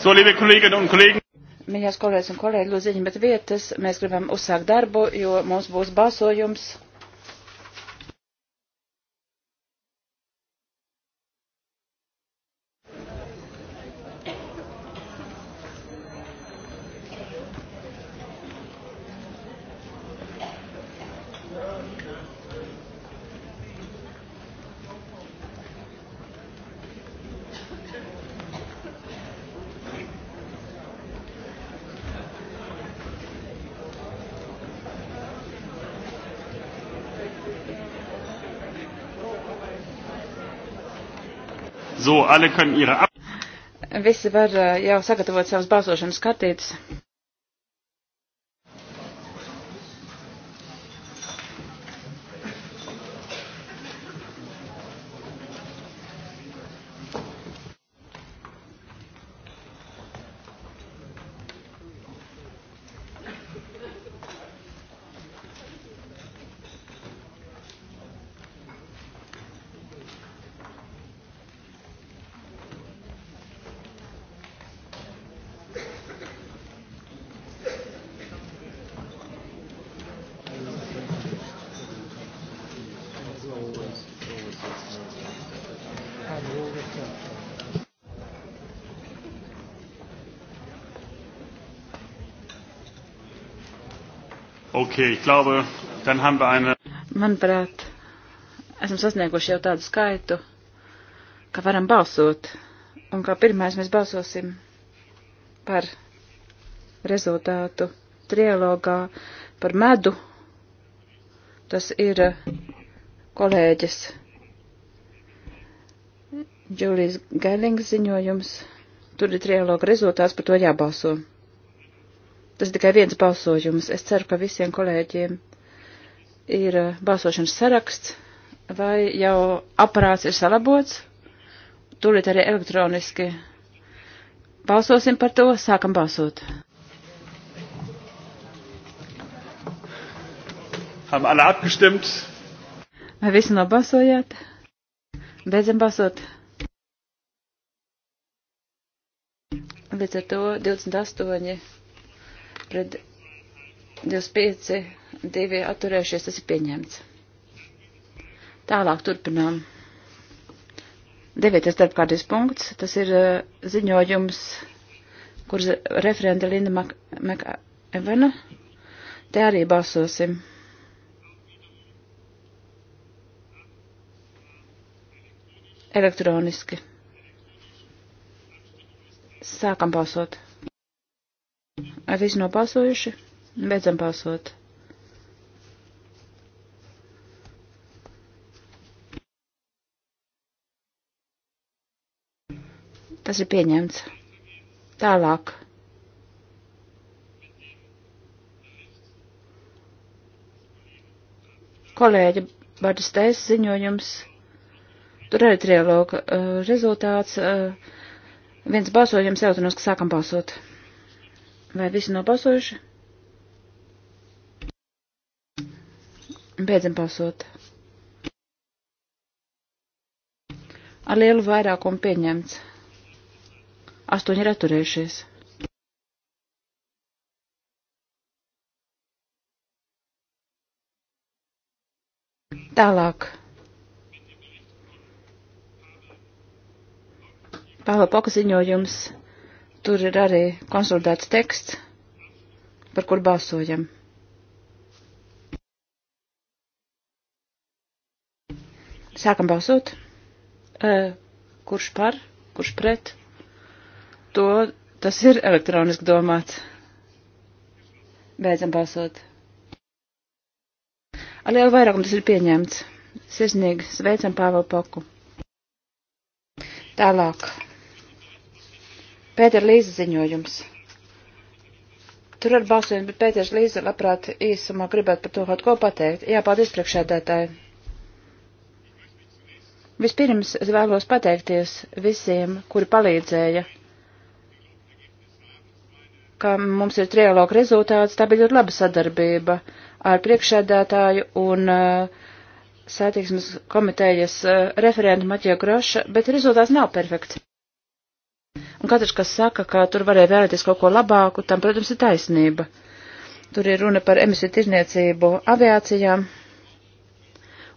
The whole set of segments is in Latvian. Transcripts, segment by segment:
So, liebe Kolleginnen und Kollegen. Mīļās kolēģis un kolēģi, lūdzu, ieņemiet vietas. Mēs gribam uzsākt darbu, jo mums būs balsojums. So, alle können ihre Ab Visi var eh, jau sagatavot savas balsošanas kartītes. Okay, ich glaube, dann haben wir eine. Manuprāt, esam sasnieguši jau tādu skaitu, ka varam balsot. Un kā pirmais mēs balsosim par rezultātu trilogā par medu. Tas ir eh, kolēģis Džulijas Gailings ziņojums. Tur ir trialoga rezultāts, par to jābalso. Tas ir tikai viens balsojums. Es ceru, ka visiem kolēģiem ir eh, balsošanas saraksts, vai jau aparāts ir salabots. Tūlīt arī elektroniski balsosim par to, sākam balsot. Haben alle abgestimmt? Vai visi nobalsojāt? Beidzam balsot. Līdz ar to 28 pret 25, 2 atturējušies, tas ir pieņemts. Tālāk turpinām. Devietais darbkārtības punkts, tas ir uh, ziņojums, kur referenda Linda Makevena. Te arī balsosim. Elektroniski. Sākam balsot. Vai visi nopāsojuši? Beidzam pāsot. Tas ir pieņemts. Tālāk. Kolēģi Batistēs ziņojums. Tur arī trialoga uh, rezultāts. Uh, viens balsojums jautājums, ka sākam balsot. Vai visi nobalsojuši? Beidzam balsot. Ar lielu vairākumu pieņemts. Astoņi ir atturējušies. Tālāk. Pāla Poka ziņojums Tur ir arī konsultēts teksts, par kur balsojam. Sākam balsot. E, kurš par, kurš pret? To tas ir elektroniski domāts. Beidzam balsot. Ar lielu vairākumu tas ir pieņemts. Sirsnīgi sveicam Pāvelu Poku. Tālāk. Pēter Līza ziņojums. Tur ar balsīm, bet Pēters Līza labprāt īsumā gribētu par to kaut ko pateikt. Jā, paldies priekšēdētāji. Vispirms es vēlos pateikties visiem, kuri palīdzēja, ka mums ir trialoga rezultāts, tā bija ļoti laba sadarbība ar priekšēdētāju un uh, satiksmes komitejas uh, referentu Maķiju Groša, bet rezultāts nav perfekts. Un katrs, kas saka, ka tur varēja vēlēties kaut ko labāku, tam, protams, ir taisnība. Tur ir runa par emisiju tirzniecību aviācijā.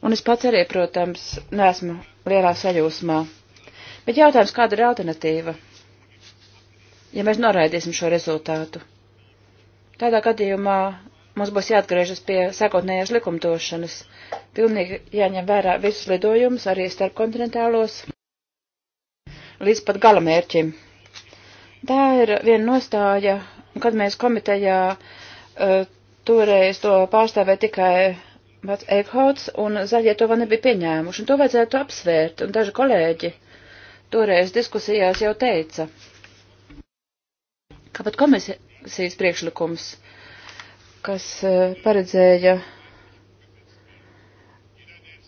Un es pats arī, protams, neesmu lielā sajūsmā. Bet jautājums, kāda ir alternatīva, ja mēs noraidīsim šo rezultātu? Tādā gadījumā mums būs jāatgriežas pie sākotnējās likumdošanas, pilnīgi jāņem vērā visus lidojumus, arī starpkontinentālos līdz pat galamērķim. Tā ir viena nostāja, kad mēs komitejā uh, toreiz to pārstāvēja tikai pats Eikhauts, un zaļie to vēl nebija pieņēmuši, un to vajadzētu apsvērt, un daži kolēģi toreiz diskusijās jau teica, ka pat komisijas priekšlikums, kas uh, paredzēja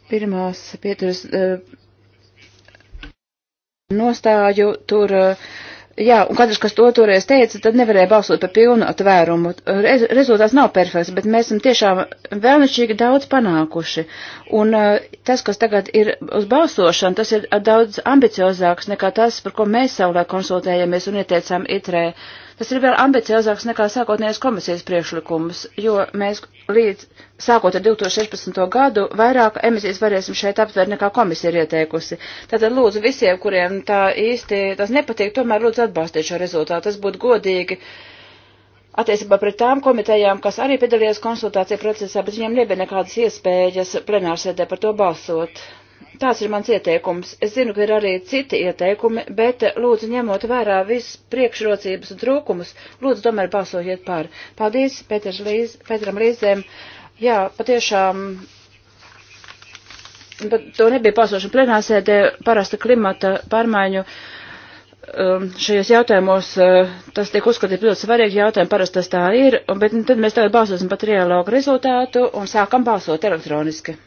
pirmās pieturas uh, nostāju tur. Eh, jā, un katrs, kas to toreiz teica, tad nevarēja balsot par pilnu atvērumu. Rez, rezultāts nav perfekts, bet mēs esam tiešām vēlnišķīgi daudz panākuši. Un eh, tas, kas tagad ir uz balsošanu, tas ir daudz ambiciozāks nekā tas, par ko mēs savulāk konsultējamies un ieteicām itrē. Uh, Tas ir vēl ambiciozāks nekā sākotnējais komisijas priekšlikums, jo mēs līdz sākot ar 2016. gadu vairāk emisijas varēsim šeit aptvert nekā komisija ir ieteikusi. Tātad lūdzu visiem, kuriem tā īsti tas nepatīk, tomēr lūdzu atbalstīt šo rezultātu. Tas būtu godīgi attiecībā pret tām komitejām, kas arī piedalījās konsultāciju procesā, bet viņiem nebija nekādas iespējas plenārsēdē par to balsot. Tās ir mans ieteikums. Es zinu, ka ir arī citi ieteikumi, bet eh, lūdzu ņemot vērā visas priekšrocības un trūkumus, lūdzu tomēr balsojiet par. Paldies Līz, Pēteram Līzēm. Jā, patiešām. Bet to nebija balsošana plenāsēdē, parasta klimata pārmaiņu. Um, šajos jautājumos uh, tas tiek uzskatīts ļoti svarīgi jautājumi, parasti tas tā ir, bet nu, tad mēs tagad balsosim par trialogu rezultātu un sākam balsot elektroniski.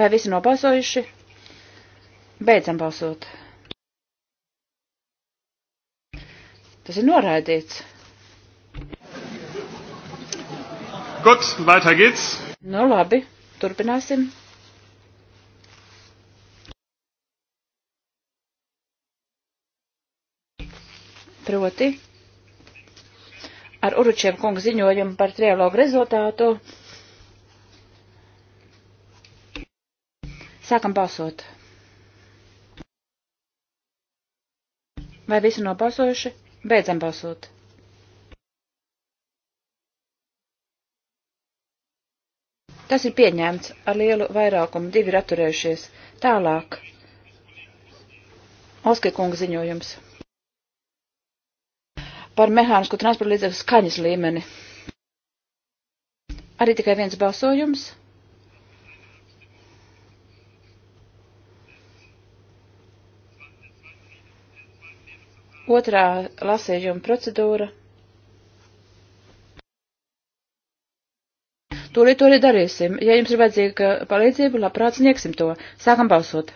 Vai visi nobalsojuši? Beidzam balsot. Tas ir noraidīts. Gut, weiter geht's. Nu labi, turpināsim. Proti ar Uručiem kungu ziņojumu par trialogu rezultātu Sākam balsot. Vai visi nobalsojuši? Beidzam balsot. Tas ir pieņemts ar lielu vairākumu, divi ir atturējušies. Tālāk. Oskar kunga ziņojums. Par mehānisku transporta līdzekļu skaņas līmeni. Arī tikai viens balsojums. Otrā lasījuma procedūra. Tūlīt to arī darīsim. Ja jums ir vajadzīga palīdzība, labprāt sniegsim to. Sākam balsot.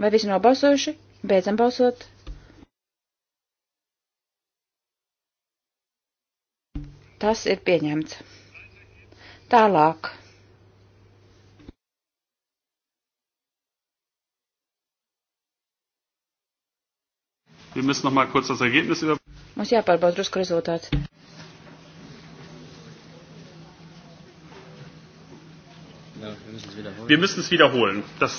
Vai visi nav balsojuši? Beidzam balsot. Tas ir pieņemts. Tālāk. Wir müssen noch mal kurz das Ergebnis über. Mums jāpārbauda drusku rezultāts. Wir müssen es wiederholen. Das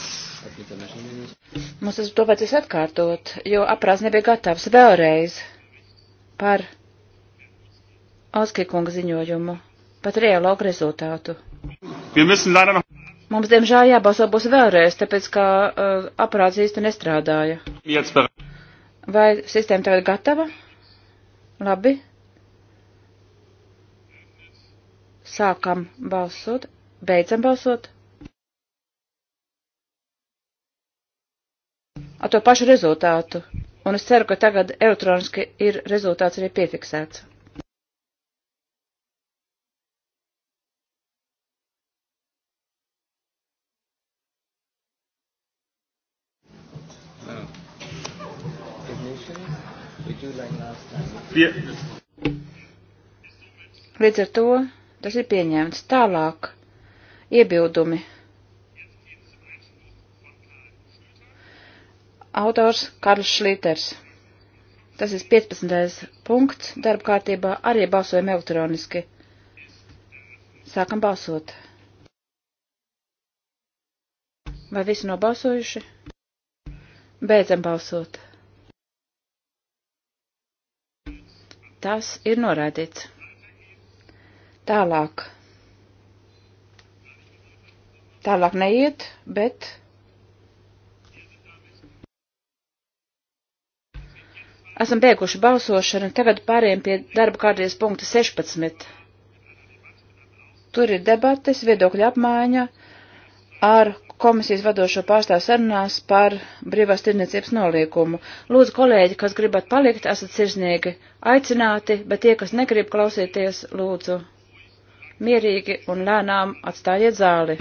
Mums tas to vajadzēs atkārtot, jo aprāz nebija gatavs vēlreiz par Oskikunga ziņojumu, par trialogu rezultātu. Mums, diemžēl, jābalso būs vēlreiz, tāpēc, ka uh, aprāds īsti nestrādāja. Vai sistēma tagad gatava? Labi. Sākam balsot, beidzam balsot. Ar to pašu rezultātu. Un es ceru, ka tagad elektroniski ir rezultāts arī piefiksēts. Līdz ar to tas ir pieņemts. Tālāk iebildumi. Autors Karls Šlīters. Tas ir 15. punkts darba kārtībā, arī balsojam elektroniski. Sākam balsot. Vai visi nobalsojuši? Beidzam balsot. Tas ir norādīts. Tālāk. Tālāk neiet, bet. Esam beiguši balsošanu, tagad pārējiem pie darba kārtības punkta 16. Tur ir debates, viedokļa apmaiņa ar komisijas vadošo pārstāvu sarunās par brīvās tirniecības noliekumu. Lūdzu, kolēģi, kas gribat palikt, esat sirsnīgi aicināti, bet tie, kas negrib klausīties, lūdzu, mierīgi un lēnām atstājiet zāli.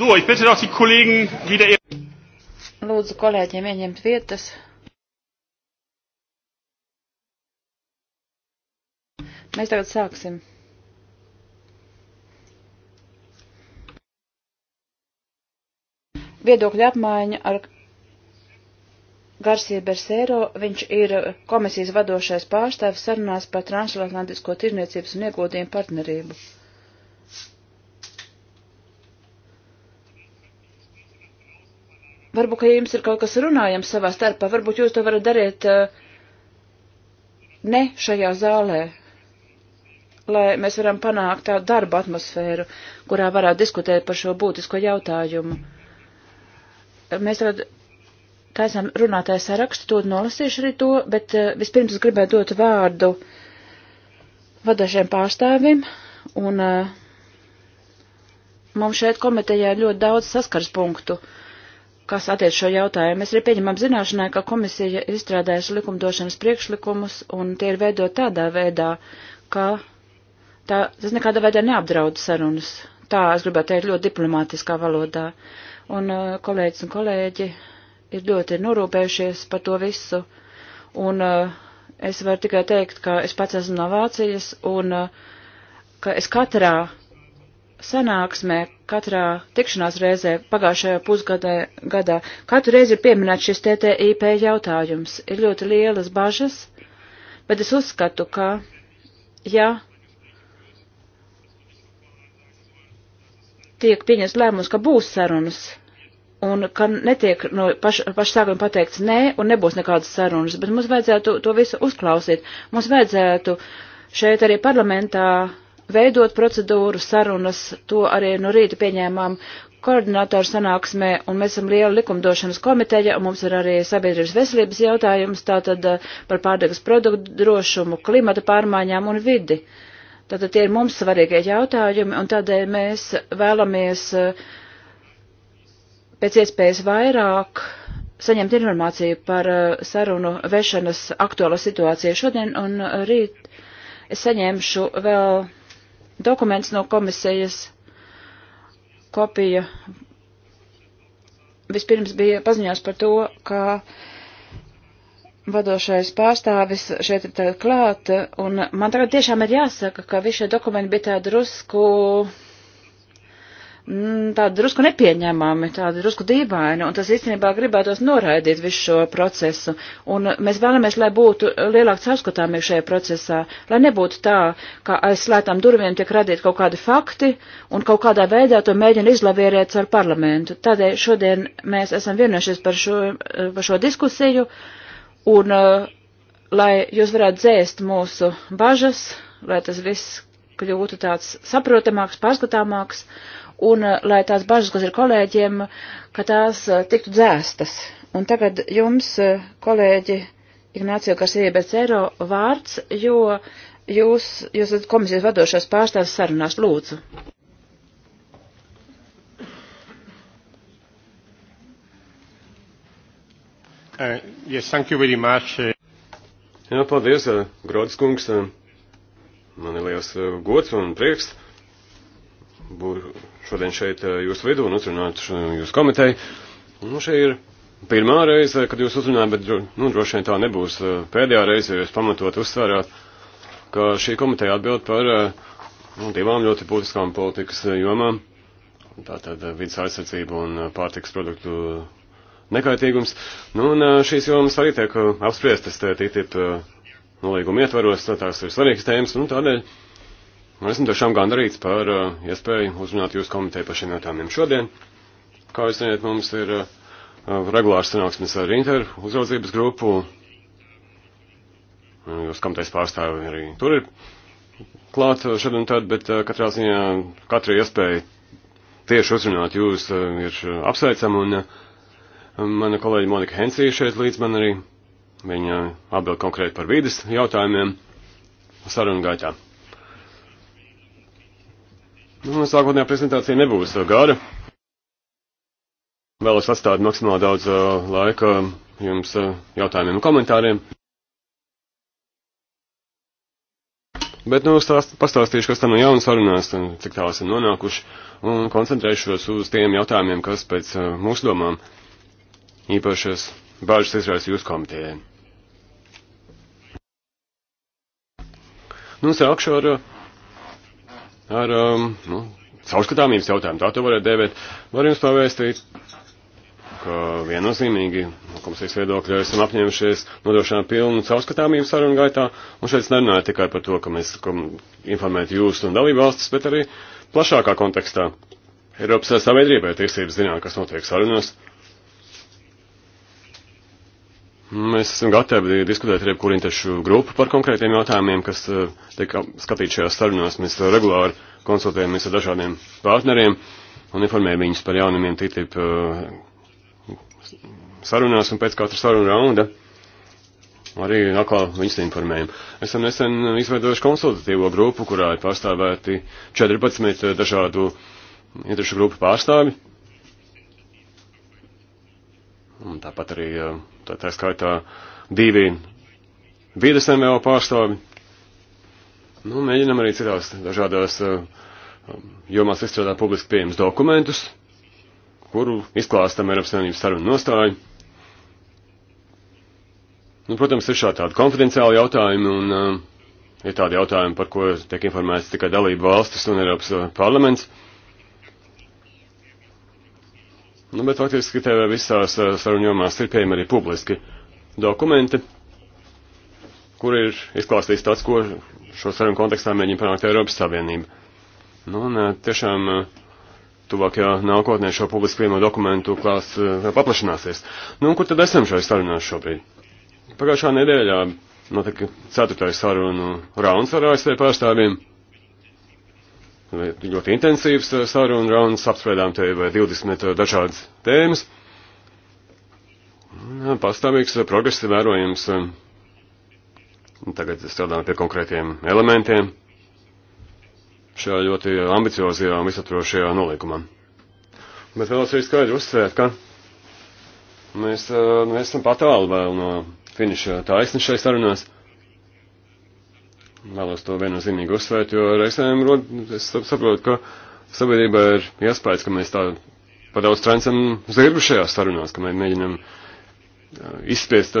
So, ich bitte doch die Kollegen wieder. Lūdzu, kolēģiem ieņemt vietas. Mēs tagad sāksim. Viedokļa apmaiņa ar Garsie Bersēro, viņš ir komisijas vadošais pārstāvis sarunās par transatlantisko tirniecības un ieguldījumu partnerību. Varbūt, ka jums ir kaut kas runājams savā starpā, varbūt jūs to varat darīt uh, ne šajā zālē, lai mēs varam panākt tādu darba atmosfēru, kurā varētu diskutēt par šo būtisko jautājumu. Mēs tagad taisām runātāju sarakstu, to nolasīšu arī to, bet uh, vispirms es gribētu dot vārdu vadošiem pārstāvim, un uh, mums šeit komitejā ir ļoti daudz saskars punktu. Uh, kas attiec šo jautājumu. Mēs arī pieņemam zināšanai, ka komisija ir izstrādājusi likumdošanas priekšlikumus, un tie ir veidot tādā veidā, ka tā, tas nekādā veidā neapdraud sarunas. Tā, es gribētu teikt, ļoti diplomātiskā valodā. Un uh, kolēģis un kolēģi ir ļoti norūpējušies par to visu. Un uh, es varu tikai teikt, ka es pats esmu no Vācijas, un uh, ka es katrā sanāksmē katrā tikšanās reizē pagājušajā pusgadā gadā katru reizi ir pieminēts šis TTIP jautājums. Ir ļoti lielas bažas, bet es uzskatu, ka ja tiek pieņems lēmums, ka būs sarunas un ka netiek no paš, paša sākuma pateikts nē un nebūs nekādas sarunas, bet mums vajadzētu to visu uzklausīt. Mums vajadzētu šeit arī parlamentā veidot procedūru, sarunas, to arī no rīta pieņēmām koordinātoru sanāksmē, un mēs esam liela likumdošanas komiteja, un mums ir arī sabiedrības veselības jautājums, tātad eh, par pārdegas produktu drošumu, klimata pārmaiņām un vidi. Tātad tie ir mums svarīgie jautājumi, un tādēļ mēs vēlamies eh, pēc iespējas vairāk saņemt informāciju par eh, sarunu vešanas aktuālo situāciju šodien un rīt. Es saņemšu vēl dokuments no komisijas kopija vispirms bija paziņās par to, ka vadošais pārstāvis šeit ir tagad klāt, un man tagad tiešām ir jāsaka, ka visi šie dokumenti bija tādi drusku. Rusku Mm, tāda drusku nepieņemami, tāda drusku dīvaina, un tas īstenībā gribētos noraidīt visu šo procesu. Un mēs vēlamies, lai būtu lielāks caurskatāmība šajā procesā, lai nebūtu tā, ka aiz slētām durvīm tiek radīti kaut kādi fakti, un kaut kādā veidā to mēģina izlavierēt ar parlamentu. Tādēļ šodien mēs esam vienojušies par šo, par šo diskusiju, un eh, lai jūs varētu dzēst mūsu bažas, lai tas viss kļūtu tāds saprotamāks, pārskatāmāks, un eh, lai tās bažas, kas ir kolēģiem, ka tās eh, tiktu dzēstas. Un tagad jums, eh, kolēģi Ignācio Garcija Becero, vārds, jo jūs, jūs esat komisijas vadošais pārstāvis sarunās, lūdzu. Uh, yes, thank you very much. Uh, Jā, paldies, uh, Grodskungs. Uh, man ir liels gods un prieks būtu šodien šeit jūsu vidū un uzrunāt jūsu komiteju. Nu, šī ir pirmā reize, kad jūs uzrunājat, bet nu, droši vien tā nebūs pēdējā reize, jo jūs pamatot uzsvērāt, ka šī komiteja atbild par nu, divām ļoti būtiskām politikas jomām. Tātad vidas aizsardzība un pārtiks produktu nekaitīgums. Nu, un šīs jomas arī tiek apspriestas TTIP nolīguma ietvaros, tās ir svarīgas tēmas, un tādēļ Nu, esmu tiešām gandarīts par uh, iespēju uzrunāt jūsu komiteju par šiem jautājumiem šodien. Kā jūs zināt, mums ir uh, regulārs sanāksmes ar Inter uzraudzības grupu. Eh, jūs komitejas pārstāvi arī tur ir klāt šad un tad, bet katrā ziņā katra iespēja tieši uzrunāt jūs ir apsveicama un mana kolēģa Monika Hensija šeit līdz man arī. Viņa atbild konkrēti par vīdes jautājumiem sarunu gaitā. Nu, sākotnējā prezentācija nebūs uh, gara. Vēlos atstāt maksimāli daudz uh, laika um, jums uh, jautājumiem un komentāriem. Bet, nu, stāst, pastāstīšu, kas tam no jauna sarunās un cik tālu esam nonākuši, un koncentrēšos uz tiem jautājumiem, kas pēc uh, mūsu domām īpašas bāžas izraisa jūsu komitējai. Nu, sākšu ar uh, ar um, nu, caurskatāmības jautājumu, tā to varētu dēvēt. Var jums pavēstīt, ka viennozīmīgi komisijas viedokļa esam apņēmušies nodrošināt pilnu caurskatāmību sarunu gaitā, un šeit es nerunāju tikai par to, ka mēs informētu jūs un dalību valstis, bet arī plašākā kontekstā. Eiropas sabiedrībai tiesības zināt, kas notiek sarunās, Mēs esam gatavi diskutēt ar jebkuru interešu grupu par konkrētiem jautājumiem, kas eh, tiek skatīti šajās sarunās. Mēs eh, regulāri konsultējamies ar dažādiem partneriem un informējam viņus par jaunumiem TTIP eh, sarunās un pēc katra saruna raunda arī atkal viņus informējam. Esam nesen izveidojuši konsultatīvo grupu, kurā ir pārstāvēti 14 dažādu interešu grupu pārstāvi un tāpat arī eh, tā, tā skaitā divi vides NVO pārstāvi. Nu, mēģinam arī citās dažādās eh, um, jomās izstrādāt publiski pieejams dokumentus, kuru izklāstam Eiropas Savienības sarunu nostāju. Nu, protams, ir šādi tādi konfidenciāli jautājumi un uh, ir tādi jautājumi, par ko tiek informēts tikai dalību valstis un Eiropas parlaments. Uh, Nu, bet faktiski tev visās eh, saruņomās ir pieejami arī publiski dokumenti, kur ir izklāstīts tāds, ko šo sarunu kontekstā mēģina panākt Eiropas Savienība. Nu, un eh, tiešām eh, tuvākajā nākotnē šo publiski pieejamo dokumentu klāsts paplašināsies. Nu, un kur tad esam šai sarunās šobrīd? Pagājušā nedēļā notika ceturtais sarunu rauns ar ASV pārstāvjiem ļoti intensīvs eh, sarunu rauns, apspriedām te vai 20 eh, dažādas tēmas. Eh, pastāvīgs progress ir vērojams. Tagad strādājam pie konkrētiem elementiem šajā ļoti ambiciozajā un visaptrošajā nolīkumā. Bet vēlos arī skaidri uzsvērt, ka mēs neesam patālu vēl no finiša taisni šai sarunās. Vēlos to viennozīmīgi uzsvērt, jo reizēm rod, es saprotu, ka sabiedrībā ir iespējas, ka mēs tā pa daudz trencam zirgu šajās sarunās, ka mēs mēģinam izspiest,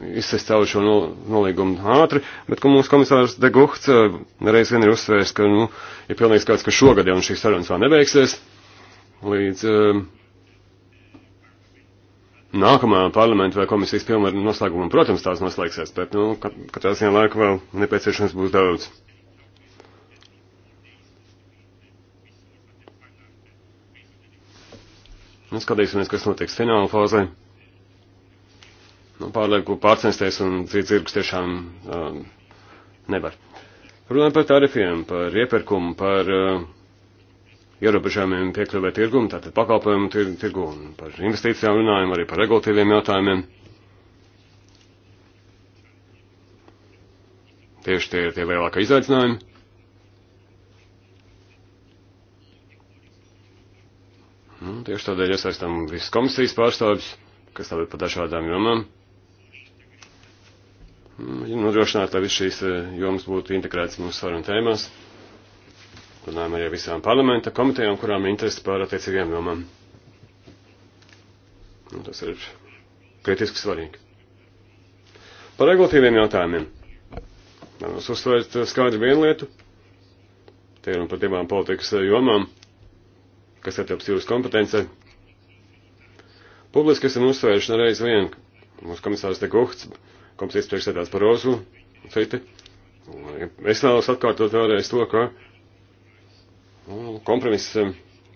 izspiest cauri šo nolīgumu ātri, bet, ka mūsu komisārs De Guhts nereiz vien ir uzsvērs, ka, nu, ir pilnīgi skaidrs, ka šogad jau šīs sarunas vēl nebeigsies, līdz uh, nākamā parlamenta vai komisijas pilnvaru noslēguma, protams, tās noslēgsies, bet, nu, kat katrā ziņā laika vēl nepieciešams būs daudz. Nu, skatīsimies, kas notiks fināla fāzē. Nu, pārlieku pārcensties un dzirgus tiešām uh, nevar. Runājot par tarifiem, par iepirkumu, par uh, ierobežojumiem piekļuvē tirgumu, tātad pakalpojumu tir, tirgu un par investīcijām runājam, arī par regulatīviem jautājumiem. Tieši tie ir tie lielākie izaicinājumi. Nu, tieši tādēļ iesaistām visas komisijas pārstāvis, kas tāpēc par dažādām jomām. Nu, nodrošināt, lai viss šīs eh, jomas būtu integrētas mūsu sarunu tēmās runājam arī ar visām parlamenta komitejām, kurām ir interesi par attiecīgajām jomām. Un tas ir kritiski svarīgi. Par regulatīviem jautājumiem. Vēlos uzsvērt skaidru vienu lietu. Te ir un par divām politikas jomām, kas attilpst jūras kompetencē. Publiski esam uzsvērši nereiz vien. Mūsu komisārs te Guhts, komisijas priekšsēdās par Ozu, citi. Es vēlos atkārtot vēlreiz to, ka kompromiss eh,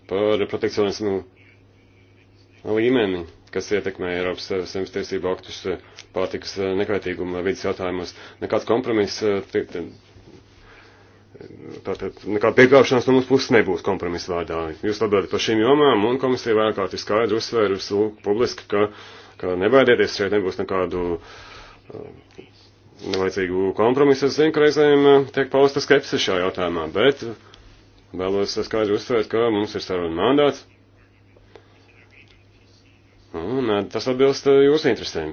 par protekcionismu līmeni, kas ietekmē Eiropas Savienības eh, tiesību aktus eh, pārtikas nekaitīguma vidas jautājumos. Nekāds kompromiss, tātad nekāda piekāpšanās no mūsu puses nebūs kompromisa vārdā. Jūs atbildat par šīm jomām, un komisija vairāk kārt ir skaidri uzsvērusi publiski, ka, ka nebaidieties, šeit nebūs nekādu nevajadzīgu kompromisu. Es zinu, ka reizēm tiek pausta skepse šajā jautājumā, bet Vēlos skaidri uzsvērt, ka mums ir saruna mandāts. Un eh, tas atbilst eh, jūsu interesēm.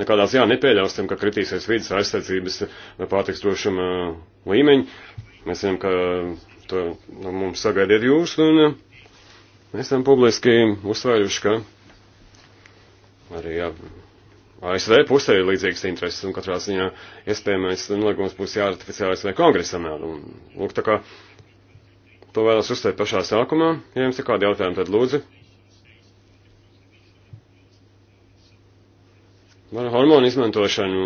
Nekādās jā, nepieļausim, ka kritīsies vidas aizsardzības vai eh, pārtiks drošuma līmeņi. Mēs zinām, ka to no nu, mums sagaidiet jūs, un mēs esam publiski uzsvēruši, ka arī jā, ASV pusē ir līdzīgas intereses, un katrā ziņā iespējamais nolīgums būs jāratificē ASV kongresam. Un, nu, lūk, tā kā to vēlas uzsvērt pašā sākumā, ja jums ir kādi jautājumi, tad lūdzu. Ar hormonu izmantošanu,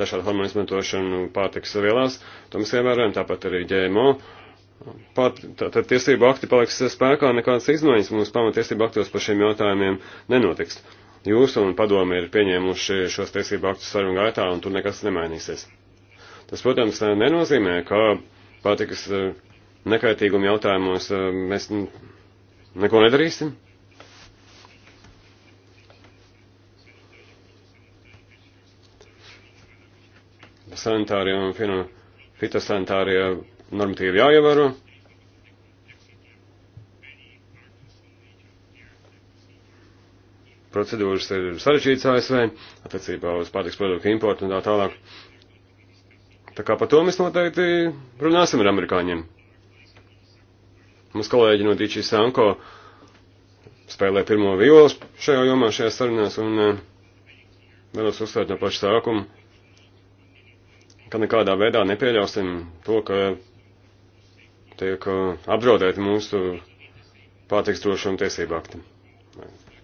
dažādu hormonu izmantošanu pārtikas vielās, to mēs ievērojam, tāpat arī ģēmo. Pat, tad tiesību akti paliks spēkā, nekādas izmaiņas mums pamatiesību aktos par šiem jautājumiem nenotiks. Jūs un padomi ir pieņēmuši šos tiesību aktus sarunu gaitā, un tur nekas nemainīsies. Tas, protams, nenozīmē, ka pārtikas eh, nekaitīguma jautājumos eh, mēs neko nedarīsim. Sanitārie un fitosantārie normatīvi jāievēro. procedūras ir sarežģītas ASV, attiecībā uz pārtiks produktu importu un tā tālāk. Tā kā par to mēs noteikti runāsim ar amerikāņiem. Mums kolēģi no Dīčī Sanko spēlē pirmo vīlu šajā jomā, šajā sarunās, un eh, vēlos uzsvērt no paša sākuma, ka nekādā veidā nepieļausim to, ka tiek eh, apdraudēti mūsu pārtiks drošuma tiesību akti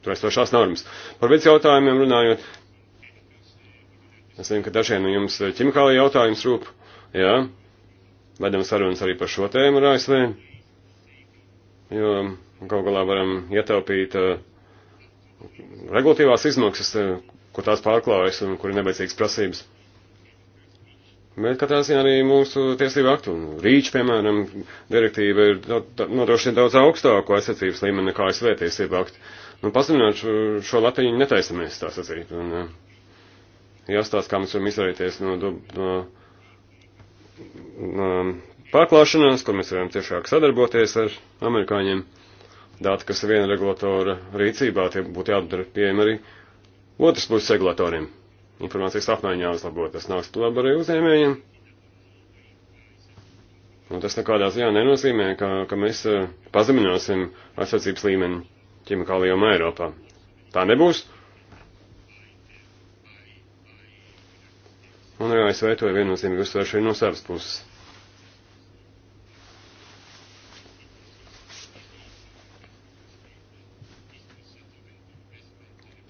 tur esošās normas. Par vidas jautājumiem runājot, es zinu, ka dažiem no jums ķimikālija jautājums rūp, jā, vedam sarunas arī par šo tēmu ar ASV, jo kaut galā varam ietaupīt uh, regulatīvās izmaksas, uh, kur tās pārklājas un kur ir nebeidzīgas prasības. Bet katrā ziņā arī mūsu tiesību aktu, un rīča, piemēram, direktīva ir nodrošina daudz augstāko aizsardzības līmeni nekā ASV tiesību aktu. Nu, pazeminot šo, šo latiņu netaisamies, tā sacīt. Un, eh, jāstāsta, kā mēs varam izvairīties no, no, no pārklāšanās, kur mēs varam tiešāk sadarboties ar amerikāņiem. Dati, kas ir viena regulatora rīcībā, tie būtu jādara pieejami arī otras puses regulatoriem. Informācijas apmaiņā uzlabot, tas nāks labi arī uzņēmējiem. Un tas nekādā ziņā nenozīmē, ka, ka mēs eh, pazemināsim aizsardzības līmeni ķimikālijām Eiropā. Tā nebūs. Un arī ASV to ir viennozīmīgi uzsvēršu no savas puses.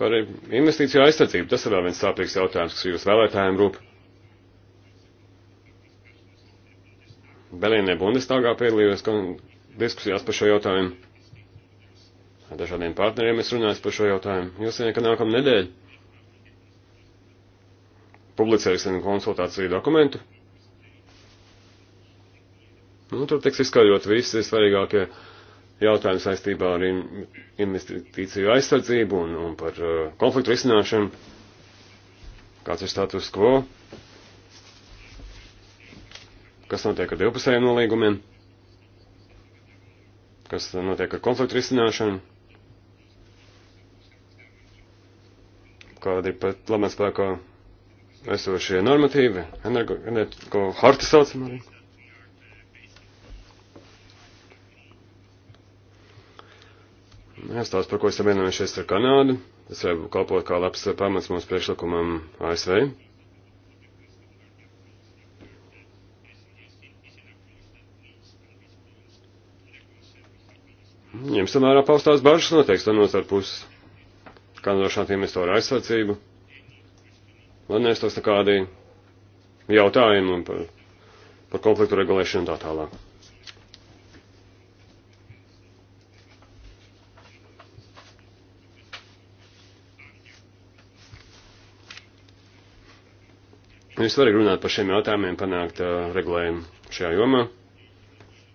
Par investīciju aizsardzību. Tas ir vēl viens sāpīgs jautājums, kas jūs vēlētājiem rūp. Berlīnē Bundestagā piedalījos diskusijās par šo jautājumu. Ar dažādiem partneriem es runāju par šo jautājumu. Jūs zināt, ka nākamā nedēļa publicēsim konsultāciju dokumentu. Nu, tur tiks izskaidrot visi svarīgākie jautājumi saistībā ar investīciju aizsardzību un, un par uh, konfliktu risināšanu. Kāds ir status quo? Kas notiek ar divpusējiem nolīgumiem? Kas notiek ar konfliktu risināšanu? kādi ir pat labāk spēkā esošie normatīvi, energo, energo harta saucam arī. Jāstāsta, par ko esam vienojušies ar Kanādu. Tas var kalpot kā labs pamats mūsu priekšlikumam ASV. Ņemsim vērā paustās bažas noteikti no nozara puses kā nodrošināt investoru aizsardzību. Man nestos nekādi jautājumi par, par konfliktu regulēšanu tā tālāk. Ir svarīgi runāt par šiem jautājumiem, panākt uh, regulējumu šajā jomā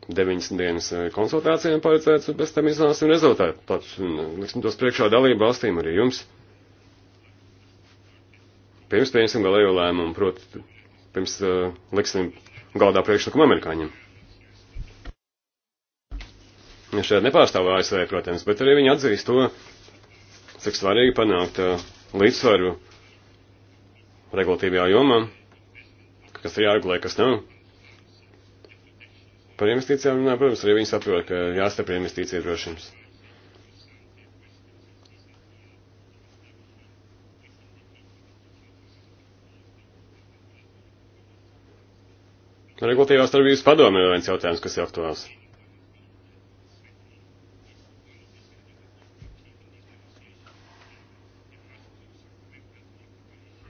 deviņas dienas eh, konsultācijām paredzēts, un pēc tam iznāksim rezultātu. Pats, mm, liksim tos priekšā dalību valstīm arī jums. Pirms pieņemsim galējo lēmumu, proti, pirms uh, liksim galdā priekšlikumu amerikāņiem. Ja šeit nepārstāv ASV, protams, bet arī viņi atzīst to, cik svarīgi panākt uh, līdzsvaru regulatīvajā jomā, kas ir jāregulē, kas nav. Par investīcijām, nā, protams, arī viņi saprot, ka jāstiprina investīcija drošības. Regulatīvās darbības padome ir viens jautājums, kas ir aktuāls.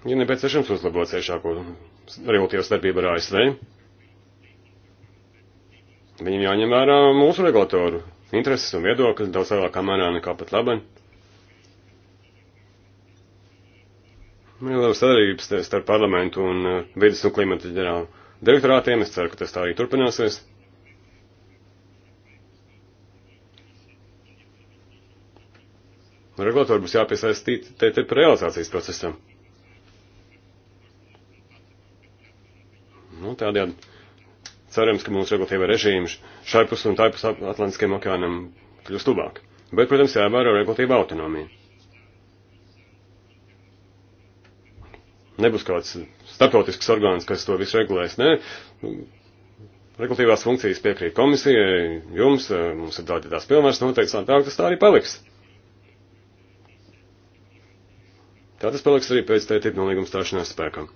Ja nepieciešams uzlabot ciešāko regulatīvas darbību ar ASV, Viņam jāņem vērā mūsu regulatoru intereses un viedokļi daudz lielākā mērā nekā pat labi. Man ir liela sadarības starp parlamentu un eh, vidas un klimata ģenerālu direktorātiem. Es ceru, ka tas tā arī turpināsies. Regulatori būs jāpiesaistīt TTIP realizācijas procesam. Nu, tādējādi cerams, ka mūsu regulatīva režīma šai pusē un tai pusē Atlantiskajam okeānam kļūst tuvāk. Bet, protams, jāievēro regulatīva autonomija. Nebūs kāds starptautisks orgāns, kas to visu regulēs. Nē, regulatīvās funkcijas piekrīt komisijai, jums, eh, mums ir tādi tās pilnvars noteikts, un tā, tas tā arī paliks. Tā tas paliks arī pēc tētību nolīguma stāšanās spēkam.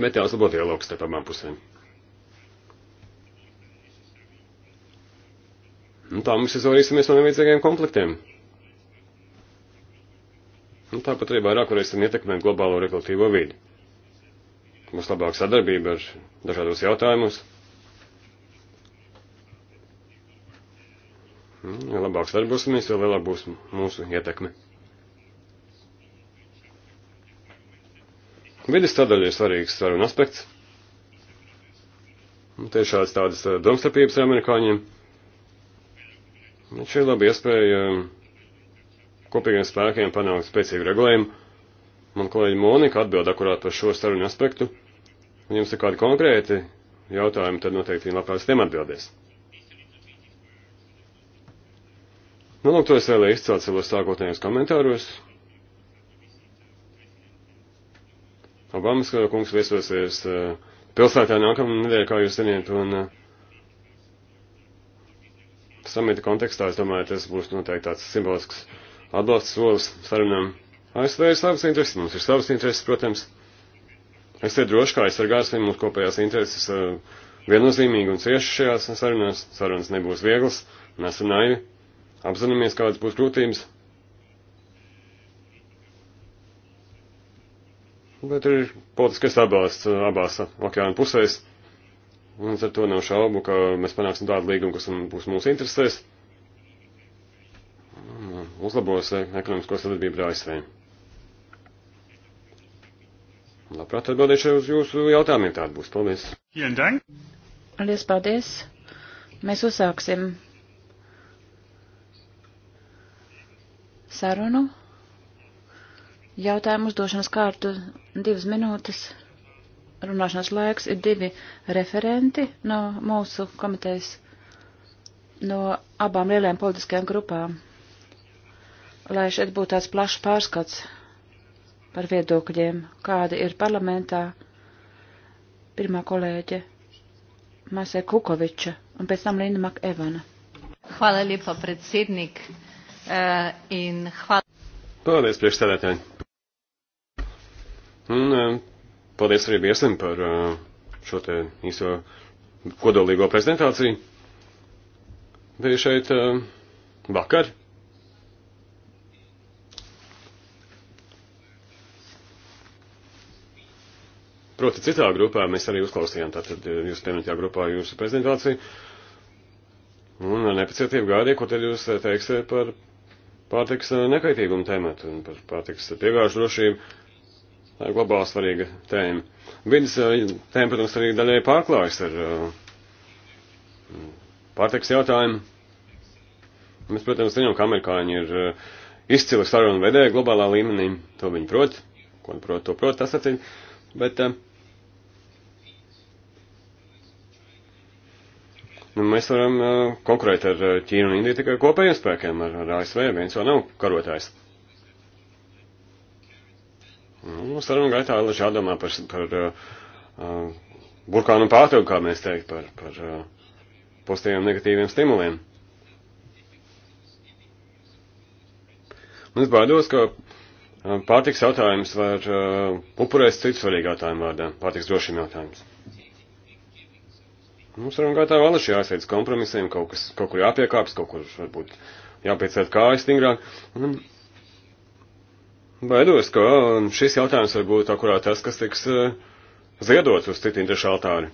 bet jāuzlabo dialogs starp abām pusēm. Un nu, tā mums izvairīsimies no nevajadzīgiem konfliktiem. Un nu, tāpat arī vairāk varēsim ietekmēt globālo regulatīvo vidi. Mums labāk sadarbība ar dažādos jautājumus. Un, nu, ja labāk sadarbosimies, jo lielāk būs mūsu ietekme. Vides sadaļa ir svarīgs saruna aspekts. Nu, Tiešās tādas eh, domstarpības ar amerikāņiem. Šī ir laba iespēja um, kopīgiem spēkiem panākt spēcīgu regulējumu. Man kolēģi Monika atbild akurāt par šo sarunu aspektu. Un jums ir kādi konkrēti jautājumi, tad noteikti viņa labprāt uz tiem atbildēs. Nu, lūk, to es vēlēju izcelt savos sākotnējos komentāros. Obamas kungs viesosies pilsētā nākamā nedēļa, kā jūs ziniet, un samita kontekstā, es domāju, tas būs noteikti tāds simbolisks atbalsts solis sarunām. ASV ir savas intereses, mums ir savas intereses, protams. Es te droši kā aizsargāsim mūsu kopējās intereses viennozīmīgi un cieši šajās sarunās. Sarunas nebūs vieglas, nesam naivi, apzināmies, kādas būs grūtības. bet ir politiskais atbalsts eh, abās okeāna pusēs. Un ar to nav šaubu, ka mēs panāksim tādu līgumu, kas būs mūsu interesēs. Eh, uzlabos eh, ekonomisko sadarbību ar ASV. Labprāt atbildēšu uz jūsu jautājumiem, tāda būs. Paldies. Lies paldies. Mēs uzsāksim sarunu. Jautājumu uzdošanas kārtu divas minūtes. Runāšanas laiks ir divi referenti no mūsu komitejas, no abām lielajām politiskajām grupām, lai šeit būtu tāds plašs pārskats par viedokļiem, kādi ir parlamentā. Pirmā kolēģe Masē Kukoviča un pēc tam Linda Makevana. Hvala lijepa predsjednik uh, in hvala. Paldies priekšstādātāji. Un eh, paldies arī viesim par eh, šo te īso kodolīgo prezentāciju. Biju šeit vakar. Eh, Proti citā grupā mēs arī uzklausījām, tātad jūs pieminētajā grupā jūsu prezentāciju. Un nepacietību gādīju, ko tad jūs teiksiet par pārtiks nekaitīgumu tēmatu un par pārtiks piegāžu drošību globāli svarīga tēma. Vidas eh, tēma, protams, arī daļai pārklājas ar eh, pārtiks jautājumu. Mēs, protams, zinām, ka amerikāņi ir eh, izcili sarunu vedēji globālā līmenī. To viņi prot, ko viņi prot, to prot, tas atceļ. Bet nu, mēs varam konkurēt ar Ķīnu un Indiju tikai kopējiem spēkiem, ar, ar ASV, viens jau nav karotājs. Nu, sarunu gaitā ir jādomā par, par uh, uh burkānu pārtrauku, kā mēs teikt, par, par uh, pozitīviem negatīviem stimuliem. Un es baidos, ka uh, pārtiks jautājums var uh, upurēs citu svarīgu jautājumu vārdā, pārtiks drošību jautājums. Mums nu, sarunu gaitā vēl ir jāsaic kompromisiem, kaut, kas, kaut kur jāpiekāps, kaut kur varbūt jāpiecēt kājas stingrāk. Un, Baidos, ka šis jautājums var būt akurāt tas, kas tiks eh, ziedots uz citu interešu altāri.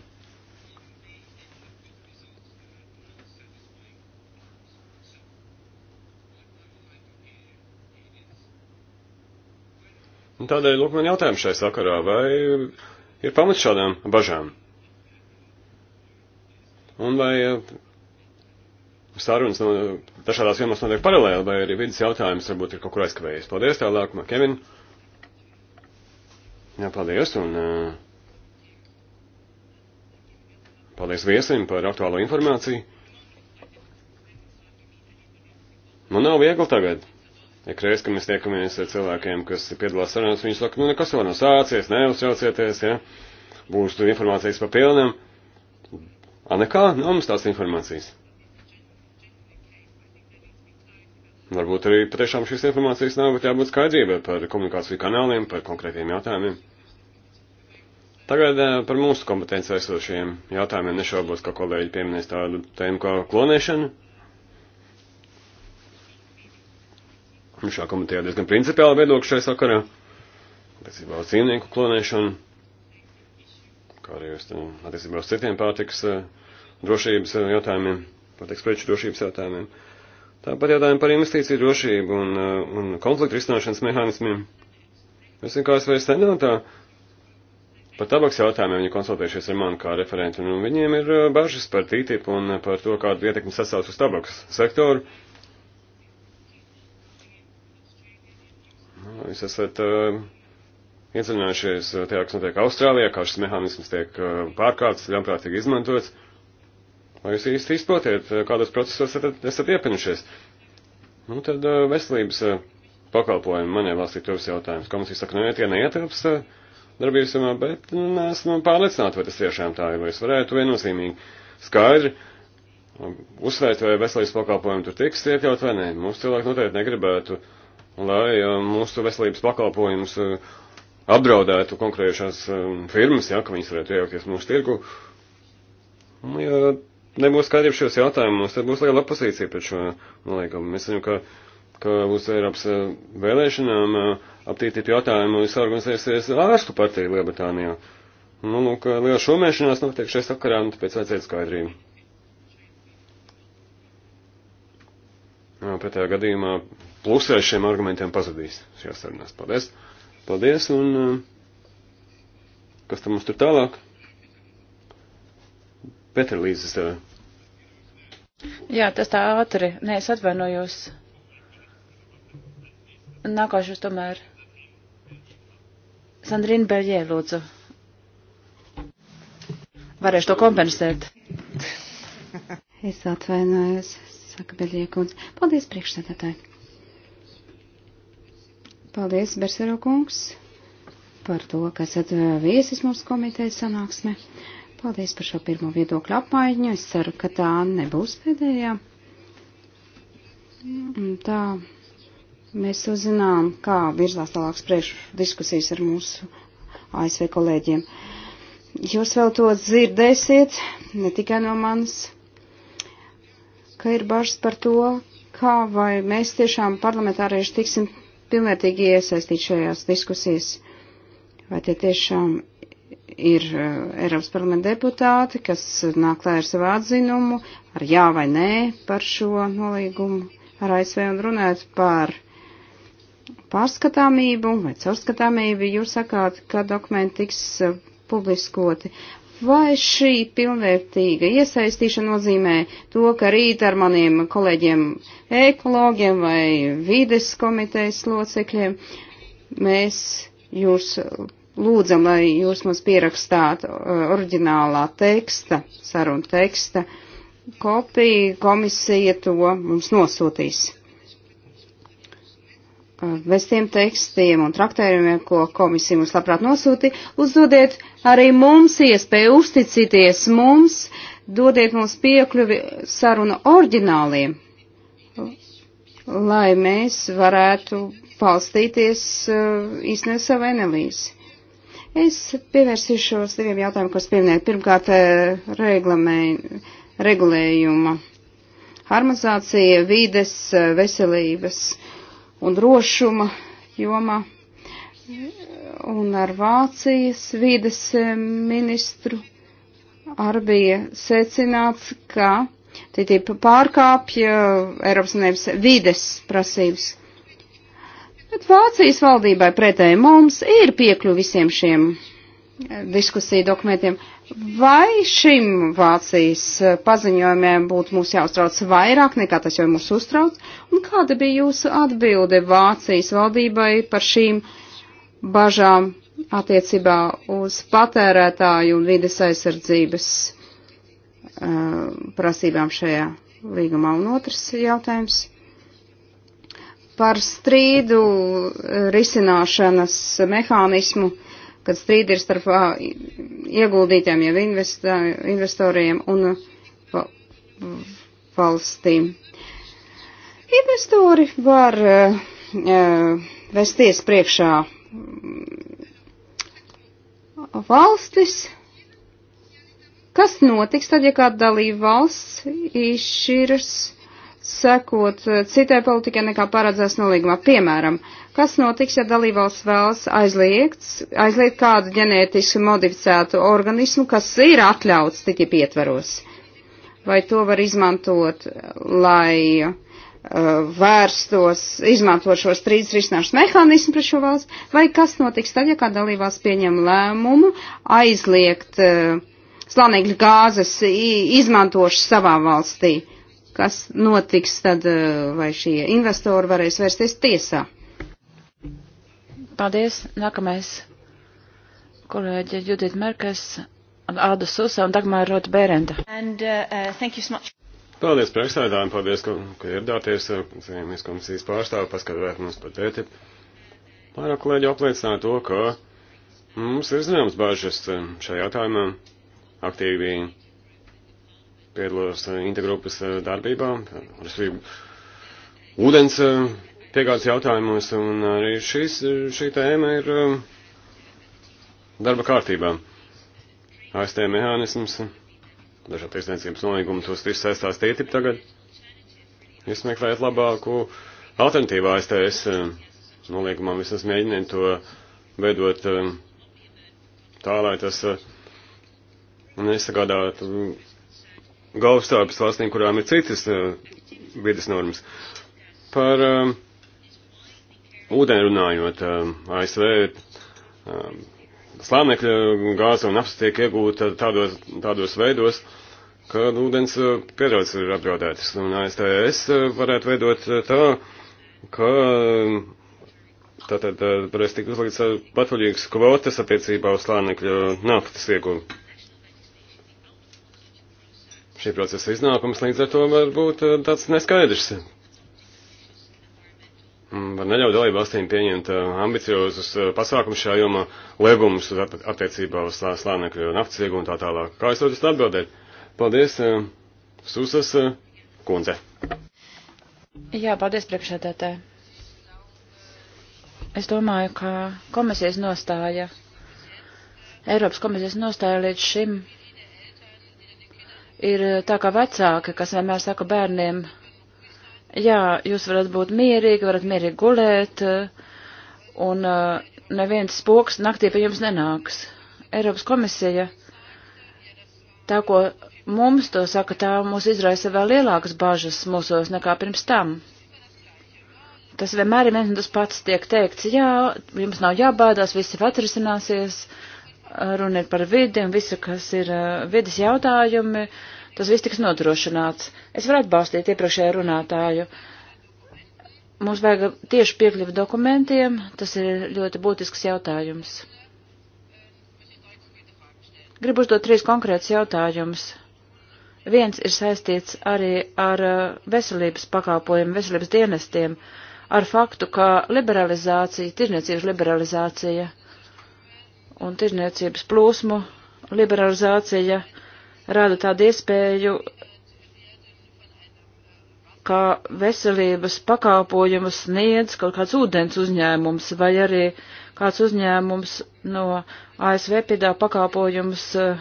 Un tādēļ, lūk, man jautājums šai sakarā, vai ir pamats šādām bažām? Un vai eh, sarunas no, dažādās jomās notiek paralēli, vai arī vidas jautājums varbūt ir kaut kur aizkavējies. Paldies tālāk, Kevin. Jā, paldies, un uh, paldies viesim par aktuālo informāciju. Nu, nav viegli tagad. Ik reiz, kad mēs tiekamies ar cilvēkiem, kas piedalās sarunās, viņi saka, nu, nekas vēl nav sācies, neuztraucieties, ja? būs tur informācijas pa pilnam. A nekā, nav nu, mums tās informācijas. Varbūt arī patiešām šīs informācijas nav, bet jābūt skaidrībai par komunikāciju kanāliem, par konkrētiem jautājumiem. Tagad eh, par mūsu kompetenci esošajiem jautājumiem nešaubos, ka kolēģi pieminēs tādu tēmu kā klonēšana. Šā komitejā diezgan principiāli viedokļi šai sakarā, attiecībā uz dzīvnieku klonēšanu, kā arī uz, eh, attiecībā uz citiem pārtiks eh, drošības jautājumiem, pārtiks preču drošības jautājumiem. Uh, Tāpat jautājumi par investīciju drošību un, uh, un konfliktu risināšanas mehānismiem. Es vienkārši vairs nenāk tā. Par tabaks jautājumiem viņi konsultējušies ar mani kā referentu, un viņiem ir uh, bažas par TTIP un uh, par to, kādu ietekmi sasauc uz tabakas sektoru. Nu, jūs esat uh, iedziļinājušies tajā, kas notiek Austrālijā, kā šis mehānisms tiek uh, pārkārts, ļaunprātīgi izmantots. Uh, Vai jūs īsti izprotiet, eh, kādos procesos esat, esat iepinušies? Nu, tad eh, veselības eh, pakalpojumi manai valstī tuvis jautājums. Komisija saka, nu, nē, tie neietilps darbības jomā, bet neesmu nu, pārliecināta, vai tas tiešām tā ir, vai es varētu viennozīmīgi skaidri um, uzsvērt, vai veselības pakalpojumi tur tiks iekļaut vai nē. Mūsu cilvēki noteikti negribētu, lai mūsu veselības pakalpojumus apdraudētu konkrējušās um, firmas, ja, ka viņas varētu iejaukties mūsu tirgu. Un, ja nebūs skaidrība šajos jautājumos, tad būs liela opozīcija pret šo nolīgumu. Mēs zinām, ka, ka būs Eiropas eh, vēlēšanām eh, aptītīt jautājumu, un sarganizēsies ārstu partija Lielbritānijā. Nu, lūk, liela šomēšanās notiek šajā sakarā, un tāpēc vajadzētu skaidrību. Ah, pretējā gadījumā plusē šiem argumentiem pazudīs šajās sarunās. Paldies! Paldies, un eh, kas tam mums tur tālāk? Petra Līdzes tev. Jā, tas tā ātri. Nē, es atvainojos. Nākošais tomēr. Sandrina Berjē, lūdzu. Varēšu to kompensēt. es atvainojos, saka Berjē kundze. Paldies, priekšsēdētāji. Paldies, Bersero kungs, par to, ka esat uh, viesis mūsu komitejas sanāksmē. Paldies par šo pirmo viedokļu apmaiņu. Es ceru, ka tā nebūs pēdējā. Un tā mēs uzzinām, kā virzās tālākas priekš diskusijas ar mūsu ASV kolēģiem. Jūs vēl to dzirdēsiet, ne tikai no manis, ka ir bažas par to, kā vai mēs tiešām parlamentārieši tiksim pilnvērtīgi iesaistīt šajās diskusijas, vai tie tiešām ir e, Eiropas parlamenta deputāti, kas nāk klāj ar savu atzinumu, ar jā vai nē par šo nolīgumu ar ASV un runājot par pārskatāmību vai caurskatāmību. Jūs sakāt, ka dokumenti tiks e, publiskoti. Vai šī pilnvērtīga iesaistīšana nozīmē to, ka rīt ar maniem kolēģiem ekologiem vai vides komitejas locekļiem mēs jūs lūdzam, lai jūs mums pierakstāt uh, oriģinālā teksta, saruna teksta kopiju, komisija to mums nosūtīs. Uh, bez tiem tekstiem un traktējumiem, ko komisija mums labprāt nosūti, uzdodiet arī mums iespēju uzticīties mums, dodiet mums piekļuvi saruna oriģināliem, lai mēs varētu palstīties uh, īstenībā savu analīzi. Es pievērsīšos diviem jautājumiem, kas pieminēja. Pirmkārt, eh, reglamē, regulējuma harmonizācija vides, eh, veselības un drošuma jomā. Un ar Vācijas vides eh, ministru arī bija secināts, ka TTIP pārkāpja Eiropas Savienības vides prasības. Bet Vācijas valdībai pretēji mums ir piekļu visiem šiem eh, diskusiju dokumentiem. Vai šim Vācijas eh, paziņojumiem būtu mūs jāuztrauc vairāk nekā tas jau mūs uztrauc? Un kāda bija jūsu atbilde Vācijas valdībai par šīm bažām attiecībā uz patērētāju un vides aizsardzības uh, prasībām šajā līgumā? Un otrs jautājums par strīdu eh, risināšanas mehānismu, kad strīdi ir starp ah, ieguldītiem jau investā, investoriem un eh, valstīm. Investori var uh, vesties priekšā mm, valstis. Kas notiks tad, ja kāda dalība valsts izšķiras? sekot eh, citai politikai nekā paredzēts nolīgumā. Piemēram, kas notiks, ja dalībvalsts vēlas aizliegt, aizliegt kādu ģenētiski modificētu organismu, kas ir atļauts tikai pietvaros? Vai to var izmantot, lai uh, vērstos, izmantot šos trīs risināšanas mehānismu pret šo valsts, vai kas notiks tad, ja kā dalībās pieņem lēmumu aizliegt uh, slānekļa gāzes izmantošu savā valstī? Uh, kas notiks tad, eh, vai šie investori varēs vērsties tiesā. Paldies. Nākamais kolēģi Judita Merkes, Alda Susa un Dagmar Rota Bērenda. And, uh, uh, so much. paldies priekšsēdājiem, paldies, ka, ka ieradāties, uh, cienījamies komisijas pārstāvi, paskatījāt mums par tēti. Vairāk kolēģi apliecināja to, ka mums ir zināmas bažas um, šajā jautājumā aktīvi piedalos eh, intergrupas eh, darbībā, respektīvi ūdens eh, piegādes jautājumos, un arī šis, šī tēma ir darba kārtībā. AST mehānisms, dažādi tiesniecības nolīgumi, tos viss saistās TTIP tagad. Izmeklēt labāku alternatīvu ASTS nolīgumam, vismaz mēģiniet to veidot tā, lai tas nesagādātu galvstāvis valstīm, kurām ir citas uh, vidas normas. Par uh, ūdeni runājot, uh, eh, ASV uh, slānekļa gāze un nafta tiek iegūta tādos, tādos veidos, ka ūdens uh, piedrauds ir apdraudētas. Un ASTS uh, varētu veidot uh, tā, ka. Uh, Tātad varēs tikt uzlikts patvaļīgas kvotas attiecībā uz slānekļa naftas ieguvumu šī procesa iznākums līdz ar to var būt eh, tāds neskaidrs. Mm, var neļaut dalību valstīm pieņemt eh, ambiciozus eh, pasākumus šajā jomā, liegumus attiecībā uz slānekļu naftas iegūmu un tā tālāk. Kā es varu tas atbildēt? Paldies, Susas kundze. Jā, paldies priekšsēdētāji. Es domāju, ka komisijas nostāja, Eiropas komisijas nostāja līdz šim ir eh, tā kā vecāki, kas vienmēr saka bērniem, jā, jūs varat būt mierīgi, varat mierīgi gulēt, eh, un eh, neviens spoks naktī pie jums nenāks. Eiropas komisija, tā ko mums to saka, tā mūs izraisa vēl lielākas bažas mūsos nekā pirms tam. Tas vienmēr ir viens un tas pats tiek teikts, jā, jums nav jābādās, viss ir atrisināsies, uh, runa ir par vidi un visu, kas ir vidas jautājumi, tas viss tiks nodrošināts. Es varu atbalstīt iepriekšēju runātāju. Mums vajag tieši piekļuvi dokumentiem, tas ir ļoti būtisks jautājums. Gribu uzdot trīs konkrētus jautājumus. Viens ir saistīts arī ar veselības pakāpojumu, veselības dienestiem, ar faktu, ka liberalizācija, tirniecības liberalizācija un tirzniecības plūsmu liberalizācija rada tādu iespēju, kā veselības pakāpojumus sniedz kaut kāds ūdens uzņēmums vai arī kāds uzņēmums no ASV piedāvā pakāpojumus eh,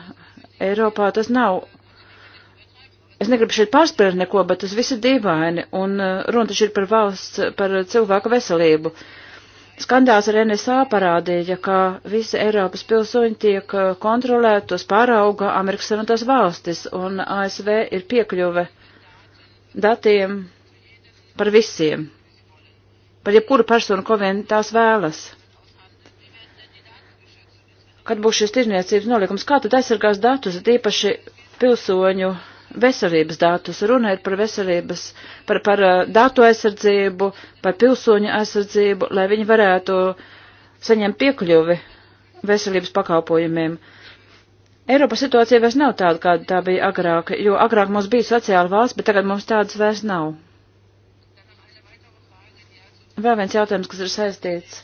Eiropā. Tas nav. Es negribu šeit pārspērt neko, bet tas viss ir dīvaini, un eh, runa taču ir par valsts, par cilvēku veselību. Uh, Skandāls ar NSA parādīja, ka visi Eiropas pilsoņi tiek eh, kontrolēti, tos pārauga Amerikas Savienotās valstis, un ASV ir piekļuve datiem par visiem, par jebkuru personu, ko vien tās vēlas. Kad būs šis tirniecības nolikums, kā tad aizsargās datus, tīpaši pilsoņu veselības datus, runa ir par veselības, par, par eh, datu aizsardzību, par pilsoņu aizsardzību, lai viņi varētu saņemt piekļuvi veselības pakalpojumiem. Eiropas situācija vairs nav tāda, kāda tā bija agrāk, jo agrāk mums bija sociāla valsts, bet tagad mums tādas vairs nav. Vēl viens jautājums, kas ir saistīts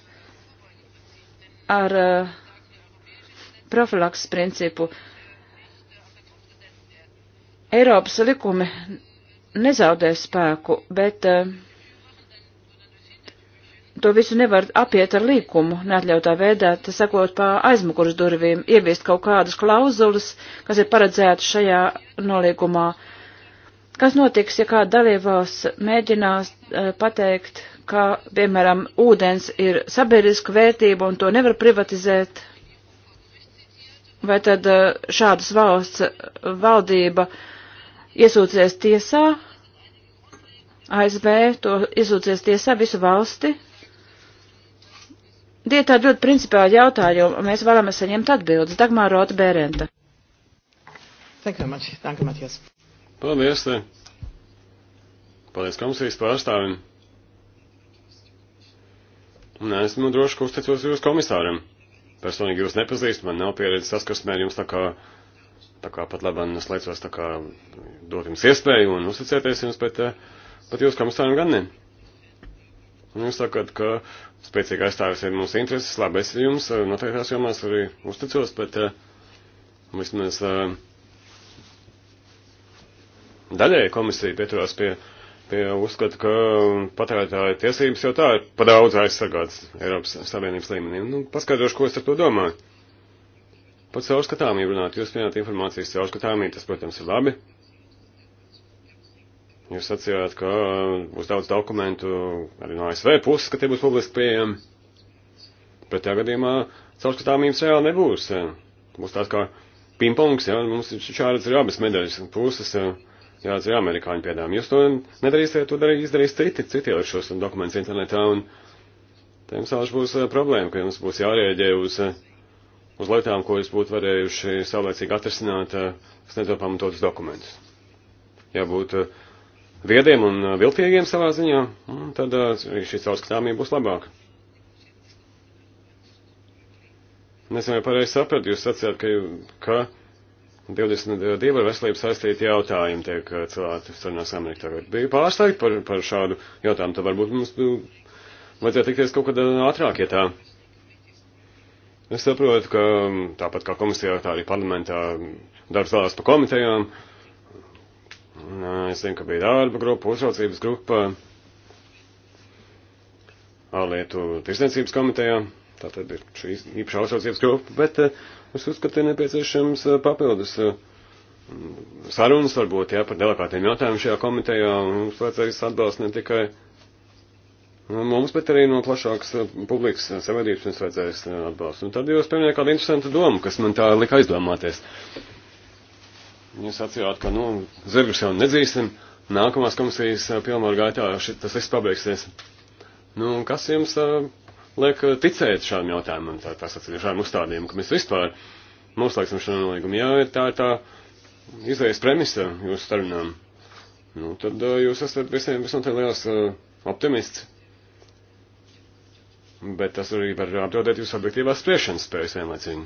ar uh, profilakses principu. Uh, Eiropas likumi nezaudēs spēku, bet uh, to visu nevar apiet ar līkumu, neatļautā veidā, tas sakot pa aizmukuras durvīm, ieviest kaut kādas klauzulas, kas ir paredzētas šajā nolīgumā. Kas notiks, ja kāda dalībvalsts mēģinās uh, pateikt, ka, piemēram, ūdens ir sabiedriska vērtība un to nevar privatizēt? Vai tad uh, šādas valsts valdība uh, iesūdzies tiesā, ASV to iesūdzies tiesā visu valsti. Tie ir tādi ļoti principiāli jautājumi, un mēs vēlamies saņemt atbildes. Dagmā Rota Bērenta. Paldies, te. Paldies komisijas pārstāvim. Nē, esmu nu, droši, ka uzticos jūs komisāram. Personīgi jūs nepazīstu, man nav pieredzes saskarsmē ar jums tā kā. Uh, Tā kā pat labāk es laicos tā kā dot jums iespēju un uzticēties jums, bet eh, pat jūs komisāriem gan ne. Un jūs sakat, ka spēcīgi aizstāvēsiet mūsu intereses, labi, es jums eh, noteiktās jomās arī uzticos, bet eh, vismaz daļai komisija pieturās pie, pie uzskata, ka patērētāja tiesības jau tā ir padaudz aizsargāts Eiropas Savienības līmenī. Nu, paskaidrošu, ko es ar to domāju. Par caurskatāmību runāt, jūs pieņemat informācijas caurskatāmību, tas, protams, ir labi. Jūs sacījāt, ka uh, būs daudz dokumentu arī no ASV puses, ka tie būs publiski pieejami. Bet tajā gadījumā caurskatāmības reāli nebūs. Uh, būs tāds kā pingpongs, jā, mums šādas ir abas medaļas puses, uh, jāatzīst amerikāņu piedām. Jūs to nedarīsiet, to darīs, izdarīs citi, citi ar šos dokumentus internetā, un tiem sāž būs problēma, ka jums būs jārēģē uz. Uh, uz lietām, ko jūs būtu varējuši saulēcīgi atrisināt, eh, sniedzot pamatotus dokumentus. Jābūt eh, viediem un eh, viltīgiem savā ziņā, mm, tad šī caurskatāmība būs labāka. Nesen jau pareizi sapratu, jūs sacījāt, ka, ka 22 ar veselību saistīti jautājumi tiek cilvēki sarunās Amerikā. Biju pārsteigti par, par šādu jautājumu, tad varbūt mums vajadzētu tikties kaut kad ātrāk, ja tā. Es saprotu, ka mm, tāpat kā komisijā, tā arī parlamentā darbs vēlās pa komitejām. Es zinu, ka bija darba grupa, uzraucības grupa, ārlietu tirsniecības komitejā. Tā tad ir šī īpašā uzraucības grupa, bet es uzskatu, ir nepieciešams papildus sarunas, varbūt, jā, par delikātiem jautājumiem šajā komitejā. Mums vajadzēs atbalsts ne tikai Mums, bet arī no plašākas eh, publikas eh, sabiedrības mums vajadzēs eh, atbalstu. Un tad jūs pieminējāt kādu interesantu domu, kas man tā lika aizdomāties. Jūs atcerāt, ka, nu, zirgus jau nedzīsim, nākamās komisijas pilnvaru gaitā šit, tas viss pabeigsies. Nu, kas jums uh, liek ticēt šādam jautājumam, tā, tā sacīt, šādam uzstādījumam, ka mēs vispār noslēgsim šo nolīgumu? Jā, ir tā, tā izvēles premisa jūsu starunām. Nu, tad uh, jūs esat visiem, visam te liels uh, optimists bet tas arī var apdraudēt jūsu objektīvās spriešanas spējas vienlaicīgi.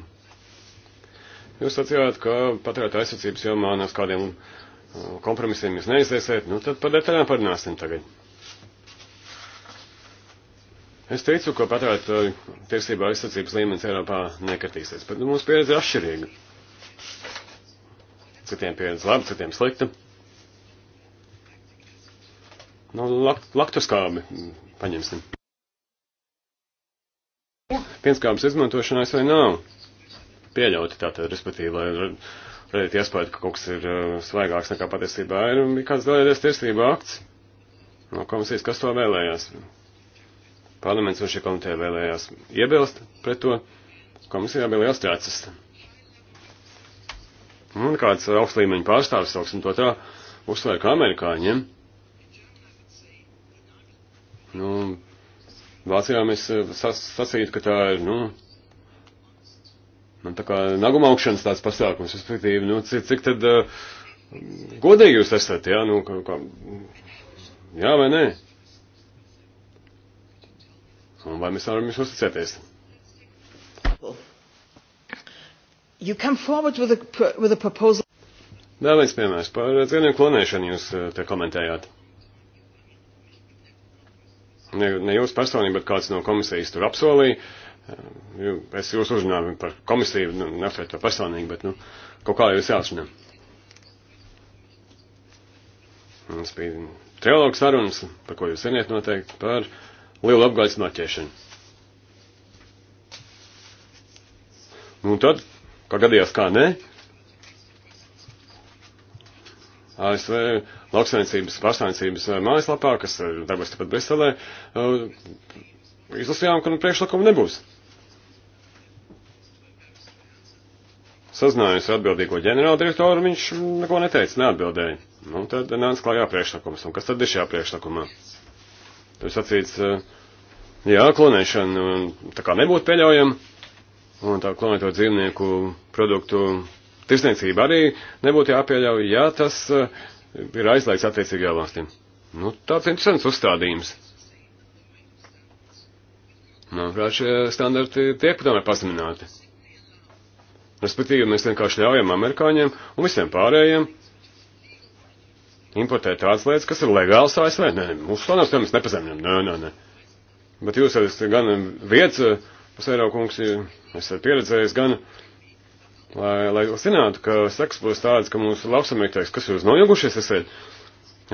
Jūs sacījāt, ka patērētāja aizsardzības jomā nav kādiem uh, kompromisiem jūs neizliesiet, nu tad par detaļām parunāsim tagad. Es teicu, ka patērētāju tiesībā aizsardzības līmenis Eiropā nekatīsies, bet nu, mūsu pieredze ir atšķirīga. Citiem pieredze laba, citiem slikta. Nu, lakt, laktuskābi paņemsim. Pienskābes izmantošanai vai nav pieļauti tātad, respektīvi, lai radītu iespēju, ka kaut kas ir uh, svaigāks nekā patiesībā ir, un bija kāds dalīties tiesība akts no komisijas, kas to vēlējās. Parlaments un šī komiteja vēlējās iebilst pret to, komisijā bija liels trācis. Un kāds augsts līmeņa pārstāvis, sauksim to tā, uzsvēra, ka amerikāņiem, nu, Vācijā mēs eh, sas, sasītu, ka tā ir, nu, man nu, tā kā naguma augšanas tāds pasākums, respektīvi, nu, cik, cik tad uh, godīgi jūs esat, jā, nu, kā, kā, jā vai nē? Un vai mēs varam jūs uzticēties? You come forward with a, with a proposal. Vēl viens piemērs par dzīvnieku klonēšanu jūs eh, te komentējāt. Ne, ne jūs personīgi, bet kāds no komisijas tur apsolīja. Ehm, es jūs uzrunāju par komisiju, nu, neapsveicu to personīgi, bet, nu, kaut kā jūs jāuzrunā. Mums bija trialogs sarunas, par ko jūs ziniet noteikti, par lielu apgādes noķēšanu. Nu, un tad, kā gadījās, kā nē, ASV lauksainicības pārstāvniecības eh, mājaslapā, kas eh, darbojas tepat Briselē, eh, izlasījām, ka nu, priekšlikumu nebūs. Sazinājos ar atbildīgo ģenerāldirektoru, viņš neko neteica, neatbildēja. Nu, tad nāca klājā priekšlikums. Un kas tad ir šajā priekšlikumā? Tur sacīts, jā, klonēšana tā kā nebūtu pieļaujama, un tā klonēto dzīvnieku produktu tirsniecība arī nebūtu jāpieļauj, ja tas eh, ir aizliegts attiecīgajā valstī. Nu, tāds interesants uzstādījums. Manuprāt, šie standarti tiek tomēr pazemināti. Respektīvi, mēs vienkārši ļaujam amerikāņiem un visiem pārējiem importēt tādas lietas, kas ir legāls ASV. Nē, mūsu standarts mēs nepazeminam. Nē, nē, nē. Bet jūs esat gan vietas, eh, pasēraukungs, esat pieredzējis, gan. Uh, lai, lai zinātu, ka seks būs tāds, ka mūsu lauksamnieks, kas jūs noilgušies esat,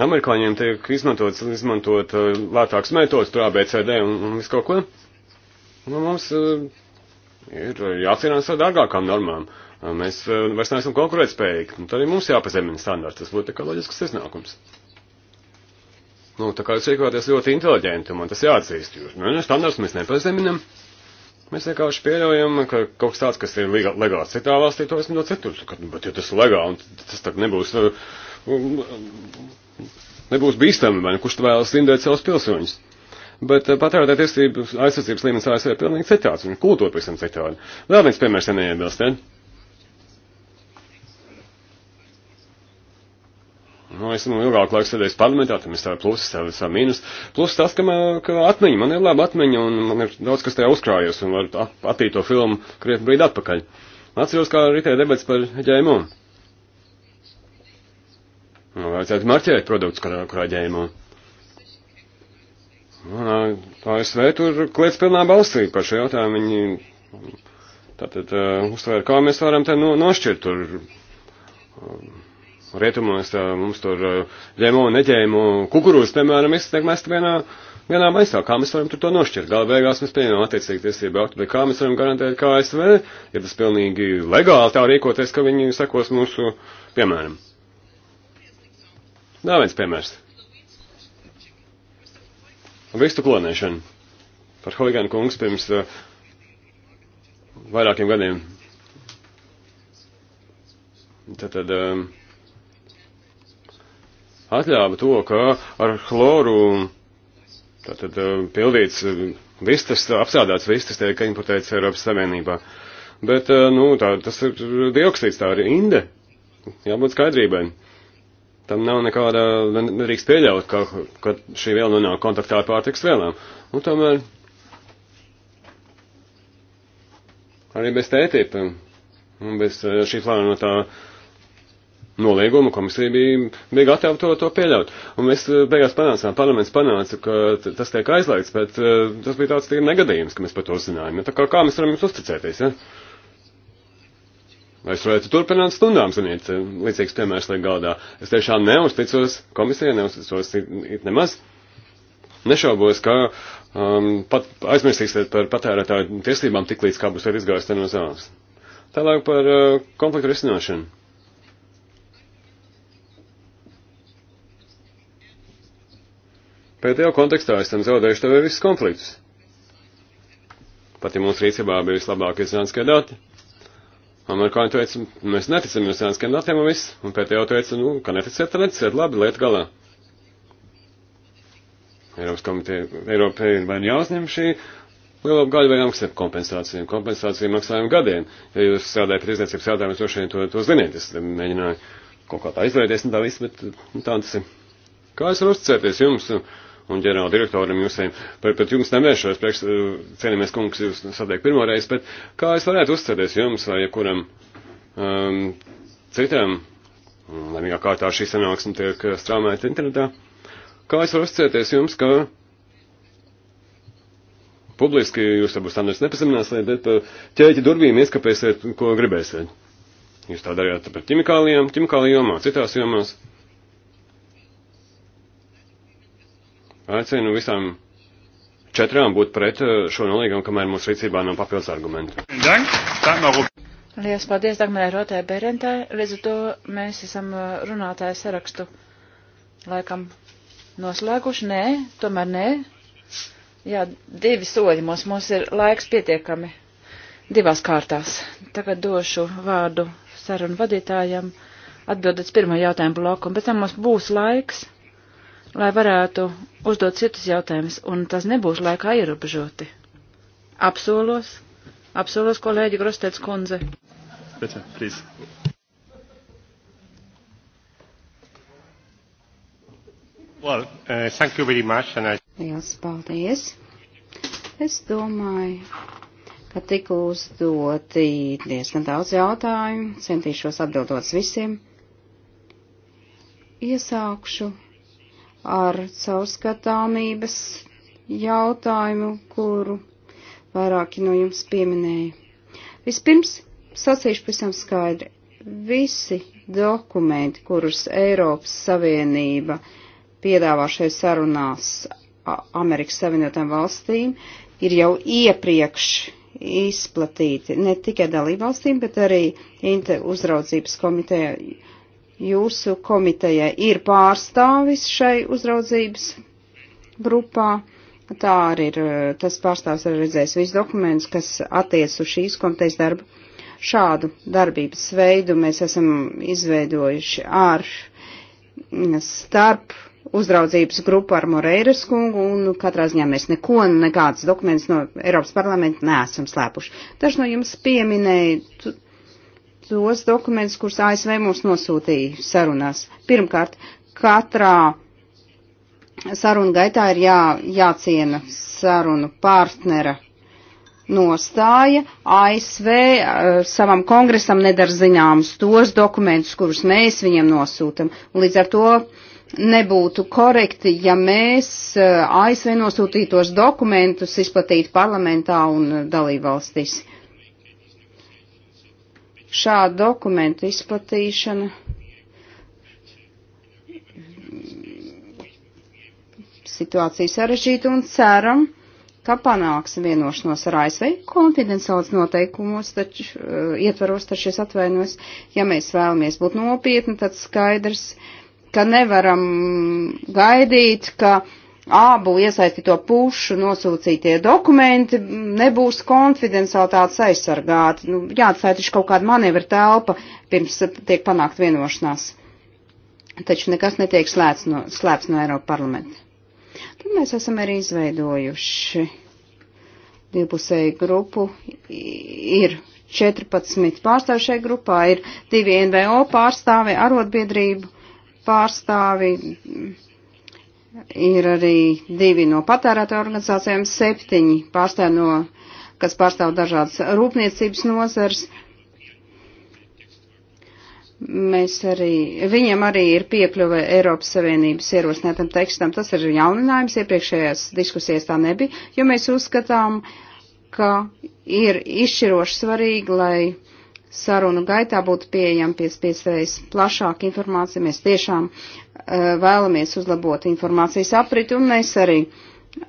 amerikāņiem tiek izmantots, izmantot uh, lētāks metods, tur ABCD un, un visu kaut ko. Nu, mums uh, ir jācīnās ar dārgākām normām. Uh, mēs vairs neesam konkurētspējīgi. Tad arī mums jāpazemina standarts. Tas būtu kā loģisks iznākums. Nu, tā kā jūs rīkoties ļoti inteliģenti, man tas jāatzīst. Jūs, nu, standarts mēs nepazeminam. Mēs vienkārši pieļaujam, ka kaut kas tāds, kas ir legāls citā valstī, to esmu no citur. Bet, ja tas ir legāli, tas tā nebūs, uh, um, um, nebūs bīstami, vai ne? Nu, kurš vēlas indēt savus pilsoņus. Bet uh, patērētāja tiesību aizsardzības līmenis ASV ir pilnīgi citāds un kultūra pavisam citādi. Vēl viens piemērs, ja neiebilst, ne? Nu, esmu nu, ilgāk laiku sēdējis parlamentā, tam ir savi plusi, savi, savi mīnus. Plus tas, ka, man, ka atmiņa, man ir laba atmiņa un man ir daudz, kas tajā uzkrājies un var attīt to filmu krietni brīdi atpakaļ. Atceros, kā ritēja debats par ģēmo. Nu, vajadzētu marķēt produktus, kurā, kurā ģēmo. Un, ASV tur kliedz pilnā balsī par šo jautājumu. Viņi tātad uh, uztvēra, kā mēs varam te no, nošķirt tur. Uh, Rietumos tā, mums tur ģēmo un neģēmo kukurūz, piemēram, iztiek mest vienā, vienā maisā. Kā mēs varam tur to nošķirt? Gala beigās mēs pieņemam attiecīgi tiesību aktu, bet kā mēs varam garantēt, kā ASV, ja tas pilnīgi legāli tā rīkoties, ka viņi sekos mūsu, piemēram. Nā, viens piemērs. Vistu klonēšana. Par Holigānu kungs pirms uh, vairākiem gadiem. Tad, tad um, atļāva to, ka ar chloru tātad eh, pildīts eh, vistas, apsādāts vistas tiek importēts Eiropas Savienībā. Bet, eh, nu, tā, tas ir dioksīds, tā ir inde. Jābūt skaidrībai. Tam nav nekāda, nedrīkst pieļaut, ka, ka šī viela nonāk kontaktā ar pārtiks vielām. Un nu, tomēr arī bez tētīpa un bez šī plānotā no noliegumu, komisija bija, bija gatava to, to pieļaut. Un mēs eh, beigās panācām, parlaments panāca, ka tas tiek aizliegts, bet uh, tas bija tāds tīri negadījums, ka mēs par to zinājām. Ja? Nu, tā kā, kā mēs varam jums uzticēties, ja? Es varētu turpināt stundām, ziniet, eh, līdzīgs piemērs liek galdā. Es tiešām neuzticos komisijai, neuzticos it, it nemaz. Nešaubos, ka um, pat aizmirsīsiet par patērētāju tiesībām tik līdz kā būsiet izgājis te no zāles. Tālāk par uh, konfliktu risināšanu. Pēdējā kontekstā esam zaudējuši tev visus konfliktus. Pat ja mūsu rīcībā bija vislabākie zinātniskie dati. Amerikāņi teica, mēs neticam jums zinātniskiem datiem un viss. Un pēdējā teica, nu, ka neticiet, tad neticiet, labi, lieta galā. Eiropas komiteja, Eiropai ir vai nu jāuzņem šī liela apgaļa vai jāmaksā kompensācijām. Kompensācija maksājuma gadiem. Ja jūs strādājat pie izniecības jautājumus, droši vien to, to ziniet. Es mēģināju kaut kā tā izvairīties un tā viss, bet nu, tā tas ir. Kā es varu uzticēties jums? Uh, un ģenerāla direktoram jūsiem, bet, bet jums nevēršos, priekš, eh, cienījamies kungs, jūs satiek pirmo reizi, bet kā es varētu uzticēties jums vai jebkuram um, citam, laimīgā kārtā šī sanāksme tiek strāmēta internetā, kā es varu uzticēties jums, ka publiski jūs varbūt standarts nepazemināsiet, bet eh, ķēķi durvīm ieskapēsiet, ko gribēsiet. Jūs tā darījāt par ķimikālijām, ķimikālijām, citās jomās. Aicinu visām četrām būt pret eh, šo nolīgumu, kamēr mūsu rīcībā nav papildus argumenti. Lielas paldies Dagmarai Rotē Berentē. Līdz ar to mēs esam eh, runātāju sarakstu laikam noslēguši. Nē, tomēr nē. Jā, divi soļi mums, mums ir laiks pietiekami. Divās kārtās. Tagad došu vārdu sarunu vadītājam atbildēt pirmo jautājumu bloku, un pēc tam mums būs laiks lai varētu uzdot citus jautājumus, un tas nebūs laikā ierobežoti. Apsolos, apsolos kolēģi Grostēts kundze. Bitte, please. Well, uh, thank you very much. And I... Liels paldies. Es domāju, ka tika uzdoti diezgan daudz jautājumu, centīšos atbildot visiem. Iesākšu ar caurskatāmības jautājumu, kuru vairāki no jums pieminēja. Vispirms sacīšu pavisam skaidri. Visi dokumenti, kurus Eiropas Savienība piedāvā šai sarunās Amerikas Savienotām valstīm, ir jau iepriekš izplatīti ne tikai dalībvalstīm, bet arī uzraudzības komiteja jūsu komitejai ir pārstāvis šai uzraudzības grupā. Tā arī ir, tas pārstāvs ir redzējis visus dokumentus, kas attiec uz šīs komitejas darbu. Šādu darbības veidu mēs esam izveidojuši ar mm, starp uzraudzības grupu ar Moreiras kungu, un katrā ziņā mēs neko, nekādas dokumentus no Eiropas parlamenta neesam slēpuši. Daži no jums pieminēja tos dokumentus, kurus ASV mums nosūtīja sarunās. Pirmkārt, katrā sarunu gaitā ir jā, jāciena sarunu partnera nostāja. ASV eh, savam kongresam nedara zināmus tos dokumentus, kurus mēs viņiem nosūtam. Līdz ar to nebūtu korekti, ja mēs eh, ASV nosūtītos dokumentus izplatītu parlamentā un eh, dalībvalstīs šādu dokumentu izplatīšana situācija sarežģīta un ceram, ka panāksim vienošanos ar ASV konfidenciāls noteikumos, taču uh, ietvaros, taču es atvainos, ja mēs vēlamies būt nopietni, tad skaidrs, ka nevaram gaidīt, ka uh, abu iesaistīto pušu nosūcītie dokumenti nebūs konfidenciālitātes aizsargāti. Nu, jāatstāj taču kaut kāda manevra telpa, pirms tiek panākt vienošanās. Taču nekas netiek slēpts no, slēpts no Eiropa parlamenta. Tad mēs esam arī izveidojuši divpusēju grupu. Ir 14 pārstāvi šai grupā, ir divi NVO pārstāvi, arotbiedrību pārstāvi ir arī divi no patērētāju organizācijām, septiņi pārstāv no, kas pārstāv dažādas rūpniecības nozars. Mēs arī, viņiem arī ir piekļuve Eiropas Savienības ierosinātam tekstam. Tas ir jauninājums, iepriekšējās diskusijas tā nebija, jo mēs uzskatām, ka ir izšķiroši svarīgi, lai sarunu gaitā būtu pieejama pēc piespējas plašāka informācija. Mēs tiešām uh, vēlamies uzlabot informācijas apriti un mēs arī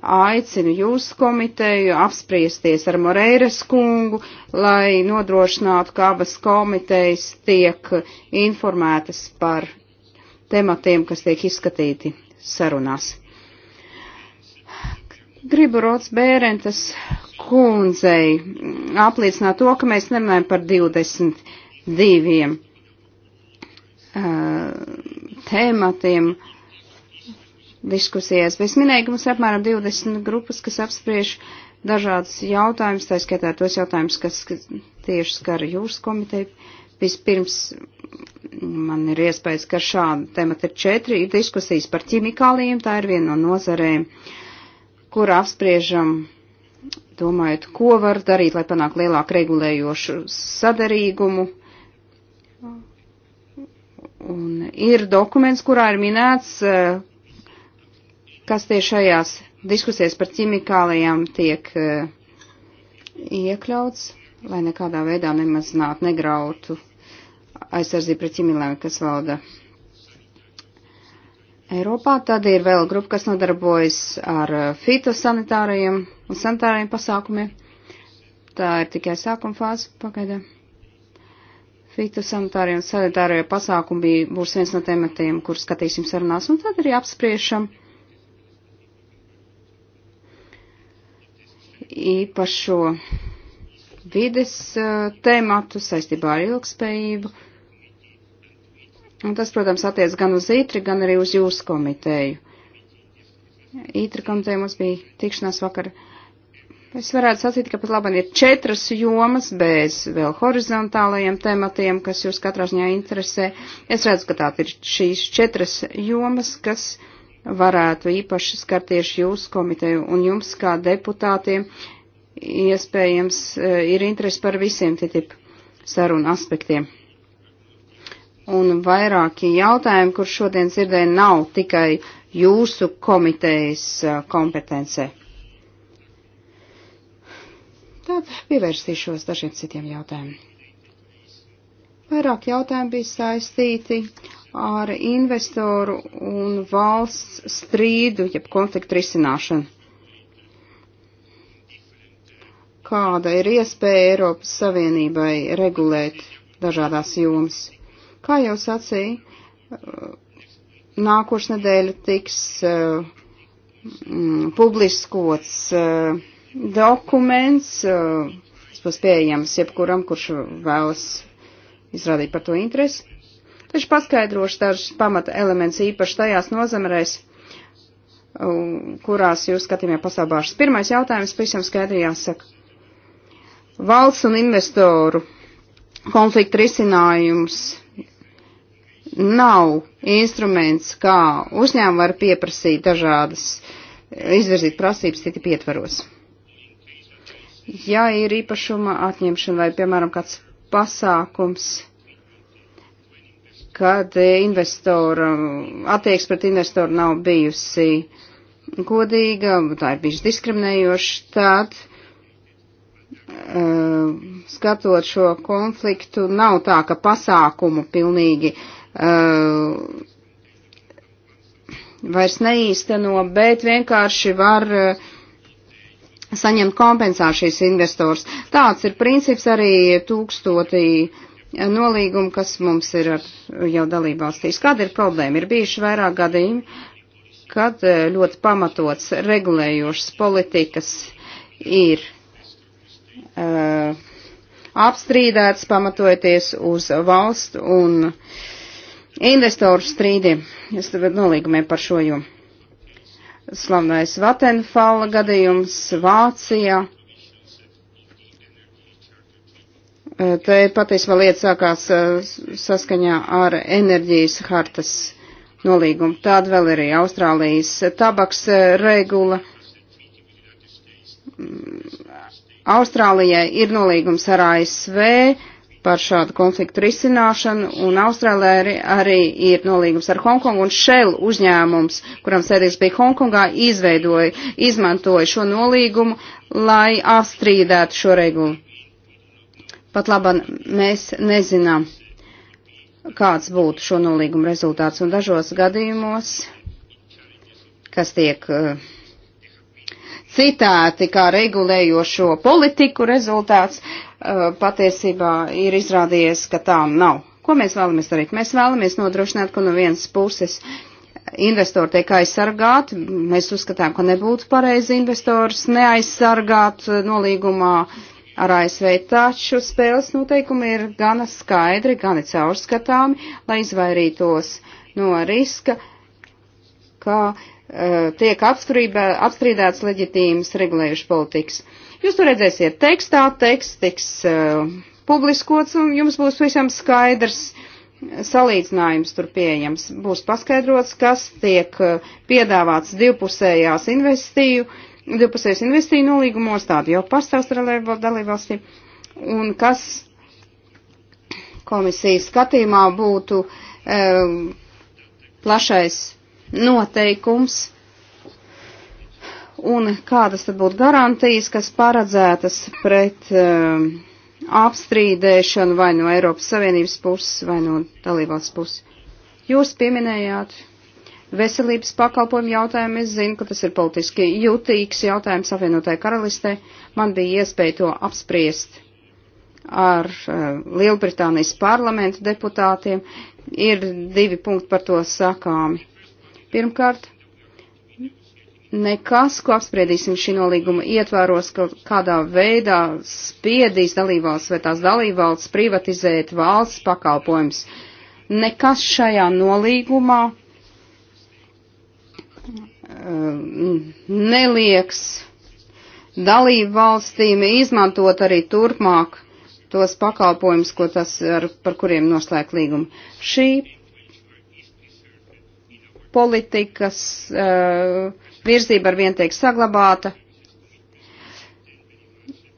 aicinu jūs komiteju apspriesties ar Moreiras kungu, lai nodrošinātu, ka abas komitejas tiek informētas par tematiem, kas tiek izskatīti sarunās. Gribu Rots Bērentas kundzei apliecināt to, ka mēs nerunājam par 22 uh, tēmatiem diskusijās. Es minēju, ka mums ir apmēram 20 grupas, kas apspriež dažādas jautājumas, tā skatā tos jautājumus, kas tieši skar jūras komiteju. Vispirms man ir iespējas, ka šāda temata ir četri, ir diskusijas par ķimikāliem, tā ir viena no nozarēm. Uh, kur apspriežam, domājot, ko var darīt, lai panāktu lielāku regulējošu sadarīgumu. Un ir dokuments, kurā ir minēts, eh, kas tieši šajās diskusijās par ķimikālajām tiek eh, iekļauts, lai nekādā veidā nemazinātu, negrautu aizsardzību pret ķimikālajām, kas valda Eiropā. Tad ir vēl grupa, kas nodarbojas ar uh, fitosanitārajiem un sanitārajiem pasākumiem. Tā ir tikai sākuma fāze pagaidām. Fitosanitārie un sanitārie pasākumi būs viens no tematiem, kur skatīsim sarunās, un tad arī apspriešam īpašo vides uh, tēmatu saistībā ar ilgspējību Un tas, protams, attiec gan uz ITRI, gan arī uz jūsu komiteju. ITRI komiteja mums bija tikšanās vakar. Es varētu sacīt, ka pat labi ir četras jomas bez vēl horizontālajiem tematiem, kas jūs katrā ziņā interesē. Es redzu, ka tā ir šīs četras jomas, kas varētu īpaši skart tieši jūsu komiteju un jums kā deputātiem iespējams eh, ir interesi par visiem TTIP sarunu aspektiem. Un vairāki jautājumi, kur šodien dzirdēju, nav tikai jūsu komitejas kompetence. Tad pievērsīšos dažiem citiem jautājumiem. Vairāk jautājumi bija saistīti ar investoru un valsts strīdu, jeb konfliktu risināšanu. Kāda ir iespēja Eiropas Savienībai regulēt dažādās jomas? Kā jau sacīja, uh, nākošais nedēļa tiks uh, mm, publiskots uh, dokuments, uh, tas būs pieejams jebkuram, kurš vēlas izrādīt par to interesi. Taču paskaidrošu dažus pamata elements īpaši tajās nozemēs, uh, kurās jūs skatījumā pastāvāšas. Pirmais jautājums pavisam skaidri jāsaka. Valsts un investoru konflikta risinājums nav instruments, kā uzņēmumi var pieprasīt dažādas, izvirzīt prasības citi pietvaros. Ja ir īpašuma atņemšana vai, piemēram, kāds pasākums, kad investora, attieks pret investoru nav bijusi godīga, tā ir bijusi diskriminējoša, tad e, skatot šo konfliktu, nav tā, ka pasākumu pilnīgi Eh, vairs neīsteno, bet vienkārši var eh, saņemt kompensācijas investors. Tāds ir princips arī tūkstotī eh, nolīgumu, kas mums ir ar, jau dalībvalstīs. Kāda ir problēma? Ir bijuši vairāk gadījumi, kad ļoti pamatots regulējošas politikas ir uh, apstrīdēts pamatojoties uz valstu un uh, Investoru strīdi, es tagad nolīgumiem par šo jomu. Slavnais Vatenfala gadījums Vācijā. E, te patiesībā lieta sākās e, saskaņā ar enerģijas hartas nolīgumu. Tāda vēl ir arī Austrālijas tabaks e, regula. Mm, Austrālijai ir nolīgums ar ASV par šādu konfliktu risināšanu, un Austrālija arī, arī ir nolīgums ar Hongkongu, un Shell uzņēmums, kuram sēdīs bija Hongkongā, izveidoja, izmantoja šo nolīgumu, lai apstrīdētu šo regulu. Pat labam mēs nezinām, kāds būtu šo nolīgumu rezultāts, un dažos gadījumos, kas tiek uh, citēti kā regulējošo politiku rezultāts, uh, Uh, patiesībā ir izrādījies, ka tā nav. Ko mēs vēlamies darīt? Mēs vēlamies nodrošināt, ka no vienas puses investori tiek aizsargāti. Mēs uzskatām, ka nebūtu pareizi investors neaizsargāt uh, nolīgumā ar ASV, taču spēles noteikumi ir gana skaidri, gana caurskatāmi, lai izvairītos no riska, ka uh, tiek apstrīdēts leģitīmas regulējuši politikas. Uh, Jūs to redzēsiet tekstā, teksts tiks uh, publiskots un jums būs visam skaidrs salīdzinājums tur pieejams. Būs paskaidrots, kas tiek eh, piedāvāts divpusējās investīju, divpusējās investīju nolīgumos, tādi jau pastāv dalībvalstī, un kas komisijas skatījumā būtu um, plašais noteikums Un kādas tad būtu garantijas, kas paredzētas pret um, apstrīdēšanu vai no Eiropas Savienības puses vai no dalībās puses? Jūs pieminējāt veselības pakalpojumu jautājumu. Es zinu, ka tas ir politiski jūtīgs jautājums apvienotāji karalistē. Man bija iespēja to apspriest ar uh, Lielbritānijas parlamentu deputātiem. Ir divi punkti par to sakāmi. Pirmkārt, nekas, ko apspriedīsim šī nolīguma ietvēros, ka kādā veidā spiedīs dalībvalsts vai tās dalībvalsts privatizēt valsts pakalpojums. Nekas šajā nolīgumā eh, nelieks dalībvalstīm izmantot arī turpmāk tos pakalpojumus, ko tas ar, par kuriem noslēgt līgumu. Šī politikas uh, virzība ar vien tiek saglabāta,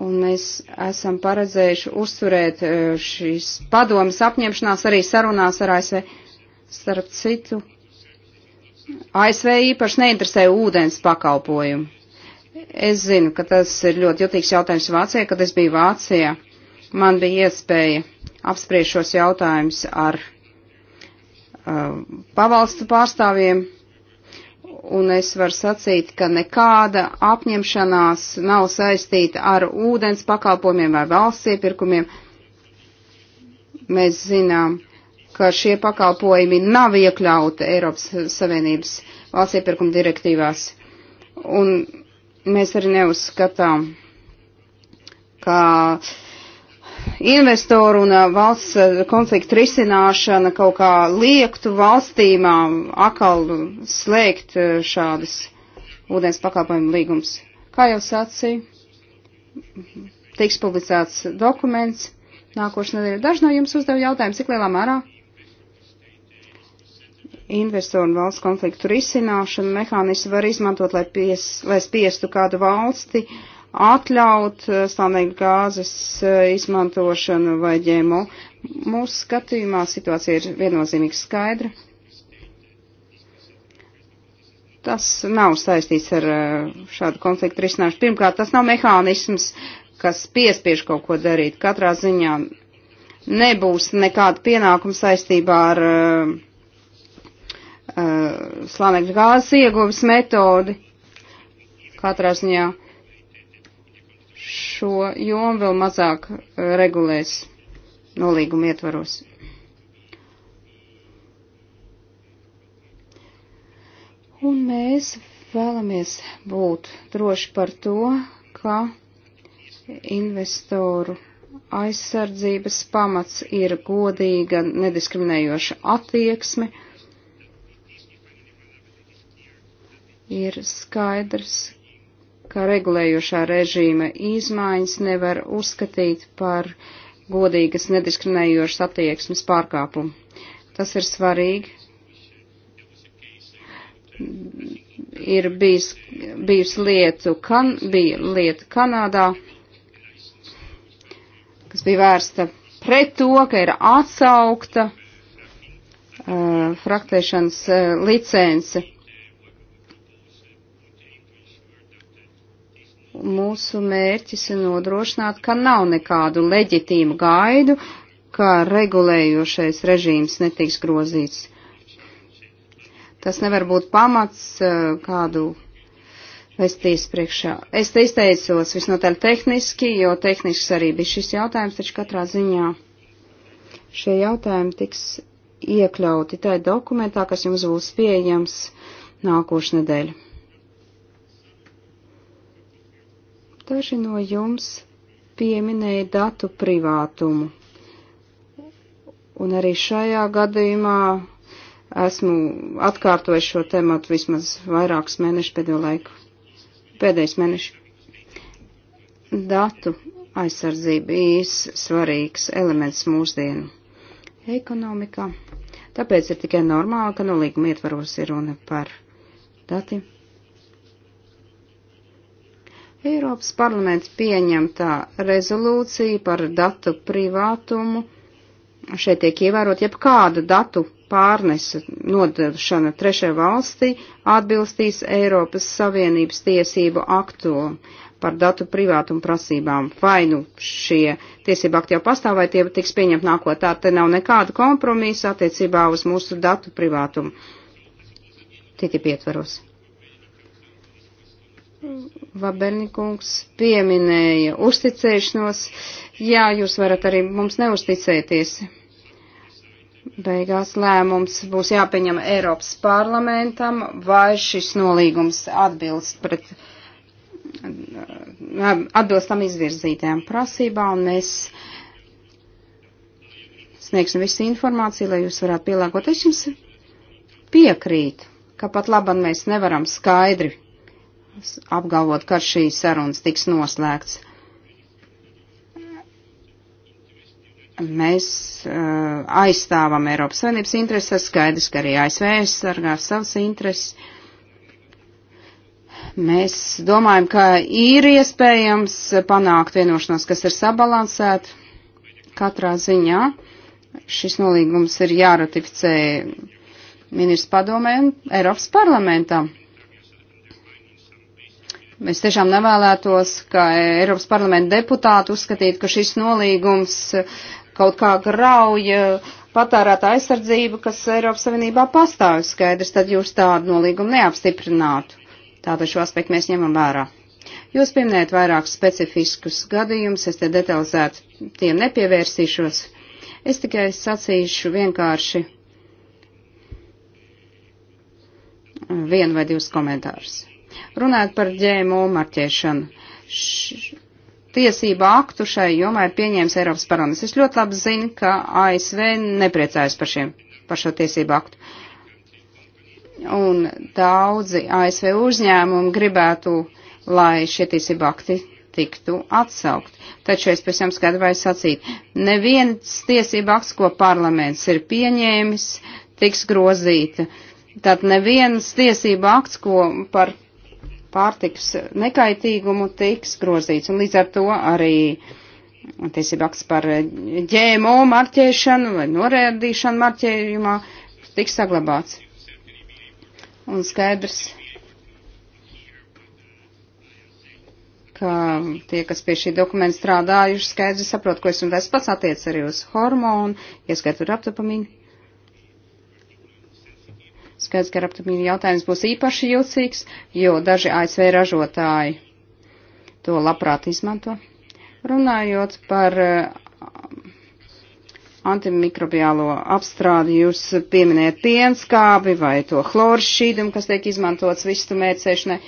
un mēs esam paredzējuši uzturēt e, šīs padomas apņemšanās arī sarunās ar ASV. Starp citu, ASV īpaši neinteresē ūdens pakalpojumu. Es zinu, ka tas ir ļoti jutīgs jautājums Vācijā, kad es biju Vācijā. Man bija iespēja apspriest šos jautājumus ar uh, pavalstu pārstāvjiem un es varu sacīt, ka nekāda apņemšanās nav saistīta ar ūdens pakalpojumiem vai valsts iepirkumiem. Mēs zinām, ka šie pakalpojumi nav iekļauti Eiropas Savienības valsts iepirkuma direktīvās. Un mēs arī neuzskatām, ka uh, investoru un valsts konfliktu risināšana kaut kā liektu valstīmām akal slēgt šādas ūdens pakāpojumu līgums. Kā jau sacīju, tiks publicēts dokuments nākošais nedēļa. Daži no jums uzdeva jautājumu, cik lielā mērā investoru un valsts konfliktu risināšanu mehānismu var izmantot, lai, pies, lai spiestu kādu valsti uh, atļaut eh, slānekļa gāzes eh, izmantošanu vai ģēmo. Mūsu skatījumā situācija ir viennozīmīgi skaidra. Tas nav saistīts ar eh, šādu konfliktu risināšanu. Pirmkārt, tas nav mehānisms, kas piespiež kaut ko darīt. Katrā ziņā nebūs nekāda pienākuma saistībā ar uh, slānekļa gāzes ieguves metodi. Katrā ziņā uh, šo jomu vēl mazāk eh, regulēs nolīguma ietvaros. Un mēs vēlamies būt droši par to, ka investoru aizsardzības pamats ir godīga, nediskriminējoša attieksme. Ir skaidrs, ka regulējošā režīma izmaiņas nevar uzskatīt par godīgas nediskriminējošas attieksmes pārkāpumu. Tas ir svarīgi. Ir bijis, bijis lietu, kan, bija lieta Kanādā, kas bija vērsta pret to, ka ir atsaukta uh, fraktēšanas uh, licence Mūsu mērķis ir nodrošināt, ka nav nekādu leģitīmu gaidu, ka regulējošais režīms netiks grozīts. Tas nevar būt pamats eh, kādu vestīs priekšā. Es te izteicos visnotaļ tehniski, jo tehnisks arī bija šis jautājums, taču katrā ziņā šie jautājumi tiks iekļauti tajā dokumentā, kas jums būs pieejams nākošu nedēļu. Daži no jums pieminēja datu privātumu. Un arī šajā gadījumā esmu atkārtojis šo tematu vismaz vairākus mēnešus pēdējo laiku. Pēdējais mēnešs. Datu aizsardzība ir svarīgs elements mūsdienu ekonomikā. Tāpēc ir tikai normāli, ka no līguma ietvaros ir runa par datiem Eiropas parlaments pieņemtā rezolūcija par datu privātumu. Šeit tiek ievērot jebkādu datu pārnesa nodošana trešajā valstī atbilstīs Eiropas Savienības tiesību aktu par datu privātumu prasībām. Vai nu šie tiesība akti jau pastāv, vai tie tiks pieņemti nākotnē. Te nav nekāda kompromisa attiecībā uz mūsu datu privātumu. Titi pietveros. Vabelnikungs pieminēja uzticēšanos. Jā, jūs varat arī mums neusticēties. Beigās lēmums būs jāpieņem Eiropas parlamentam, vai šis nolīgums atbilst pret atbilstam izvirzītām prasībām, un mēs sniegsim visu informāciju, lai jūs varētu pielāgoties. Es jums piekrītu, ka pat labam mēs nevaram skaidri apgalvot, ka šīs sarunas tiks noslēgts. Mēs uh, aizstāvam Eiropas Savienības intereses, skaidrs, ka arī ASV aizsargās savas intereses. Mēs domājam, ka ir iespējams panākt vienošanos, kas ir sabalansēta katrā ziņā. Šis nolīgums ir jāratificē ministrs padomē un Eiropas parlamentam. Es tiešām nevēlētos, ka Eiropas parlamenta deputāti uzskatītu, ka šis nolīgums kaut kā grauja patērēta aizsardzība, kas Eiropas Savienībā pastāv skaidrs, tad jūs tādu nolīgumu neapstiprinātu. Tātad šo aspektu mēs ņemam vērā. Jūs pieminējat vairākus specifiskus gadījumus, es te detalizēti tiem nepievērsīšos. Es tikai sacīšu vienkārši vienu vai divus komentārus. Runājot par ģēmo marķēšanu. Š tiesību aktu šai jomai pieņēmis Eiropas parlaments. Es ļoti labi zinu, ka ASV nepriecājas par, šiem, par šo tiesību aktu. Un daudzi ASV uzņēmumi gribētu, lai šie tiesību akti tiktu atsaukt. Taču es pēc tam skatu vai sacīt, neviens tiesību akts, ko parlaments ir pieņēmis, tiks grozīta. Tad neviens tiesību akts, ko par pārtiks nekaitīgumu tiks grozīts. Un līdz ar to arī tiesība akts par ģēmo marķēšanu vai norēdīšanu marķējumā tiks saglabāts. Un skaidrs, ka tie, kas pie šī dokumenta strādājuši, skaidri saprot, ko es un tas pats attiec arī uz hormonu, ieskaitot aptopamīnu. Skaidrs, ka raptamīna jautājums būs īpaši jūtīgs, jo daži ASV ražotāji to labprāt izmanto. Runājot par eh, antimikrobiālo apstrādi, jūs pieminējat pienskābi vai to chloršīdumu, kas tiek izmantots vistu mēcēšanai.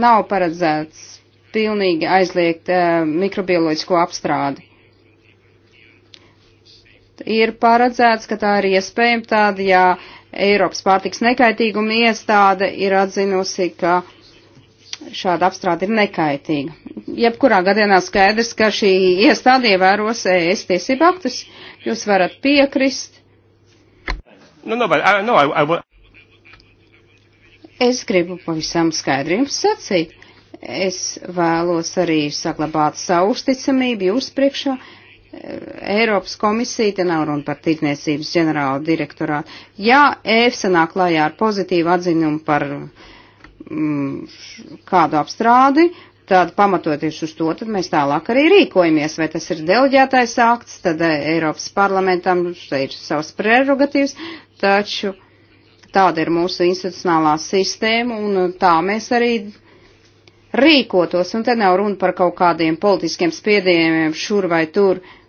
Nav paredzēts pilnīgi aizliegt uh, mikrobioloģisko apstrādi ir paredzēts, ka tā ir iespējama tāda, ja Eiropas pārtiks nekaitīguma iestāde ir atzinusi, ka šāda apstrāde ir nekaitīga. Jebkurā gadījumā skaidrs, ka šī iestāde ievēros ES tiesību aktus, jūs varat piekrist. No, no, but, uh, no, I, I will... Es gribu pavisam skaidri jums sacīt. Es vēlos arī saglabāt savu uzticamību jūsu priekšā, Eiropas komisija, te nav runa par tirdzniecības ģenerālu direktorātu. Ja EFSA nāk klajā ar pozitīvu atzinumu par mm, kādu apstrādi, tad pamatoties uz to, tad mēs tālāk arī rīkojamies. Vai tas ir deleģētais akts, tad eh, Eiropas parlamentam te ir savs prerogatīvs, taču tāda ir mūsu institucionālā sistēma un eh, tā mēs arī rīkotos, un te nav runa par kaut kādiem politiskiem spiedījumiem šur vai tur, uh,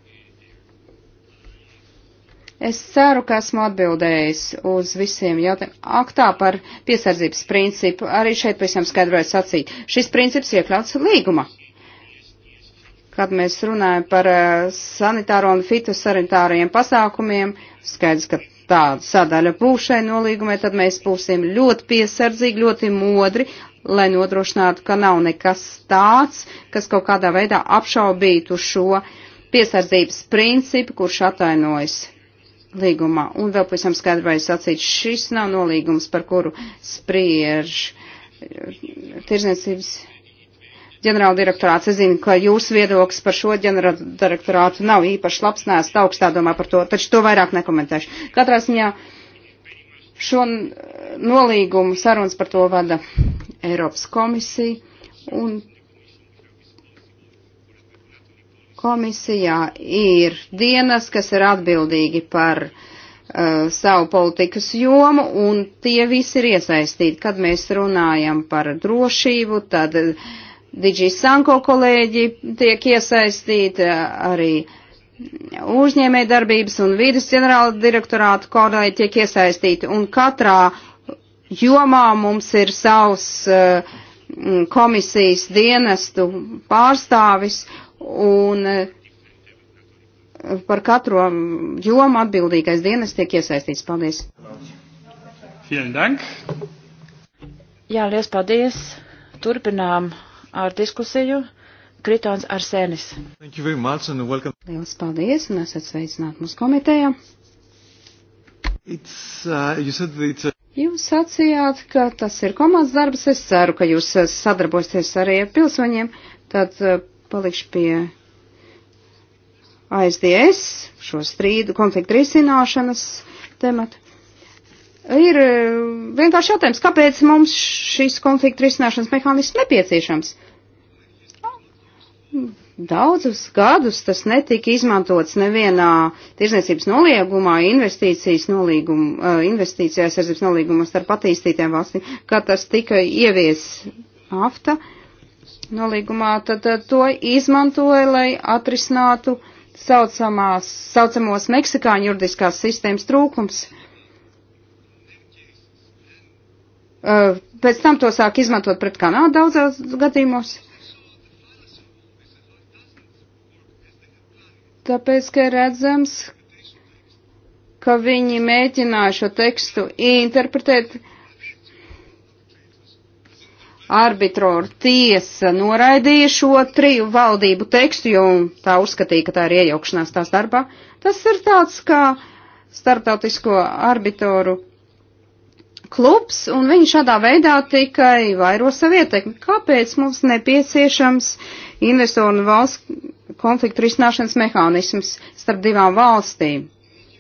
Es ceru, ka esmu atbildējis uz visiem jautājumiem. Ak, tā par piesardzības principu arī šeit pēc tam skaidroju sacīt. Šis princips iekļauts līguma. Kad mēs runājam par eh, sanitāro un fitosanitāriem pasākumiem, skaidrs, ka tāda sadaļa būs šai nolīgumai, tad mēs būsim ļoti piesardzīgi, ļoti modri, lai nodrošinātu, ka nav nekas tāds, kas kaut kādā veidā apšaubītu šo piesardzības principu, kurš atainojas līgumā. Un vēl pavisam skaidri vajag sacīt, šis nav nolīgums, par kuru spriež eh, tirzniecības ģenerāla direktorāts. Es zinu, ka jūsu viedoklis par šo ģenerāla direktorātu nav īpaši labs, neesat augstā domā par to, taču to vairāk nekomentēšu. Katrā ziņā šo nolīgumu sarunas par to vada Eiropas komisija, un komisijā ir dienas, kas ir atbildīgi par uh, savu politikas jomu, un tie visi ir iesaistīti. Kad mēs runājam par drošību, tad Digi Sanko kolēģi tiek iesaistīti arī uzņēmē darbības un vīdes ģenerāla direktorāta kolēģi tiek iesaistīti, un katrā jomā mums ir savs uh, komisijas dienestu pārstāvis, un eh, par katro um, jomu atbildīgais dienas tiek iesaistīts. Paldies! Jā, liels paldies! Turpinām ar diskusiju. Kritons Arsenis. Lielas paldies un esat sveicināti mūsu komitejā. Uh, Jūs sacījāt, ka tas ir komandas darbs. Es ceru, ka jūs uh, sadarbosieties arī ar pilsoņiem. Tad uh, palikšu pie ASDS, šo strīdu konfliktu risināšanas tematu. Ir e, vienkārši jautājums, kāpēc mums šis konfliktu risināšanas mehānisms nepieciešams? Daudzus gadus tas netika izmantots nevienā tirzniecības noliegumā, investīcijas nolīguma, e, investīcijās aizsardzības nolīgumos starp attīstītiem valstīm, kad tas tika ievies afta. Uh, nolīgumā, tad eh, to izmantoja, lai atrisinātu saucamās, saucamos meksikāņu juridiskās sistēmas trūkums. Eh, pēc tam to sāk izmantot pret Kanādu daudzos gadījumos. Tāpēc, ka redzams, ka viņi mēģināja šo tekstu interpretēt arbitroru tiesa noraidīja šo triju valdību tekstu, jo tā uzskatīja, ka tā ir iejaukšanās tās darbā. Tas ir tāds kā starptautisko arbitoru klubs, un viņi šādā veidā tikai vairo savu ietekmi. Kāpēc mums nepieciešams investoru un valsts konfliktu risināšanas mehānisms starp divām valstīm?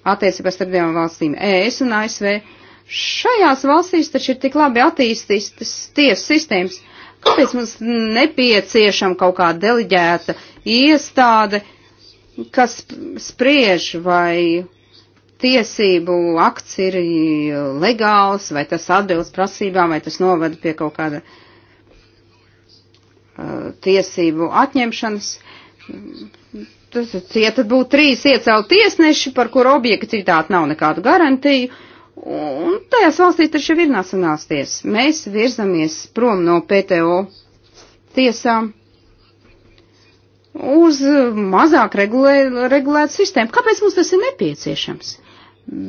Attiecībā starp divām valstīm - ES un ASV Šajās valstīs taču ir tik labi attīstītas tiesu sistēmas. Kāpēc mums nepieciešama kaut kāda deliģēta iestāde, kas spriež vai tiesību akts ir legāls, vai tas atbilst prasībām, vai tas novada pie kaut kāda uh, tiesību atņemšanas. Tie tad būtu trīs iecelt tiesneši, par kur objektivitāti nav nekādu garantiju. Uh, Un tajās valstīs taču ir nacionāls tiesas. Mēs virzamies prom no PTO tiesām uz mazāk regulē, regulētu sistēmu. Kāpēc mums tas ir nepieciešams?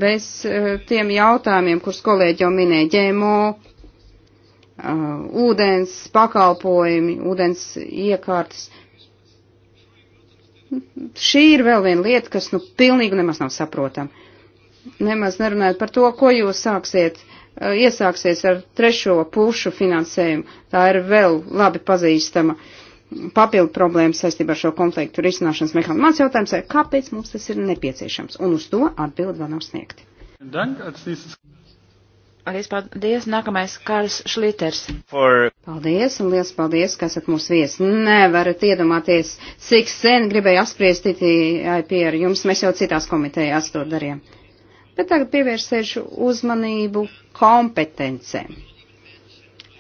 Bez eh, tiem jautājumiem, kurus kolēģi jau minēja, ģēmo, eh, ūdens pakalpojumi, ūdens iekārtas. Šī ir vēl viena lieta, kas nu pilnīgi nemaz nav saprotama nemaz nerunājat par to, ko jūs sāksiet, eh, iesāksiet ar trešo pušu finansējumu. Tā ir vēl labi pazīstama papildu problēma saistībā ar šo konfliktu risināšanas mehānismu. Mans jautājums ir, kāpēc mums tas ir nepieciešams? Un uz to atbildi vēl nav sniegti. Arī paldies, nākamais Kārs Šliters. For... Paldies un liels paldies, ka esat mūsu viesi. Nevarat iedomāties, cik sen gribēju apspriest ITIP ar jums, mēs jau citās komitejās to darījām bet tagad pievērsēšu uzmanību kompetencēm.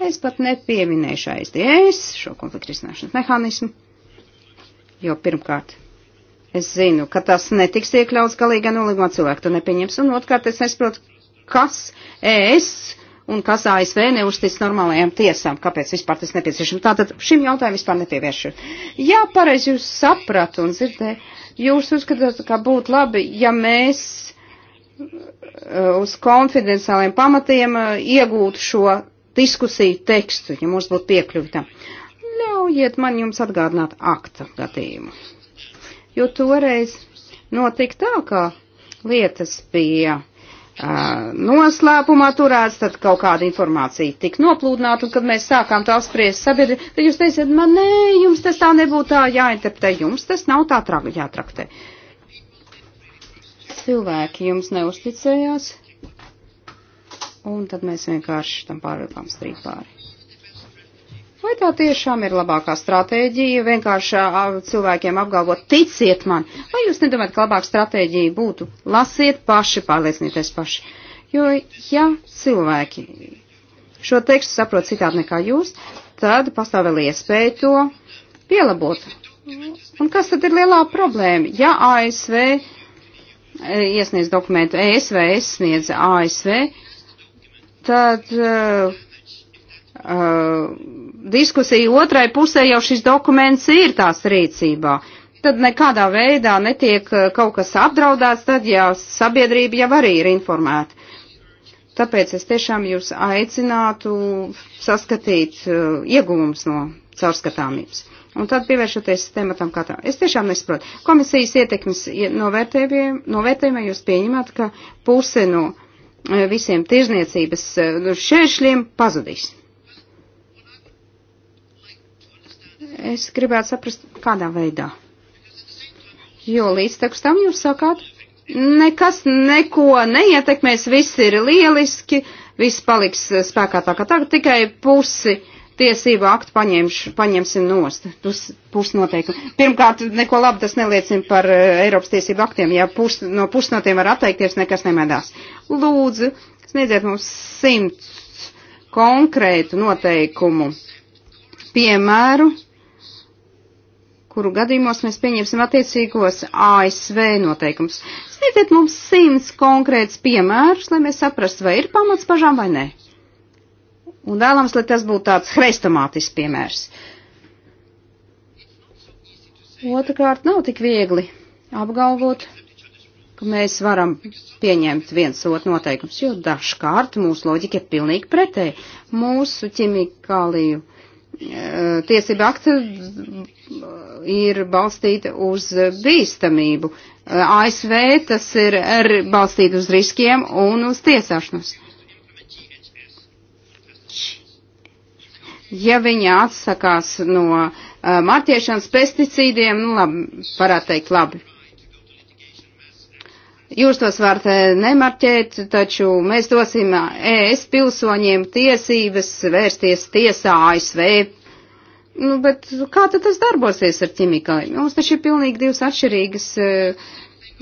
Es pat nepieminēšu ASDS, šo konfliktu risināšanas mehānismu, jo pirmkārt, es zinu, ka tas netiks iekļauts galīgā nolīgumā cilvēku to nepieņems, un otrkārt, es nesaprotu, kas ES un kas ASV neuztic normālajām tiesām, kāpēc vispār tas nepieciešams. Tātad šim jautājumam vispār nepievēršu. Jā, pareizi jūs sapratu un dzirdēju, jūs uzskatāt, ka būtu labi, ja mēs uz konfidenciāliem pamatiem eh, iegūt šo diskusiju tekstu, ja mums būtu piekļuvi tam. Ļaujiet man jums atgādināt akta gadījumu. Jo toreiz notika tā, ka lietas bija uh, noslēpumā turēts, tad kaut kāda informācija tika noplūdināta, un kad mēs sākām to apspriest sabiedrību, tad jūs teiciet, man nē, jums tas tā nebūtu tā jāinterpretē, jums tas nav tā jātraktē. Uh, cilvēki jums neusticējās, un tad mēs vienkārši tam pārvilkām strīt pāri. Vai tā tiešām ir labākā stratēģija vienkārši cilvēkiem apgalvot, ticiet man, vai jūs nedomājat, ka labāka stratēģija būtu lasiet paši, pārliecinieties paši? Jo, ja cilvēki šo tekstu saprot citādi nekā jūs, tad pastāv vēl iespēja to pielabot. Un kas tad ir lielā problēma? Ja ASV iesniedz dokumentu e ES vai es sniedz ASV, tad uh, uh, diskusija otrai pusē jau šis dokuments ir tās rīcībā. Tad nekādā veidā netiek eh, kaut kas apdraudēts, tad jau sabiedrība jau arī ir informēta. Tāpēc es tiešām jūs aicinātu saskatīt uh, ieguvums no caurskatāmības. Un tad pievēršoties tematam kā tam. Es tiešām nesaprotu. Komisijas ietekmes novērtējumā jūs pieņemat, ka puse no e, visiem tirzniecības e, šēršļiem pazudīs. Es gribētu saprast, kādā veidā. Jo līdztekus tam jūs sakāt, nekas neko neietekmēs, viss ir lieliski, viss paliks spēkā tā kā tagad, tikai pusi uh, tiesību aktu paņemš, paņemsim nost. Pusnoteikumi. Pirmkārt, neko labu tas neliecina par eh, Eiropas tiesību aktiem. Ja pus, no pusnotiem var atteikties, nekas nemēdās. Lūdzu, sniedziet mums simts konkrētu noteikumu. Piemēru, kuru gadījumos mēs pieņemsim attiecīgos ASV noteikumus. Sniedziet mums simts konkrēts piemērus, lai mēs saprastu, vai ir pamats pažām vai nē. Un vēlams, lai tas būtu tāds hreistamātisks piemērs. Otrakārt, nav tik viegli apgalvot, ka mēs varam pieņemt viens otru noteikums, jo dažkārt mūsu loģika ir pilnīgi pretēji. Mūsu ķimikāliju e, tiesība akta e, ir balstīta uz bīstamību. E, ASV tas ir er, balstīta uz riskiem un uz tiesāšanos. ja viņi atsakās no uh, martiešanas pesticīdiem, nu labi, varētu teikt labi. Jūs tos varat uh, nemarķēt, taču mēs dosim ES uh, pilsoņiem tiesības vērsties tiesā ASV. Nu, bet kā tad tas darbosies ar ķimikāļiem? Mums taču ir pilnīgi divas atšķirīgas uh,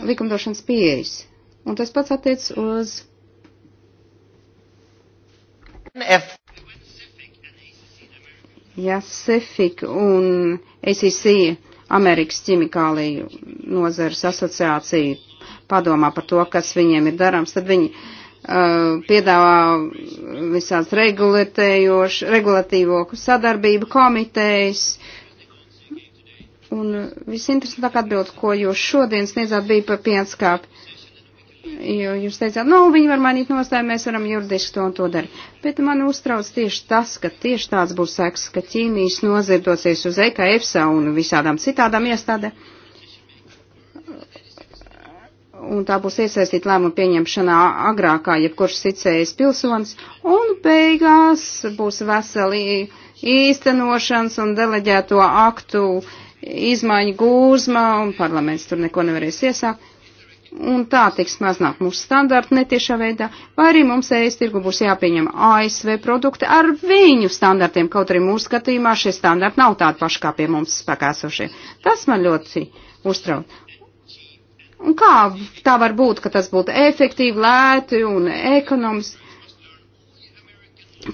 likumdošanas pieejas. Un tas pats attiec uz. F ja SEFIK un SEC Amerikas ķimikāliju nozares asociācija padomā par to, kas viņiem ir darāms, tad viņi uh, piedāvā visāds regulatīvo sadarbību komitejas. Un visinteresantākā atbilde, ko jūs šodien sniedzāt, bija par pienskāpi. Jo jūs teicāt, nu, viņi var mainīt nostāju, mēs varam juridiski to un to darīt. Bet man uztrauc tieši tas, ka tieši tāds būs seks, ka ķīmijas nozirdosies uz EKFSA un visādām citādām iestādēm. Un tā būs iesaistīta lēmuma pieņemšanā agrākā, jebkurš sicējas pilsonis. Un beigās būs veseli īstenošanas un deleģēto aktu izmaiņu gūzma, un parlaments tur neko nevarēs iesākt un tā tiks mazināt mūsu standarti netiešā veidā, vai arī mums ēst tirgu būs jāpieņem ASV produkti ar viņu standartiem, kaut arī mūsu skatījumā šie standarti nav tādi paši kā pie mums spēkāsošie. Tas man ļoti uztrauc. Un kā tā var būt, ka tas būtu efektīvi, lēti un ekonomiski?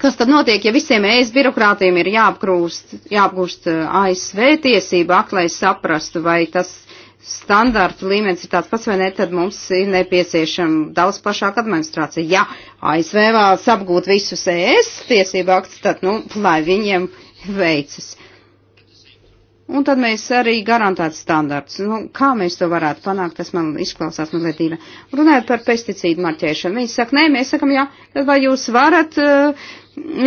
Kas tad notiek, ja visiem ES birokrātiem ir jāapgrūst, jāapgrūst ASV tiesību, ak, lai saprastu, vai tas standārtu līmenis ir tāds pats vai ne, tad mums ir nepieciešama daudz plašāka administrācija. Ja ASV vēlas apgūt visus ES tiesību aktus, tad, nu, lai viņiem veicas. Un tad mēs arī garantētu standarts. Nu, kā mēs to varētu panākt, tas man izklausās mazliet dīva. Runājot par pesticīdu marķēšanu, viņi saka, nē, mēs sakam, jā, tad vai jūs varat uh,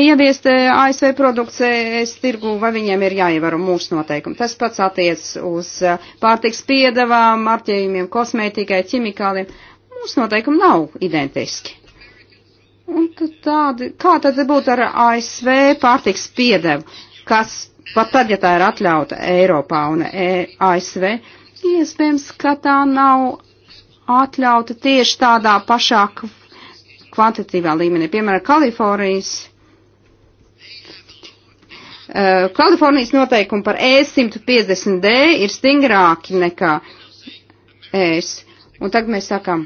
ieviest eh, ASV produkcijas eh, tirgu, vai viņiem ir jāievēro mūsu noteikumi. Tas pats attiec uz uh, pārtiks piedavām, marķējumiem, kosmētikai, ķimikāliem. Mūsu noteikumi nav identiski. Un tādi, kā tad būtu ar ASV pārtiks piedevu, kas pat tad, ja tā ir atļauta Eiropā un e, ASV, iespējams, ka tā nav atļauta tieši tādā pašā kvantitīvā līmenī. Piemēram, Kalifornijas. Uh, Kalifornijas noteikumi par E150D ir stingrāki nekā ES. Un tagad mēs sakām,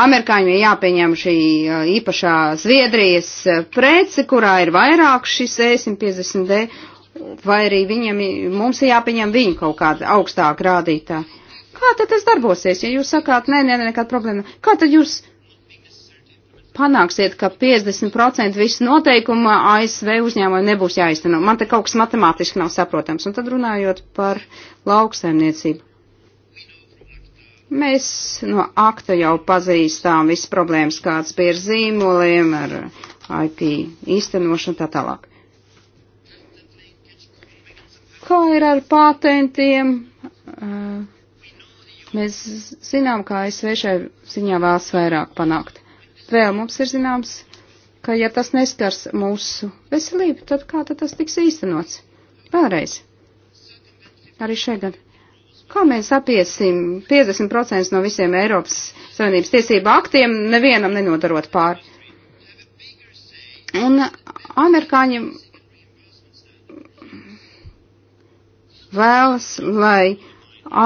Amerikāņiem ir jāpieņem šī īpašā Zviedrijas prece, kurā ir vairāk šis E150D, vai arī viņam, mums ir jāpieņem viņu kaut kāda augstāka rādītā. Kā tad tas darbosies, ja jūs sakāt, nē, nē, nē, nekāda problēma. Kā tad jūs panāksiet, ka 50% visu noteikumu ASV uzņēmumu nebūs jāizteno. Man te kaut kas matemātiski nav saprotams. Un tad runājot par lauksaimniecību. Mēs no akta jau pazīstām visas problēmas, kāds bija ar zīmoliem, ar IP īstenošanu tā tālāk. Kā ir ar patentiem? Mēs zinām, kā ASV šai ziņā vēlas vairāk panākt. Vēl mums ir zināms, ka ja tas neskars mūsu veselību, tad kā tad tas tiks īstenots? Vēlreiz. Arī šeit gan Kā mēs apiesim 50% no visiem Eiropas Savienības tiesību aktiem, nevienam nenodarot pāri? Un amerikāņi vēlas, lai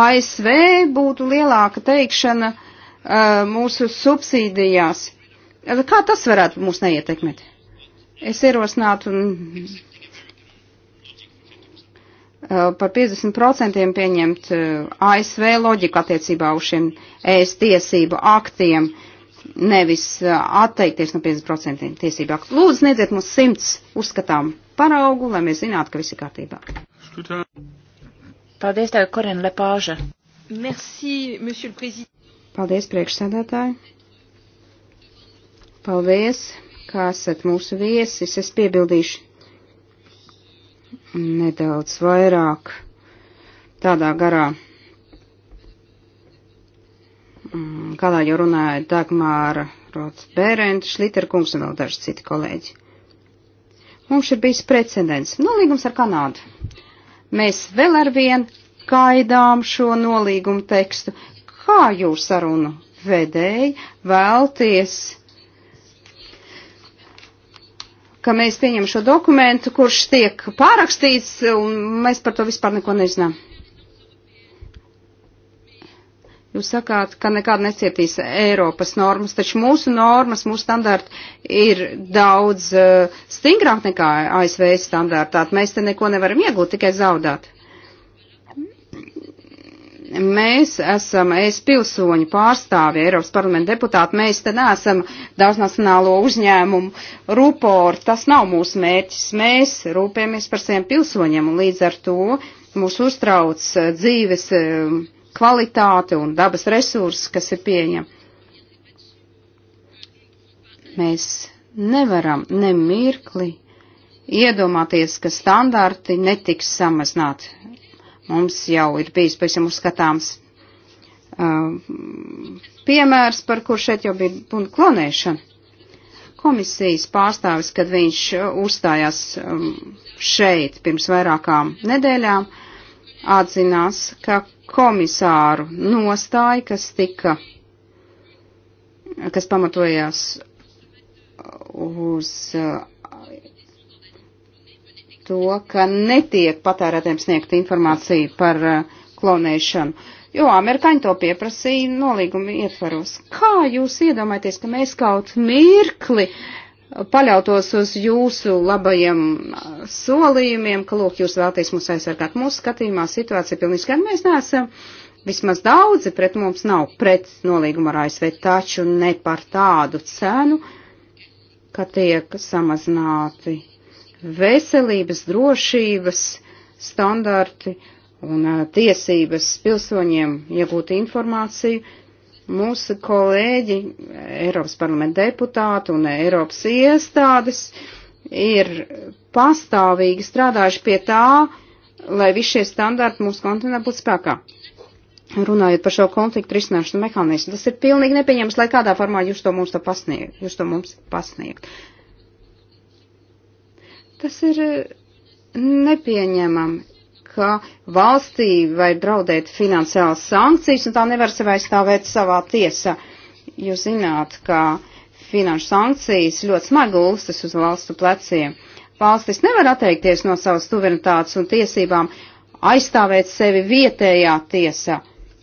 ASV būtu lielāka teikšana uh, mūsu subsīdijās. Kā tas varētu mūs neietekmēt? Es ierosinātu Uh, par 50% pieņemt uh, ASV loģiku attiecībā uz šiem ēst e tiesību aktiem, nevis uh, atteikties no 50% tiesību aktu. Lūdzu, sniedziet mums 100 uzskatām paraugu, lai mēs zinātu, ka viss ir kārtībā. Paldies, tev, Korina Lepāža. Merci, monsieur le président. Paldies, priekšsēdētāji. Paldies, kā esat mūsu viesis. Es piebildīšu nedaudz vairāk tādā garā, mm, kādā jau runāja Dagmāra Rots Bērenta, Šliterkungs un vēl daži citi kolēģi. Mums ir bijis precedents, nolīgums ar Kanādu. Mēs vēl ar vien gaidām šo nolīgumu tekstu. Kā jūs sarunu vedēji vēlties? ka mēs pieņem šo dokumentu, kurš tiek pārakstīts, un mēs par to vispār neko nezinām. Jūs sakāt, ka nekāda necietīs Eiropas normas, taču mūsu normas, mūsu standarti ir daudz uh, stingrāk nekā ASV standārtāt. Mēs te neko nevaram iegūt, tikai zaudēt. Mēs esam es pilsoņu pārstāvi, Eiropas parlamenta deputāti, mēs te neesam daudznacionālo uzņēmumu rupori, tas nav mūsu mērķis, mēs rūpējamies par saviem pilsoņiem un līdz ar to mūs uztrauc eh, dzīves eh, kvalitāte un dabas resursi, kas ir pieņem. Mēs nevaram nemirkli iedomāties, ka standarti netiks samazināti. Mums jau ir bijis pavisam uzskatāms um, piemērs, par kur šeit jau bija bunda klonēšana. Komisijas pārstāvis, kad viņš uzstājās um, šeit pirms vairākām nedēļām, atzinās, ka komisāru nostāja, kas tika, kas pamatojās uz uh, to, ka netiek patērētiem sniegta informācija par uh, klonēšanu, jo amerikāņi to pieprasīja nolīguma ietvaros. Kā jūs iedomājaties, ka mēs kaut mirkli paļautos uz jūsu labajiem uh, solījumiem, ka, lūk, jūs vēlties mūs aizsargāt. Mūsu skatījumā situācija pilnīgi gan mēs neesam, vismaz daudzi pret mums nav pret nolīgumu ar ASV, taču ne par tādu cenu, ka tiek samazināti veselības, drošības standarti un tiesības pilsoņiem iegūt informāciju. Mūsu kolēģi, Eiropas parlamenta deputāti un Eiropas iestādes ir pastāvīgi strādājuši pie tā, lai visi šie standarti mūsu kontinentā būtu spēkā. Runājot par šo konfliktu risināšanu mehānismu, tas ir pilnīgi nepieņems, lai kādā formā jūs to mums, to pasniegt, jūs to mums pasniegt. Tas ir eh, nepieņemami, ka valstī var draudēt finansiālas sankcijas, un tā nevar sev aizstāvēt savā tiesā. Jūs zināt, ka finanšu sankcijas ļoti smagi ulstas uz valstu pleciem. Valstis nevar atteikties no savas suverenitātes un tiesībām aizstāvēt sevi vietējā tiesā,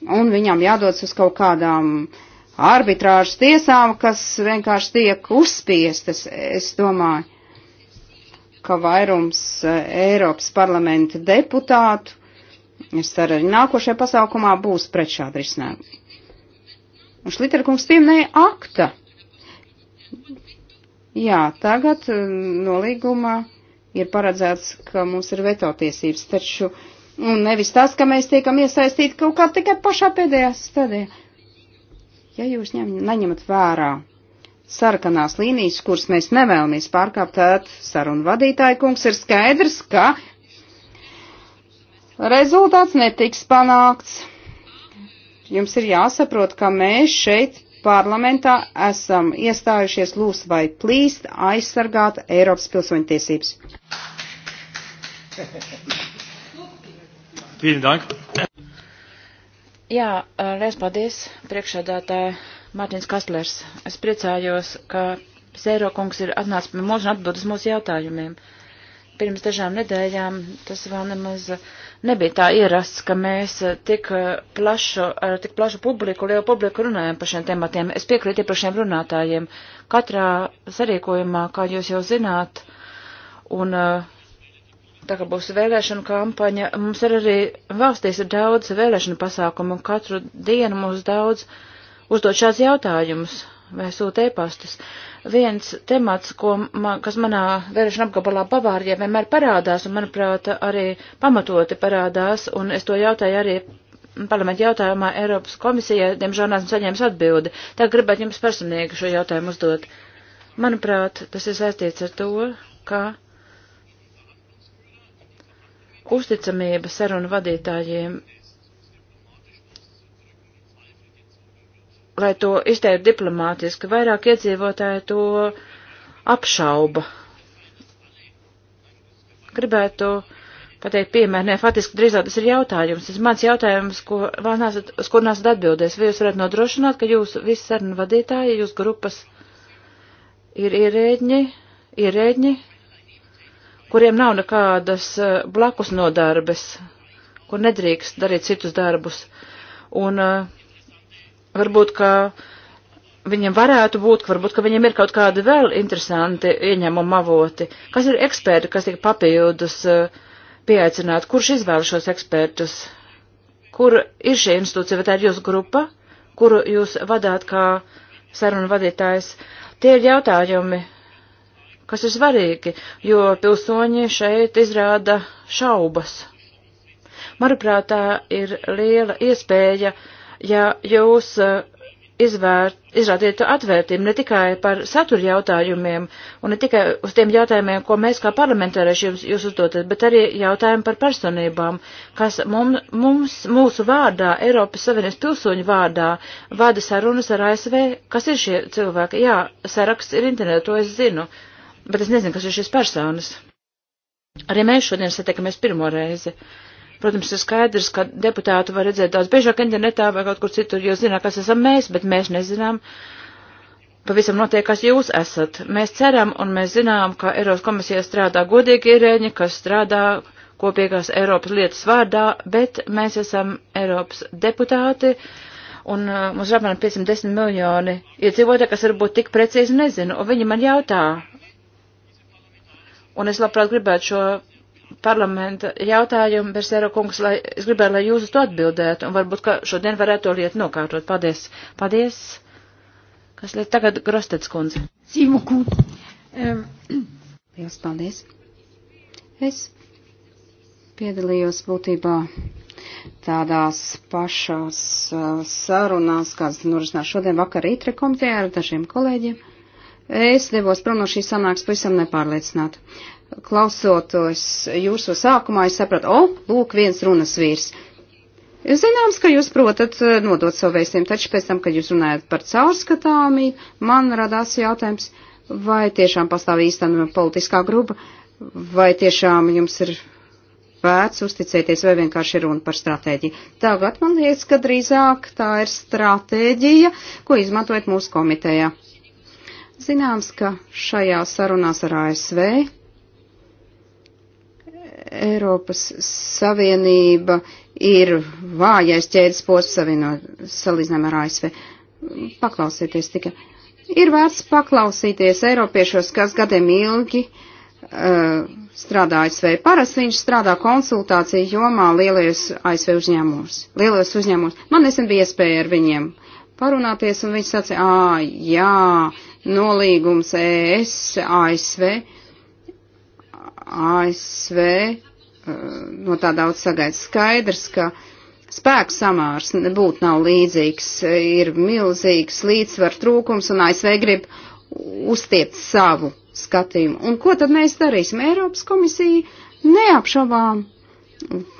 un viņam jādodas uz kaut kādām arbitrāžas tiesām, kas vienkārši tiek uzspiestas, es domāju ka vairums e, Eiropas parlamenta deputātu, es ceru, arī nākošajā pasaukumā būs pret šādu risinājumu. Un Šliterkungs pieminēja akta. Jā, tagad e, no līguma ir paredzēts, ka mums ir veto tiesības, taču, un nevis tas, ka mēs tiekam iesaistīti kaut kā tikai pašā pēdējā stadijā. Ja jūs ņem, neņemat vērā sarkanās līnijas, kuras mēs nevēlamies pārkāpt, tad sarunu vadītāja kungs ir skaidrs, ka rezultāts netiks panākts. Jums ir jāsaprot, ka mēs šeit parlamentā esam iestājušies lūst vai plīst aizsargāt Eiropas pilsoņu tiesības. Jā, reiz paldies priekšādātāji Mārtiņš Kastlers, es priecājos, ka Sēro kungs ir atnācis pie mūsu un atbildes mūsu jautājumiem. Pirms dažām nedēļām tas vēl nemaz nebija tā ierasts, ka mēs tik plašu, ar tik plašu publiku, lielu publiku runājam par šiem tematiem. Es piekrītu iepriekšējiem runātājiem. Katrā sarīkojumā, kā jūs jau zināt, un eh, tā kā būs vēlēšana kampaņa, mums ir arī valstīs ir daudz vēlēšana pasākumu, un katru dienu mums daudz. Uh, uzdot šāds jautājumus vai sūta e-pastus. Viens temats, ko man, kas manā vēršana apgabalā Bavārijā vienmēr parādās, un manuprāt arī pamatoti parādās, un es to jautāju arī parlamentu jautājumā Eiropas komisijai, diemžēl neesmu saņēmis atbildi. Tā gribētu jums personīgi šo jautājumu uzdot. Manuprāt, tas ir saistīts ar to, ka uzticamība sarunu vadītājiem lai to izteiktu diplomātiski, vairāk iedzīvotāji to apšauba. Gribētu pateikt piemēru, nē, faktiski drīzāk tas ir jautājums, tas ir mans jautājums, ko vēl nesat, uz kur nesat atbildējis. Vai jūs varat nodrošināt, ka jūs visi sarunu vadītāji, jūs grupas ir ierēģi, ierēģi, kuriem nav nekādas eh, blakus nodarbes, kur nedrīkst darīt citus darbus. Un uh, varbūt, ka viņiem varētu būt, ka varbūt, ka viņiem ir kaut kādi vēl interesanti ieņēmuma avoti. Kas ir eksperti, kas tiek papildus eh, pieaicināti? Kurš izvēl šos ekspertus? Kur ir šī institūcija, vai tā ir jūsu grupa, kuru jūs vadāt kā sarunu vadītājs? Tie ir jautājumi, kas ir svarīgi, jo pilsoņi šeit izrāda šaubas. Manuprāt, tā ir liela iespēja uh, ja jūs eh, izvērt, izrādītu atvērtību ne tikai par satura jautājumiem un ne tikai uz tiem jautājumiem, ko mēs kā parlamentārieši jums, jūs uzdotat, bet arī jautājumu par personībām, kas mums, mums mūsu vārdā, Eiropas Savienības pilsoņu vārdā, vada sarunas ar ASV, kas ir šie cilvēki. Jā, saraksts ir internetā, to es zinu, bet es nezinu, kas ir šīs personas. Arī mēs šodien satikamies pirmo reizi. Uh, Protams, ir skaidrs, ka deputātu var redzēt daudz biežāk internetā vai kaut kur citur, jo zinām, kas esam mēs, bet mēs nezinām pavisam noteikti, kas jūs esat. Mēs ceram un mēs zinām, ka Eiropas komisijā strādā godīgi ierēģi, kas strādā kopīgās Eiropas lietas vārdā, bet mēs esam Eiropas deputāti un uh, mums ir apmēram 510 miljoni iedzīvotāji, kas varbūt tik precīzi nezinu, un viņi man jautā. Un es labprāt gribētu šo parlamenta jautājumu, Bersēra kungs, lai es gribētu, lai jūs uz to atbildētu, un varbūt, ka šodien varētu to lietu nokārtot. Paldies. Paldies. Kas liek tagad Grostets kundze? Sīmuku. Um. Liels paldies. Es piedalījos būtībā tādās pašās uh, sarunās, kādas norisinās šodien vakar Rītre komitejā ar dažiem kolēģiem. Es devos prom no šīs sanāks pavisam nepārliecināta. Uh, klausoties jūsu sākumā, es sapratu, o, oh, lūk, viens runas vīrs. Zināms, ka jūs protat eh, nodot savu vēstījumu, taču pēc tam, kad jūs runājat par caurskatāmību, man radās jautājums, vai tiešām pastāv īstenama politiskā grupa, vai tiešām jums ir vērts uzticēties, vai vienkārši ir runa par stratēģiju. Tagad man liekas, ka drīzāk tā ir stratēģija, ko izmantojat mūsu komitejā. Zināms, ka šajā sarunās ar ASV Eiropas Savienība ir vājais ķēdes posms savienot salīdzinājumā ar ASV. Paklausieties tikai. Ir vērts paklausīties Eiropiešos, kas gadiem ilgi uh, strādā ASV. Parasti viņš strādā konsultāciju jomā lielajos ASV uzņēmumos. Lielajos uzņēmumos. Man nesen bija iespēja ar viņiem parunāties, un viņi sacīja, ā, jā, nolīgums ES, ASV ASV eh, no tā daudz sagaida skaidrs, ka spēks samārs nebūtu nav līdzīgs, eh, ir milzīgs līdzsvar trūkums un ASV grib uztiept savu skatījumu. Un ko tad mēs darīsim? Eiropas komisija neapšaubām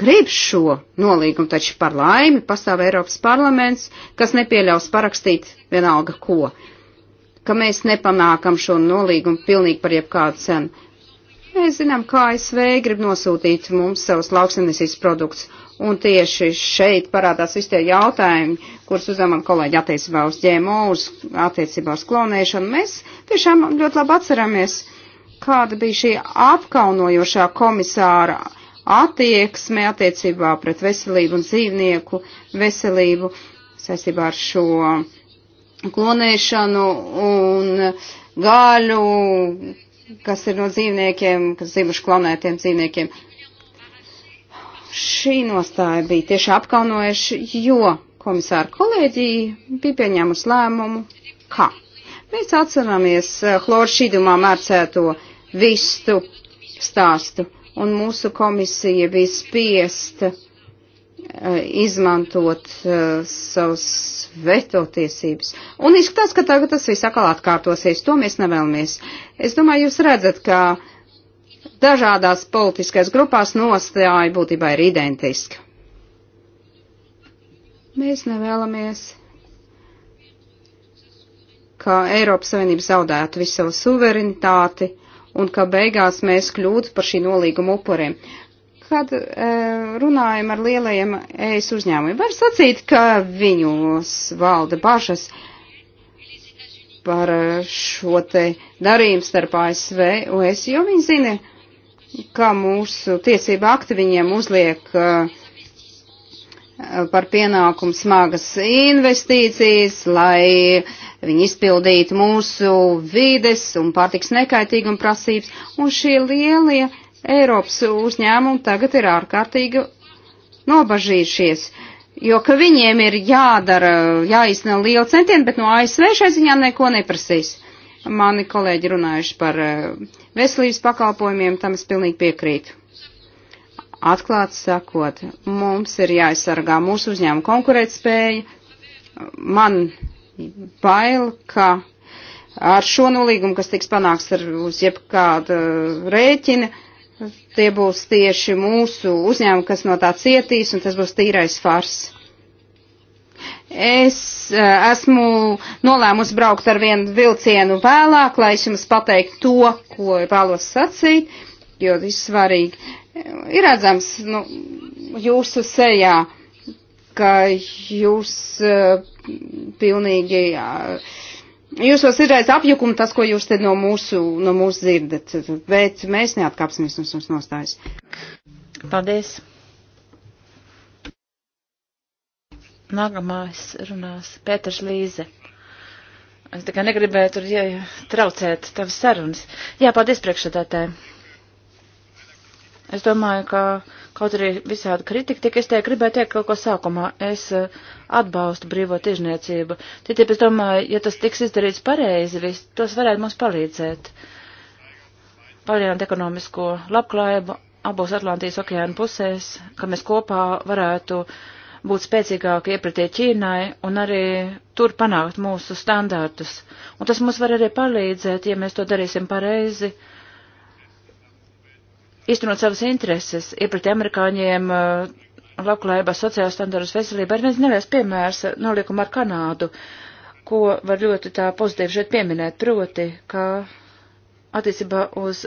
grib šo nolīgumu, taču par laimi pastāv Eiropas parlaments, kas nepieļaus parakstīt vienalga ko, ka mēs nepanākam šo nolīgumu pilnīgi par jebkādu cenu. Mēs zinām, kā ASV grib nosūtīt mums savus lauksanisīs produktus. Un tieši šeit parādās visi tie jautājumi, kurus uzdevām kolēģi attiecībā uz ģēmo, uz attiecībā uz klonēšanu. Mēs tiešām ļoti labi atceramies, kāda bija šī apkaunojošā komisāra attieksme attiecībā pret veselību un dzīvnieku veselību saistībā ar šo klonēšanu un gaļu kas ir no dzīvniekiem, kas zimuši klonētiem dzīvniekiem. Šī nostāja bija tieši apkaunojuši, jo komisāra kolēģija bija pieņēmusi lēmumu, kā. Mēs atceramies eh, chloršīdumā mērcēto vistu stāstu, un mūsu komisija bija spiesta eh, izmantot eh, savus veto tiesības. Un izskatās, ka tagad tas viss atkal atkārtosies. To mēs nevēlamies. Es domāju, jūs redzat, ka dažādās politiskās grupās nostāja būtībā ir identiska. Mēs nevēlamies, ka Eiropas Savienība zaudētu visu savu suverenitāti un ka beigās mēs kļūtu par šī nolīguma upuriem kad e, runājam ar lielajiem ES uzņēmumiem, var sacīt, ka viņos valda bažas par šo te darījumu starp ASV un ES, jo viņi zina, ka mūsu tiesība akti viņiem uzliek e, par pienākumu smagas investīcijas, lai viņi izpildītu mūsu vides un pārtiks nekaitīguma prasības, un šie lielie Eiropas uzņēmumi tagad ir ārkārtīgi nobažījušies, jo ka viņiem ir jādara, jāizsna liela centiena, bet no ASV šai ziņām neko neprasīs. Mani kolēģi runājuši par eh, veselības pakalpojumiem, tam es pilnīgi piekrītu. Atklāt sakot, mums ir jāaizsargā mūsu uzņēmuma konkurētspēja. Man bail, ka ar šo nolīgumu, kas tiks panāks ar uz jebkādu rēķinu, Tie būs tieši mūsu uzņēmumi, kas no tā cietīs, un tas būs tīrais fars. Es eh, esmu nolēmusi braukt ar vienu vilcienu vēlāk, lai es jums pateiktu to, ko vēlos sacīt, jo tas ir svarīgi. Ir redzams nu, jūsu sejā, ka jūs uh, pilnīgi. Uh, Jūsos ir aiz apjukuma tas, ko jūs te no mūsu, no mūsu dzirdat, bet mēs neatkāpsimies no mums nostājas. Paldies. Nākamais runās Pēters Līze. Es tikai negribēju tur ja, ja, traucēt tavas sarunas. Jā, paldies priekšsēdētē. Es domāju, ka Kaut arī visādi kritika tika izteikta, gribēju teikt kaut ko sākumā. Es eh, atbalstu brīvo tirzniecību. Tietiep, es domāju, ja tas tiks izdarīts pareizi, vis, tas varētu mums palīdzēt. Palielināt ekonomisko labklājību abos Atlantijas okeāna pusēs, ka mēs kopā varētu būt spēcīgāki iepratī Ķīnai un arī tur panākt mūsu standārtus. Un tas mums var arī palīdzēt, ja mēs to darīsim pareizi. Uh, īstenot savas intereses, iepret amerikāņiem uh, labklājībā sociālā standartus veselībā ir viens nevēs piemērs nolikuma ar Kanādu, ko var ļoti tā pozitīvi šeit pieminēt, proti, ka attiecībā uz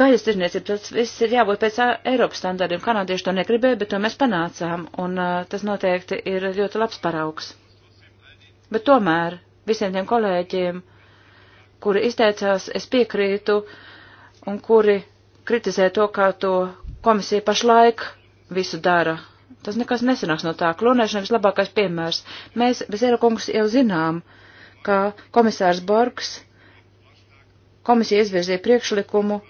gaļas tirniecību tas viss ir jābūt pēc Eiropas standardiem. Kanādieši to negribēja, bet to mēs panācām, un uh, tas noteikti ir ļoti labs paraugs. Bet tomēr visiem tiem kolēģiem, kuri izteicās, es piekrītu, un kuri kritizē to, kā to komisija pašlaik visu dara. Tas nekas nesanāks no tā. Klonēšana vislabākais piemērs. Mēs bez Eirokungs jau zinām, ka komisārs Borgs komisija izvirzīja priekšlikumu,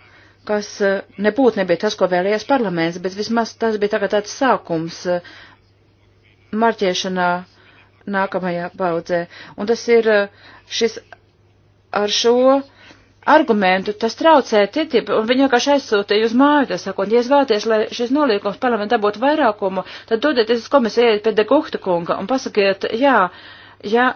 kas eh, nebūtu nebija tas, ko vēlējās parlaments, bet vismaz tas bija tagad tāds sākums eh, marķiešanā nākamajā paudzē. Un tas ir eh, šis ar šo argumentu, tas traucē TTIP, un viņi vienkārši aizsūtīja uz māju, tas sakot, ja es vēlaties, lai šis nolīgums parlamentā būtu vairākumu, tad dodieties uz komisiju, ejiet pie Degukta kunga un pasakiet, jā, ja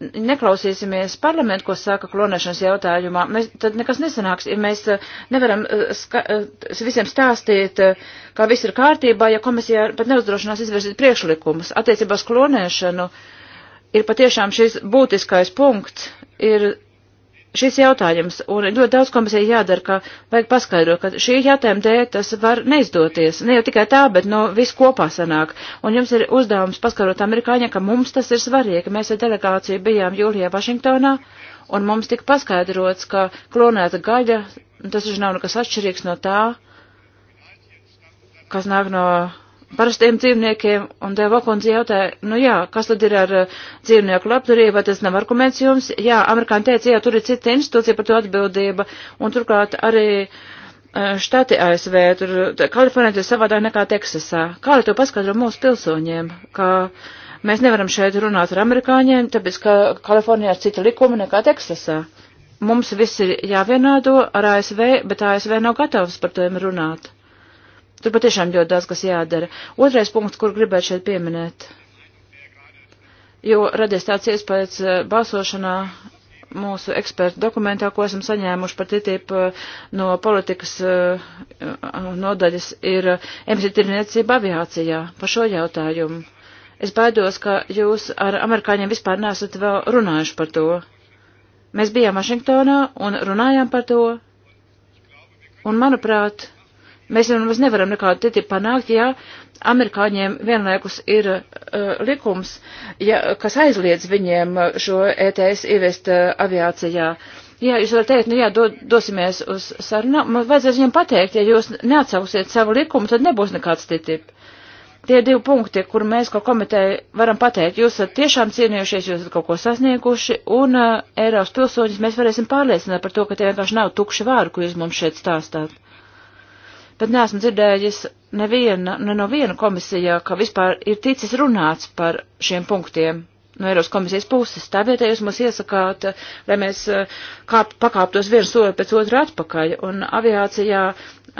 neklausīsimies parlamentu, ko saka klonēšanas jautājumā, mēs, tad nekas nesanāks, ja mēs eh, nevaram eh, ska, eh, visiem stāstīt, kā viss ir kārtībā, ja komisija pat neuzdrošinās izvirzīt priekšlikumus attiecībā uz klonēšanu. Ir patiešām šis būtiskais punkts, ir šis jautājums, un ļoti daudz komisija jādara, ka vajag paskaidrot, ka šī jautājuma dēļ tas var neizdoties. Ne jau tikai tā, bet no viss kopā sanāk. Un jums ir uzdevums paskaidrot amerikāņiem, ka mums tas ir svarīgi. Mēs ar delegāciju bijām jūlijā Vašingtonā, un mums tika paskaidrots, ka klonēta gaļa, tas taču nav nekas atšķirīgs no tā, kas nāk no parastiem dzīvniekiem, un tev apundze jautāja, nu jā, kas tad ir ar eh, dzīvnieku labturību, vai tas nav arguments jums? Jā, amerikāņi teica, jā, tur ir cita institūcija par to atbildība, un turklāt arī eh, štati ASV, tur Kalifornija ir savādāk nekā Teksasā. Kā lai to paskatro mūsu pilsoņiem, ka mēs nevaram šeit runāt ar amerikāņiem, tāpēc, ka Kalifornijā ir cita likuma nekā Teksasā? Mums viss ir jāvienādo ar ASV, bet ASV nav gatavs par to runāt. Tur patiešām ļoti daudz, kas jādara. Otrais punkts, kur gribētu šeit pieminēt, jo radies tāds iespējas eh, balsošanā mūsu ekspertu dokumentā, ko esam saņēmuši par TTIP eh, no politikas eh, nodaļas, ir emisiju tirniecība aviācijā par šo jautājumu. Es baidos, ka jūs ar amerikāņiem vispār nesat vēl runājuši par to. Mēs bijām Vašingtonā un runājām par to. Un, manuprāt, Mēs jau nemaz nevaram nekādu TTIP panākt, ja amerikāņiem vienlaikus ir uh, likums, ja, kas aizliedz viņiem uh, šo ETS ievest uh, aviācijā. Jā, jūs varat teikt, nu jā, do, dosimies uz sarunu. Nu, Man vajadzēs viņiem pateikt, ja jūs neatsauksiet savu likumu, tad nebūs nekāds TTIP. Tie divi punkti, kur mēs kā komiteja varam pateikt, jūs esat tiešām cīnījušies, jūs esat kaut ko sasnieguši, un uh, Eiropas pilsoņus mēs varēsim pārliecināt par to, ka tie vienkārši nav tukši vārdi, ko jūs mums šeit stāstāt bet neesmu dzirdējis neviena, ne no viena komisijā, ka vispār ir ticis runāts par šiem punktiem no Eiropas komisijas puses. Tā vietā jūs mums iesakāt, lai mēs eh, kāp, pakāptos vienu soli pēc otru atpakaļ. Un aviācijā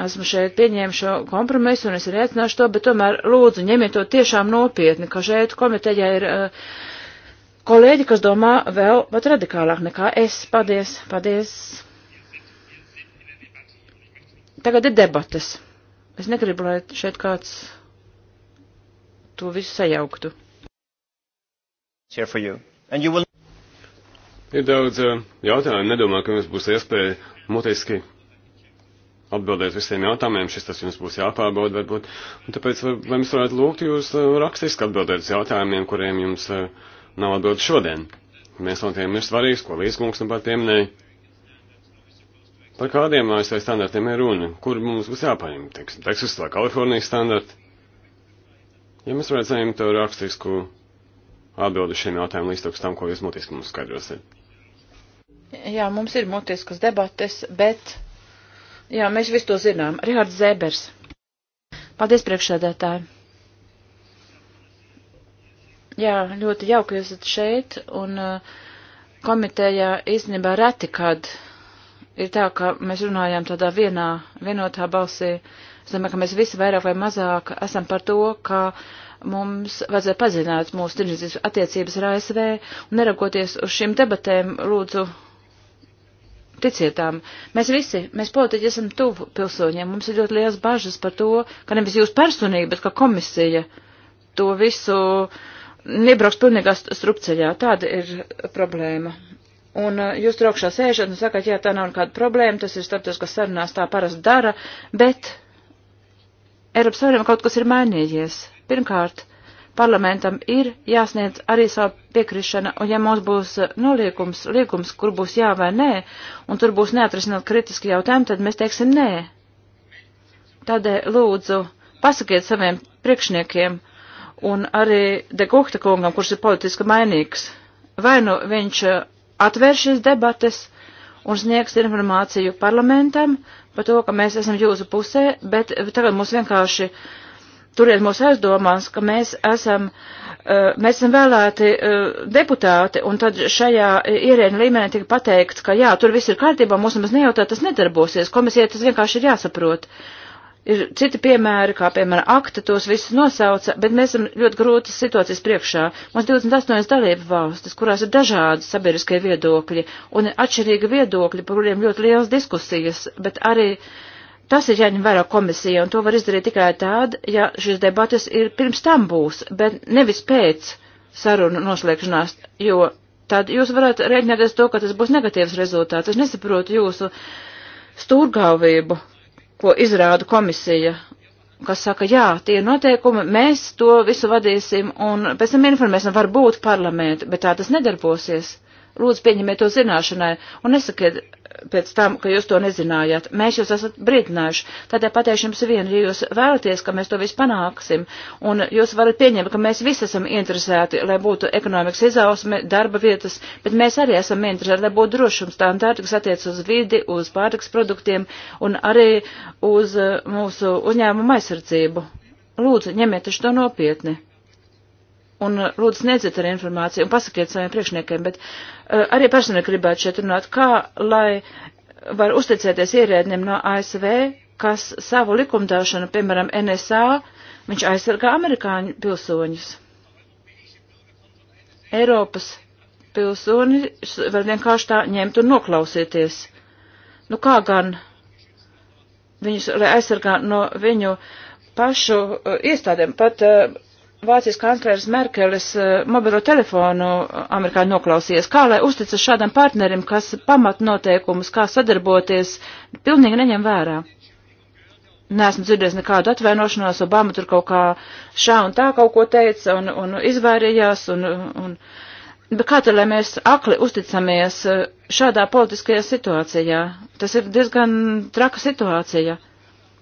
esmu šeit pieņēmu šo kompromisu un es arī aicināšu to, bet tomēr lūdzu ņemiet to tiešām nopietni, ka šeit komitejā ir uh, kolēģi, kas domā vēl pat radikālāk nekā es. Paldies, paldies. Tagad ir debatas. Es negribu, lai šeit kāds to visu sajauktu. Will... Ir daudz eh, jautājumu. Nedomā, ka jums būs iespēja mutiski atbildēt visiem jautājumiem. Šis tas jums būs jāpārbauda varbūt. Un tāpēc vai, vai mēs varētu lūgt jūs eh, rakstiski atbildēt uz jautājumiem, kuriem jums eh, nav atbildi šodien. Mēs no tiem ir svarīgs, ko Līskungs nu pat pieminēja. Par kādiem ASV standartiem ir runa? Kur mums būs jāpaņem, teiksim, Teksas vai Kalifornijas standarti? Ja mēs redzējām to rakstisku atbildi šiem jautājumiem līdz tam, ko jūs mutiski mums skaidrosiet. Jā, mums ir mutiskas debates, bet, jā, mēs visu to zinām. Rihards Zēbers. Paldies, priekšsēdētāji. Jā, ļoti jauki esat šeit, un uh, komitejā īstenībā reti, kad. Uh, ir tā, ka mēs runājam tādā vienā, vienotā balsī. Es domāju, ka mēs visi vairāk vai mazāk esam par to, ka mums vajadzētu pazināt mūsu tirdzniecības attiecības ar ASV un nerakoties uz šīm debatēm, lūdzu, ticietām. Mēs visi, mēs politiķi esam tuvu pilsoņiem, mums ir ļoti liels bažas par to, ka nevis jūs personīgi, bet ka komisija to visu nebrauks pilnīgā strupceļā. Tāda ir problēma. Un eh, jūs traukšā sēžat un sakat, jā, tā nav nekāda problēma, tas ir starptautiskās sarunās tā parasti dara, bet Eiropas Savienībā kaut kas ir mainījies. Pirmkārt, parlamentam ir jāsniedz arī savu piekrišana, un ja mums būs eh, noliekums, liekums, kur būs jā vai nē, un tur būs neatrisināt kritiski jautājumi, tad mēs teiksim nē. Tādēļ lūdzu, pasakiet saviem priekšniekiem un arī Degukta kungam, kurš ir politiski mainīgs, vai nu viņš eh, atvēr šīs debates un sniegs informāciju parlamentam par to, ka mēs esam jūsu pusē, bet tagad mūs vienkārši turiet mūs aizdomās, ka mēs esam, eh, mēs esam vēlēti eh, deputāti, un tad šajā ierēna līmenī tika pateikts, ka jā, tur viss ir kārtībā, mūs nemaz nejautā, tas nedarbosies, komisija tas vienkārši ir jāsaprot. Uh, Ir citi piemēri, kā piemēram akta tos visus nosauca, bet mēs esam ļoti grūtas situācijas priekšā. Mums 28 dalību valstis, kurās ir dažādi sabiedriskie viedokļi un atšķirīgi viedokļi, par kuriem ļoti liels diskusijas, bet arī tas ir jāņem vērā komisija, un to var izdarīt tikai tād, ja šis debatas ir pirms tam būs, bet nevis pēc sarunu noslēgšanās, jo tad jūs varat rēķināties to, ka tas būs negatīvs rezultāts. Es nesaprotu jūsu stūrgāvību ko izrāda komisija, kas saka, jā, tie ir noteikumi, mēs to visu vadīsim un pēc tam informēsim varbūt parlamentu, bet tā tas nedarbosies. Lūdzu, pieņemiet to zināšanai un nesakiet pēc tam, ka jūs to nezinājāt. Mēs jūs esat brīdinājuši. Tādēļ pateikšu jums vienu, ja jūs vēlaties, ka mēs to visu panāksim, un jūs varat pieņemt, ka mēs visi esam interesēti, lai būtu ekonomikas izausme, darba vietas, bet mēs arī esam interesēti, lai būtu drošums standārti, kas attiec uz vidi, uz pārtiks produktiem un arī uz uh, mūsu uzņēmumu aizsardzību. Lūdzu, ņemiet to nopietni un uh, lūdzu sniedziet ar informāciju un pasakiet saviem priekšniekiem, bet uh, arī personīgi gribētu šeit runāt, kā lai var uzticēties ierēdņiem no ASV, kas savu likumdošanu, piemēram, NSA, viņš aizsargā amerikāņu pilsoņus. Eiropas pilsoni var vienkārši tā ņemt un noklausīties. Nu kā gan viņus, lai aizsargā no viņu pašu uh, iestādēm, pat uh, Vācijas kanclers Merkeles eh, mobilo telefonu Amerikā noklausies. Kā lai uzticas šādam partnerim, kas pamat noteikumus, kā sadarboties, pilnīgi neņem vērā? Nesmu dzirdējis nekādu atvainošanos, Obama tur kaut kā šā un tā kaut ko teica un, un izvairījās. Un, un, bet kā tad, lai mēs akli uzticamies eh, šādā politiskajā situācijā? Tas ir diezgan traka situācija.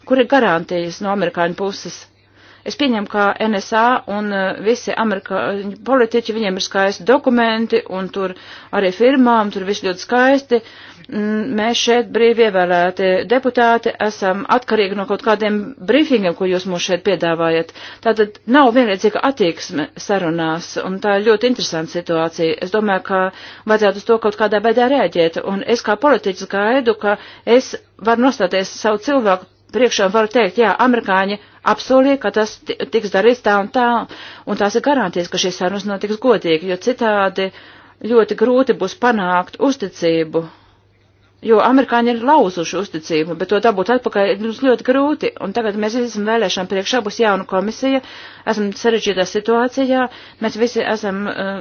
Kur ir garantijas no amerikāņu puses? Es pieņemu, ka NSA un uh, visi amerikāņu politiķi, viņiem ir skaisti dokumenti, un tur arī firmām, tur viss ļoti skaisti. Mm, mēs šeit brīvi ievēlēti deputāti esam atkarīgi no kaut kādiem brīfingiem, ko jūs mums šeit piedāvājat. Tātad nav vienlīdzīga attieksme sarunās, un tā ir ļoti interesanta situācija. Es domāju, ka vajadzētu uz to kaut kādā veidā reaģēt, un es kā politiķis gaidu, ka es varu nostāties savu cilvēku priekšā varu teikt, jā, amerikāņi apsolīja, ka tas tiks darīts tā un tā, un tās ir garantijas, ka šīs sarunas notiks godīgi, jo citādi ļoti grūti būs panākt uzticību, jo amerikāņi ir lauzuši uzticību, bet to dabūt atpakaļ ir ļoti grūti, un tagad mēs esam vēlēšana priekšā, būs jauna komisija, esam sarežģītā situācijā, mēs visi esam uh,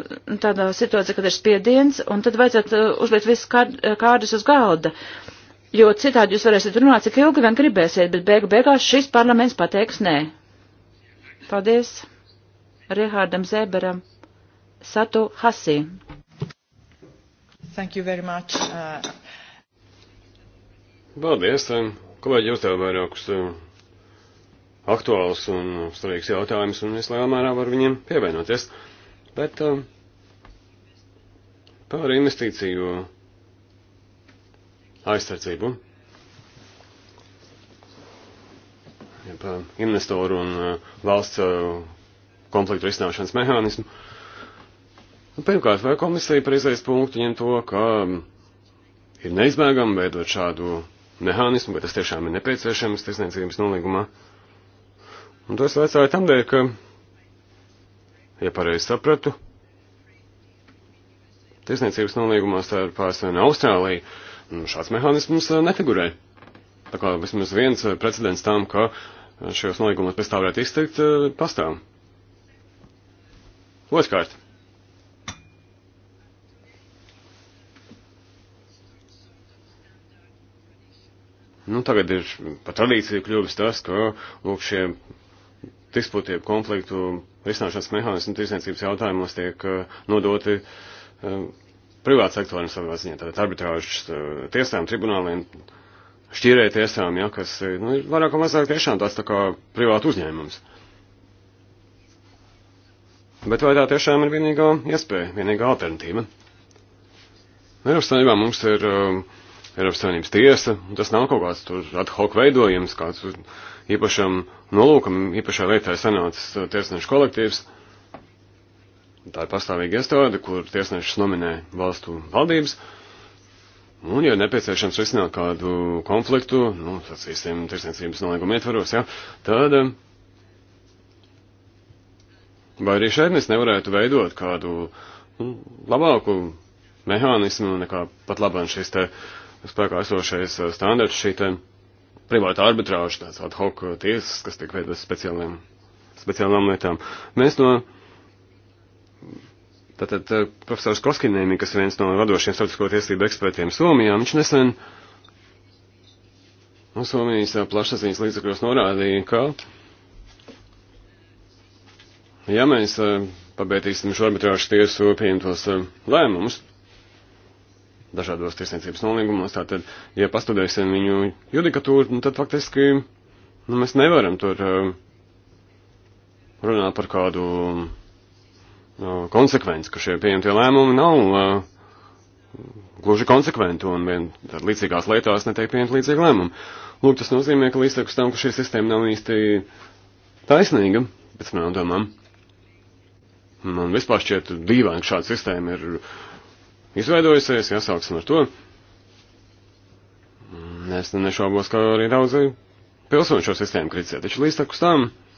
tādā situācijā, kad ir spiediens, un tad vajadzētu uh, uzlikt visas kārdus uz galda. Uh, jo citādi jūs varēsiet runāt, cik ilgi vien gribēsiet, bet beigu beigās šis parlaments pateiks nē. Paldies Rihārdam Zēberam, Satu Hasī. Thank you very much. Uh... Paldies, um, kolēģi, jūs tev vairākus uh, aktuālus un svarīgus jautājumus, un es lielā mērā varu viņiem pievienoties. Bet uh, par investīciju aizsardzību. Ja investoru un uh, valsts uh, konfliktu risināšanas mehānismu. Pirmkārt, vai komisija par izējas punktu ņem to, ka um, ir neizbēgami veidot šādu mehānismu, bet tas tiešām ir nepieciešams tiesniecības nolīgumā. Un to es vecāju tamdēļ, ka, ja pareizi sapratu, tiesniecības nolīgumā starp ASV un Austrāliju Nu, šāds mehānisms eh, nefigurē. Tā kā vismaz viens eh, precedents tam, ka eh, šajos nolīgumos pēc tā varētu izteikt, pastāv. Otrkārt. Nu, tagad ir pa tradīciju kļuvis tas, ka, lūk, šie disputie konfliktu risināšanas mehānismi tirsniecības jautājumos tiek nodoti privāta sektora un savā ziņā, tātad arbitrāžas eh, tiesām, tribunāliem, šķīrē tiesām, ja, kas, eh, nu, ir vairāk un mazāk tiešām tāds tā kā privāta uzņēmums. Bet vai tā tiešām ir vienīgā iespēja, vienīgā alternatīva? Eiropas Savienībā mums ir um, Eiropas Savienības tiesa, un tas nav kaut kāds tur ad hoc veidojums, kāds īpašam nolūkam, īpašā veiktā sanācis tiesnešu kolektīvs. Uh, Tā ir pastāvīga iestāde, kur tiesnešus nominē valstu valdības. Un, ja nepieciešams risināt kādu konfliktu, nu, tāds īstiem tirsniecības nolīguma ietvaros, jā, ja, tad um, vai arī šeit mēs nevarētu veidot kādu nu, labāku mehānismu nekā pat labāk šis te spēkā esošais uh, standarts, šī te privāta arbitrāža, tāds ad hoc tiesas, kas tiek veidotas speciālām, speciālām lietām. Mēs no Tātad eh, profesors Koskinēmi, kas ir viens no vadošiem starptautisko tiesību ekspertiem Somijā, viņš nesen no Somijas eh, plašsaziņas līdzakļos norādīja, ka ja mēs eh, pabētīsim šo arbitrāžu tiesu pieņemtos lēmumus dažādos tiesniecības nolīgumos, tātad, ja pastudēsim viņu judikatūru, nu, tad faktiski nu, mēs nevaram tur runāt par kādu konsekvenci, ka šie pieņemtie lēmumi nav uh, gluži konsekventi un vien līdzīgās lietās netiek pieņemti līdzīgi lēmumi. Lūk, tas nozīmē, ka līdztekus tam, ka šī sistēma nav īsti taisnīga, pēc manām domām. Man vispār šķiet dīvaini, ka šāda sistēma ir izveidojusies, jāsauksim ar to. Es nešaubos, ka arī daudzi pilsoņu šo sistēmu kritizē, taču līdztekus tam. Uh,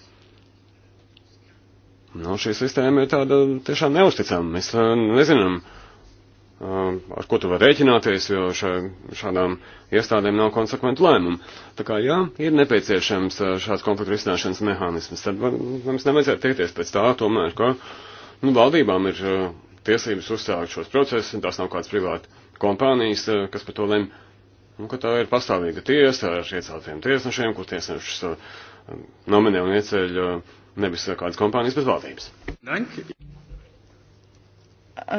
Nu, šī sistēma ir tāda tiešām neusticama. Mēs uh, nezinām, uh, ar ko tu vari rēķināties, jo šā, šādām iestādēm nav konsekventu lēmumu. Tā kā jā, ir nepieciešams uh, šāds konfliktu risināšanas mehānisms. Tad mums nevajadzētu tiekties pēc tā, tomēr, ka nu, valdībām ir tiesības uzsākt šos procesus, tās nav kādas privāti kompānijas, kas par to lem. Un, nu, ka tā ir pastāvīga tiesa ar ieceltiem tiesnešiem, kur tiesnešus nominē un ieceļ uh, nevis kādas kompānijas bez valdības. Dank.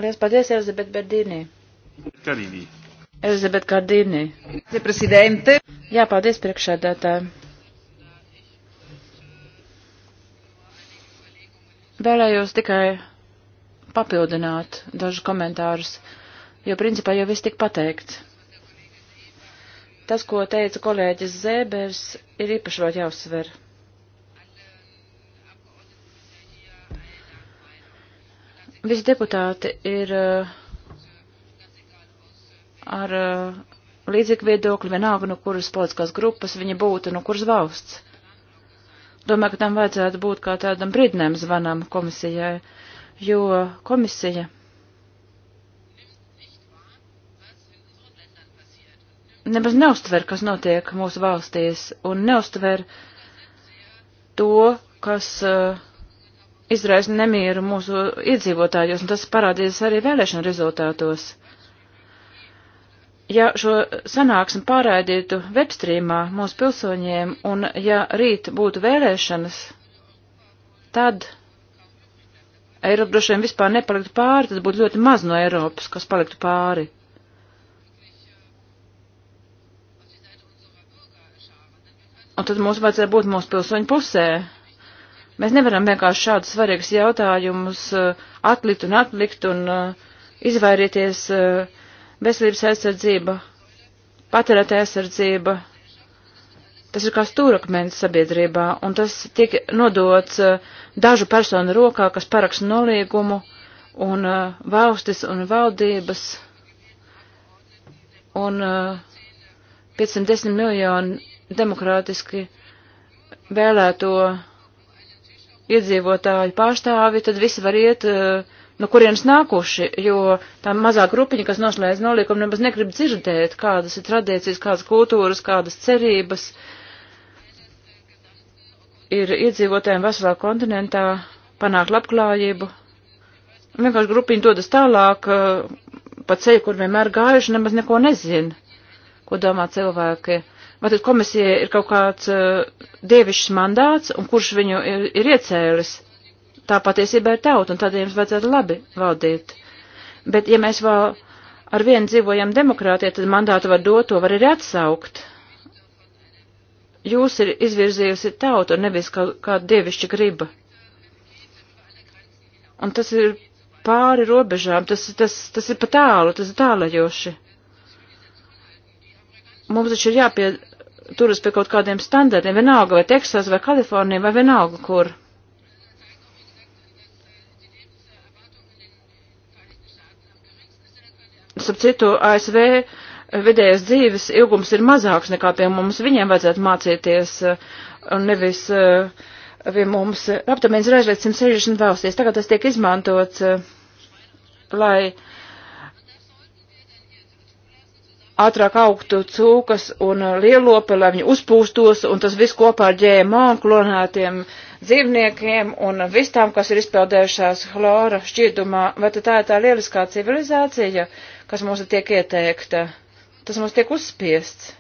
Liels paldies, Elizabete Berdīnī. Karīnī. Elizabete Kardīnī. Jā, paldies priekšādātājiem. Vēlējos tikai papildināt dažu komentārus, jo principā jau viss tik pateikts. Tas, ko teica kolēģis Zēbers, ir īpaši ļoti jāuzsver. Visi deputāti ir eh, ar eh, līdzīgu viedokli, vienalga no kuras politiskās grupas viņa būtu, no kuras valsts. Domāju, ka tam vajadzētu būt kā tādam brīdinājuma zvanam komisijai, jo komisija nemaz neustver, kas notiek mūsu valstīs, un neustver to, kas uh, izraisa nemieru mūsu iedzīvotājos, un tas parādīsies arī vēlēšana rezultātos. Ja šo sanāksmi pārraidītu webstrīmā mūsu pilsoņiem, un ja rīt būtu vēlēšanas, tad Eiropa droši vien vispār nepaliktu pāri, tad būtu ļoti maz no Eiropas, kas paliktu pāri. Un tad mums vajadzēja būt mūsu pilsoņu pusē, Mēs nevaram vienkārši šādus svarīgus jautājumus uh, atlikt un atlikt un uh, izvairīties uh, veselības aizsardzība, patērētāja aizsardzība. Tas ir kā stūrakmenis sabiedrībā, un tas tiek nodots dažu personu rokā, kas paraksta nolīgumu, un valstis un valdības, un 510 miljonu demokrātiski vēlēto iedzīvotāju pārstāvi, tad visi var iet, eh, no kurienes nākuši, jo tā mazā grupiņa, kas noslēdz nolikumu, nemaz negrib dzirdēt, kādas ir tradīcijas, kādas kultūras, kādas cerības ir iedzīvotājiem veselā kontinentā panākt labklājību. Vienkārši grupiņi dodas tālāk eh, pa ceļu, kur vienmēr gājuši, nemaz neko nezina, ko domā cilvēki. Vai tad komisija ir kaut kāds uh, dievišķs mandāts, un kurš viņu ir, ir iecēlis? Tā patiesībā ir tauta, un tādiem jums vajadzētu labi valdīt. Bet, ja mēs vēl ar vienu dzīvojam demokrātie, tad mandātu var dot, to var arī atsaukt. Jūs ir izvirzījusi tauta, un nevis kā, kāda dievišķa griba. Un tas ir pāri robežām, tas, tas, tas ir pa tālu, tas ir tālajoši mums taču ir jāpie, turas pie kaut kādiem standartiem, vienalga vai Teksas vai Kalifornija vai vienalga kur. Sap citu, ASV vidējais dzīves ilgums ir mazāks nekā pie mums, viņiem vajadzētu mācīties eh, un nevis eh, pie mums. Aptamēns ir aizliegts 160 valstīs, tagad tas tiek izmantots, eh, lai uh, ātrāk augtu cūkas un lielopi, lai viņi uzpūstos, un tas viss kopā ar ģēmo un klonētiem dzīvniekiem un vistām, kas ir izpeldējušās hlora šķidumā. Vai tad tā ir tā lieliskā civilizācija, kas mums tiek ieteikta? Tas mums tiek uzspiests.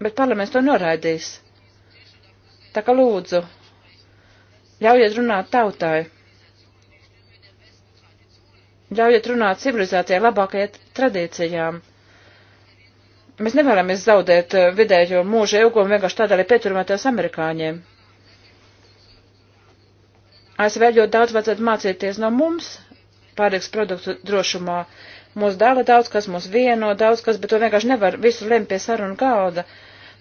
Bet parlaments to noraidīs. Tā kā lūdzu, ļaujiet runāt tautāju ļaujiet runāt civilizācijai labākajai tradīcijām. Mēs nevēlamies zaudēt eh, vidējo mūža ilgumu vienkārši tādēļ, lai pieturmētos amerikāņiem. ASV ļoti daudz vajadzētu mācīties no mums pārtiks produktu drošumā. Mūs dala daudz kas, mūs vieno daudz kas, bet to vienkārši nevar visu lemt pie sarunu galda.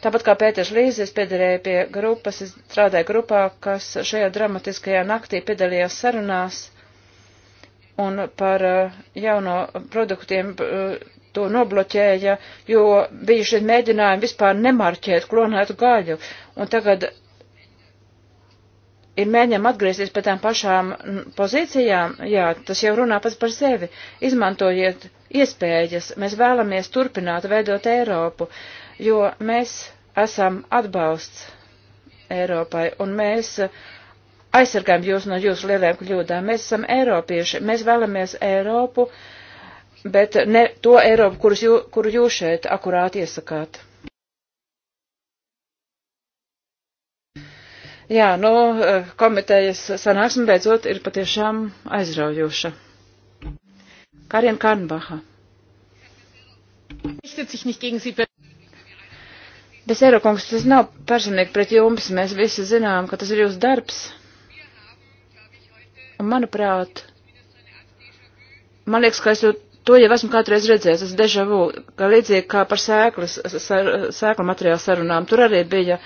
Tāpat kā Pēters Līzes piederēja pie grupas, es strādāju grupā, kas šajā dramatiskajā naktī piedalījās sarunās un par eh, jauno produktiem eh, to nobloķēja, jo bija šeit mēģinājumi vispār nemarķēt klonētu gaļu. Un tagad ir mēģinām atgriezties pie tām pašām pozīcijām, jā, tas jau runā pats par sevi. Izmantojiet iespējas, mēs vēlamies turpināt veidot Eiropu, jo mēs esam atbalsts Eiropai, un mēs eh, aizsargājam jūs no jūsu lielajām kļūdām. Mēs esam Eiropieši, mēs vēlamies Eiropu, bet ne to Eiropu, kurus jū, kuru jūs šeit akurāti iesakāt. Jā, nu, eh, komitejas sanāksme beidzot ir patiešām aizraujoša. Karien Karnbaha. Bez Eirokungs, tas nav personīgi pret jums, mēs visi zinām, ka tas ir jūsu darbs manuprāt, man liekas, ka es to, to jau esmu kādreiz redzējis, tas deja vu, ka līdzīgi kā par sēklas, sēklu materiālu sarunām, tur arī bija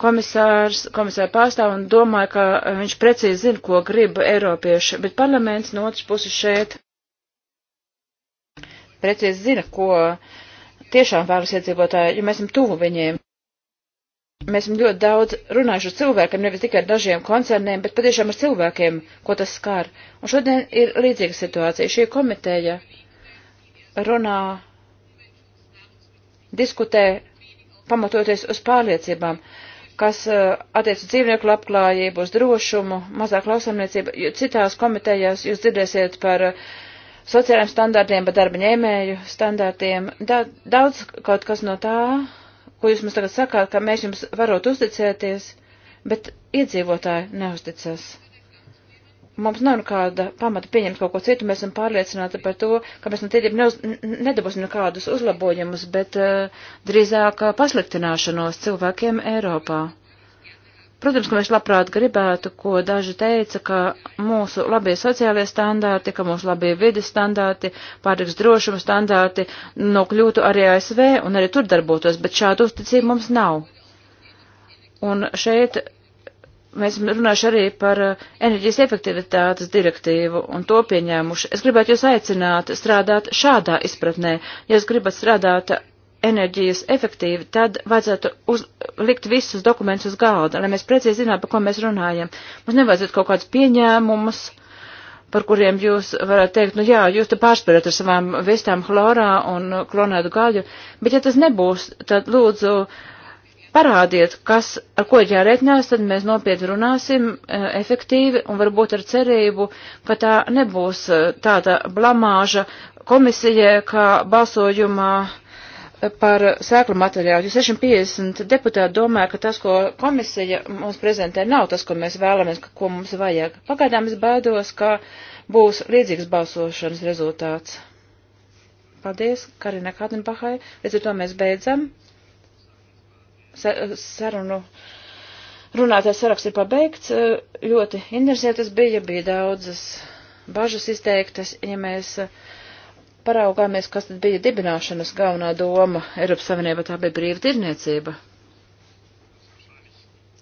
komisārs, komisāra pārstāv un domāju, ka viņš precīzi zina, ko grib Eiropieši, bet parlaments no otras puses šeit precīzi zina, ko tiešām vēlas iedzīvotāji, jo mēs esam tuvu viņiem. Mēs esam ļoti daudz runājuši ar cilvēkiem, nevis tikai ar dažiem koncerniem, bet patiešām ar cilvēkiem, ko tas skar. Un šodien ir līdzīga situācija. Šī komiteja runā, diskutē, pamatoties uz pārliecībām, kas eh, attiec uz dzīvnieku labklājību, uz drošumu, mazāk lauksamniecību. Citās komitejās jūs dzirdēsiet par eh, sociālajiem standārtiem, par darba ņēmēju standārtiem. Da, daudz kaut kas no tā ko jūs mums tagad sakāt, ka mēs jums varot uzticēties, bet iedzīvotāji neuzticas. Mums nav nekāda pamata pieņemt kaut ko citu, mēs esam pārliecināti par to, ka mēs no tīrību neuz, nedabūsim nekādus uzlabojumus, bet uh, drīzāk eh, pasliktināšanos cilvēkiem Eiropā. Protams, ka mēs labprāt gribētu, ko daži teica, ka mūsu labie sociālie standārti, ka mūsu labie vides standārti, pārtiks drošuma standārti nokļūtu arī ASV un arī tur darbotos, bet šādu uzticību mums nav. Un šeit mēs runāšu arī par eh, enerģijas efektivitātes direktīvu un to pieņēmuši. Es gribētu jūs aicināt strādāt šādā izpratnē. Ja jūs gribat strādāt enerģijas efektīvi, tad vajadzētu uz, likt visus dokumentus uz galda, lai mēs precīzi zinātu, par ko mēs runājam. Mums nevajadzētu kaut kādus pieņēmumus, par kuriem jūs varētu teikt, nu jā, jūs te pārspējat ar savām vistām chlorā un klonētu gaļu, bet ja tas nebūs, tad lūdzu parādiet, kas, ar ko ir jārēķinās, tad mēs nopietni runāsim e, efektīvi un varbūt ar cerību, ka tā nebūs e, tāda blamāža komisijai, kā balsojumā uh, par sēklu materiālu. Jo 650 deputāti domā, ka tas, ko komisija mums prezentē, nav tas, ko mēs vēlamies, ko mums vajag. Pagaidām es baidos, ka būs līdzīgs balsošanas rezultāts. Paldies, Karina Kādenbahai. Līdz ar to mēs beidzam. Sarunu runātājs saraksts ir pabeigts. Ļoti interesētas bija, bija daudzas bažas izteiktas, ja mēs. Uh, paraugāmies, kas tad bija dibināšanas galvenā doma Eiropas Savienībā, tā bija brīva tirniecība.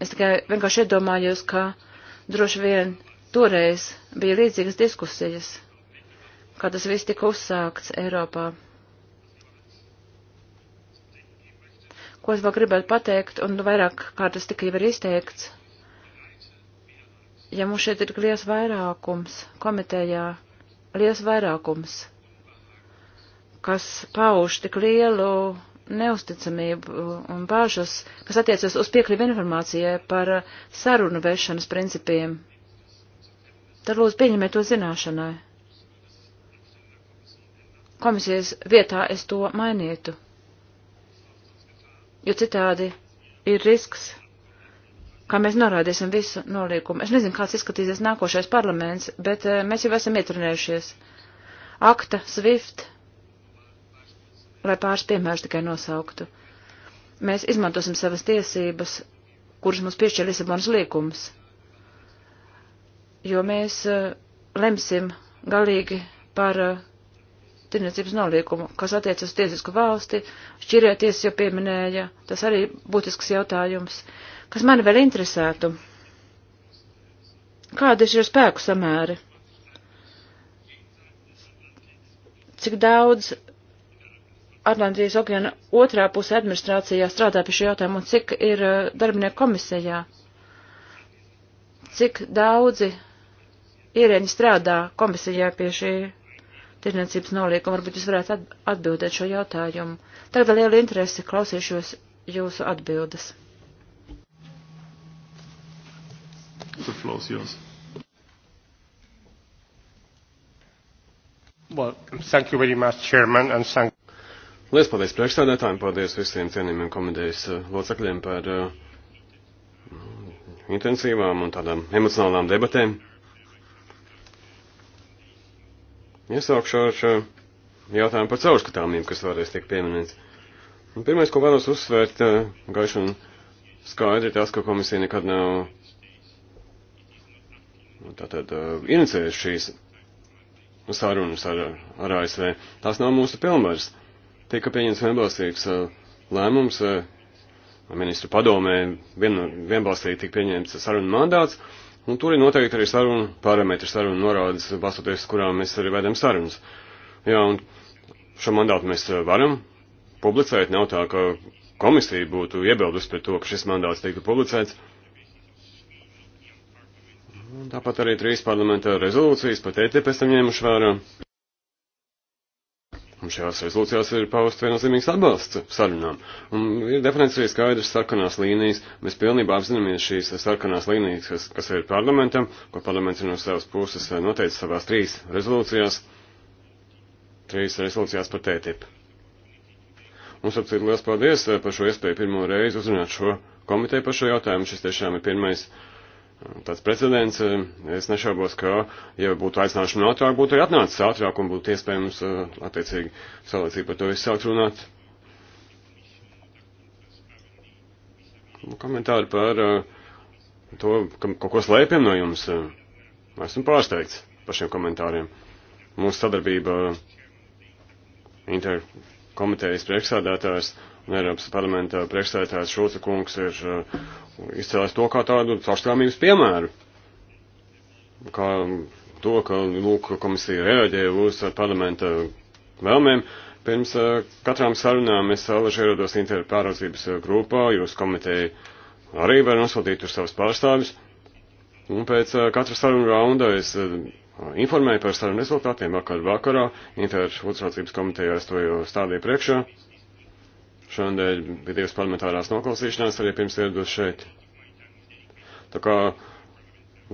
Es tikai vienkārši iedomājos, ka droši vien toreiz bija līdzīgas diskusijas, kā tas viss tika uzsākts Eiropā. Ko es vēl gribētu pateikt, un vairāk kā tas tika jau ir izteikts, ja mums šeit ir liels vairākums komitejā, liels vairākums kas pauž tik lielu neusticamību un bāžas, kas attiecas uz piekļuvi informācijai par sarunu vešanas principiem. Tad lūdzu pieņemiet to zināšanai. Komisijas vietā es to mainītu, jo citādi ir risks, kā mēs norādīsim visu noliekumu. Es nezinu, kāds izskatīsies nākošais parlaments, bet eh, mēs jau esam ietrunējušies. Akta, Swift, lai pāris piemērus tikai nosauktu. Mēs izmantosim savas tiesības, kuras mums piešķir Lisabonas līkums, jo mēs uh, lemsim galīgi par uh, eh, tirniecības nolīkumu, kas attiec uz tiesisku valsti, šķirēties jau pieminēja, tas arī būtisks jautājums, kas mani vēl interesētu. Kādi ir šie spēku samēri? Cik daudz Atlantijas okeāna otrā pusē administrācijā strādā pie šī jautājuma un cik ir eh, darbinieku komisijā? Cik daudzi ierēņi strādā komisijā pie šī tirniecības noliekuma? Varbūt jūs varētu atbildēt šo jautājumu. Tagad ar lielu interesi klausīšos jūsu atbildes. The floor is yours. Well, thank you very much, Chairman, and thank Lielas paldies priekšstādētājiem, paldies visiem cienījumiem komitejas eh, locekļiem par eh, intensīvām un tādām emocionālām debatēm. Iesaukšu ar šo eh, jautājumu par caurskatāmību, kas vēlreiz tiek pieminēts. Un pirmais, ko vēlos uzsvērt, gaiši un skaidri tas, ka komisija nekad nav nu, tātad inicējusi šīs sarunas ar, ar ASV. Tās nav mūsu pilnvaras tika pieņems vienbalsīgs lēmums, ministru padomē vien, vienbalsīgi tika pieņemts sarunu mandāts, un tur ir noteikti arī sarunu parametri, sarunu norādes, balstoties, kurām mēs arī vedam sarunas. Jā, un šo mandātu mēs varam publicēt, nav tā, ka komisija būtu iebildus pret to, ka šis mandāts tiktu publicēts. Un tāpat arī trīs parlamenta rezolūcijas pat ETP esam ņēmuši vērā. Un šajās rezolūcijās ir pausts viennozīmīgs atbalsts sarunām. Un ir definēts arī skaidrs sarkanās līnijas. Mēs pilnībā apzināmies šīs sarkanās līnijas, kas, kas ir parlamentam, ko parlaments ir no savas puses noteicis savās trīs rezolūcijās. Trīs rezolūcijās par tētipu. Un, sapcīt, liels paldies par šo iespēju pirmo reizi uzrunāt šo komiteju par šo jautājumu. Šis tiešām ir pirmais tāds precedents. E, es nešaubos, ka, ja būtu aicināšana ātrāk, būtu arī atnācis ātrāk un būtu iespējams, e, attiecīgi, saulēcīgi par to izsākt runāt. Nu, komentāri par e, to, ka kaut ko slēpjam no jums. Esmu pārsteigts par šiem komentāriem. Mūsu sadarbība inter komitejas priekšsādātājs un Eiropas parlamenta priekšsādātājs Šulca kungs ir uh, izcēlējis to kā tādu caurskatāmības piemēru. Kā to, ka lūk, komisija reaģēja uz parlamenta vēlmēm. Pirms uh, katrām sarunām es salaži ierados interpāraudzības grupā, jūs komiteja arī var nosūtīt tur savus pārstāvis. Un pēc uh, katra saruna raunda es informēja par sarunu rezultātiem vakar vakarā, Interšu uzraucības komitejā es to jau stādīju priekšā. Šonadēļ bija divas parlamentārās noklausīšanās, arī pirms ieradus šeit. Tā kā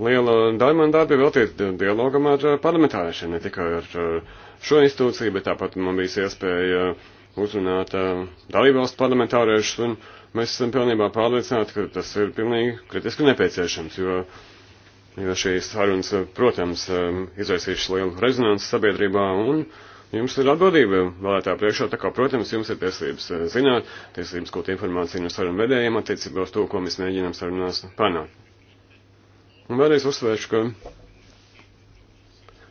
liela daļa man darba bija veltīta dialogam ar parlamentāriešiem, ne tikai ar šo institūciju, bet tāpat man bija iespēja uzrunāt dalībvalstu parlamentāriešus, un mēs esam pilnībā pārliecināti, ka tas ir pilnīgi kritiski nepieciešams, jo jo šīs sarunas, eh, protams, eh, izraisījušas lielu rezonansu sabiedrībā, un jums ir atbildība vēlētā priekšā, tā kā, protams, jums ir tiesības eh, zināt, tiesības kaut informāciju no sarunu vedējiem attiecībā uz to, ko mēs mēģinām sarunās panākt. Un vēlreiz uzsvēršu, ka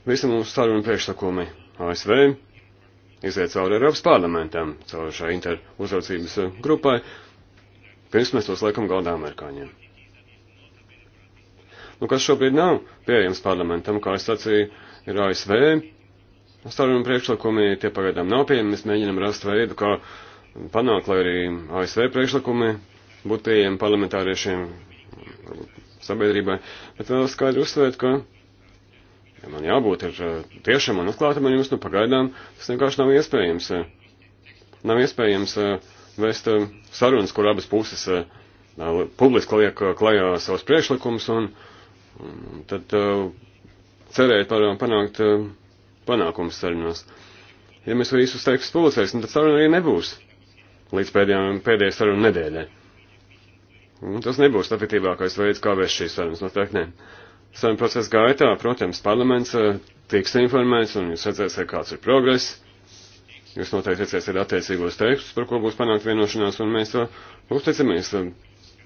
visi mūsu sarunu priekšsakumi ASV iziet cauri Eiropas parlamentam, cauri šai interuzraucības grupai, pirms mēs tos laikam galdā amerikāņiem nu, kas šobrīd nav pieejams parlamentam, kā es sacīju, ir ASV. Starījuma priekšlikumi tie pagaidām nav pieejami, mēs mēģinam rast veidu, kā panākt, lai arī ASV priekšlikumi būtu pieejami parlamentāriešiem sabiedrībai. Bet vēl skaidri uzsvērt, ka ja man jābūt ir eh, tiešām un atklātam, un jums nu pagaidām tas vienkārši nav iespējams. Eh, nav iespējams eh, vēst sarunas, kur abas puses publiski liek klajā savus priekšlikumus un Un, un tad uh, cerēt varam panākt uh, panākumus sarunās. Ja mēs visus tekstus publicēsim, tad saruna arī nebūs līdz pēdējām, pēdējai sarunu nedēļai. Un tas nebūs efektīvākais veids, kā vērst šīs sarunas noteikti. Nē. Saruna procesa gaitā, protams, parlaments uh, tiks informēts un jūs redzēsiet, kāds ir progress. Jūs noteikti redzēsiet attiecīgos tekstus, par ko būs panākt vienošanās, un mēs to uh, uzticamies uh,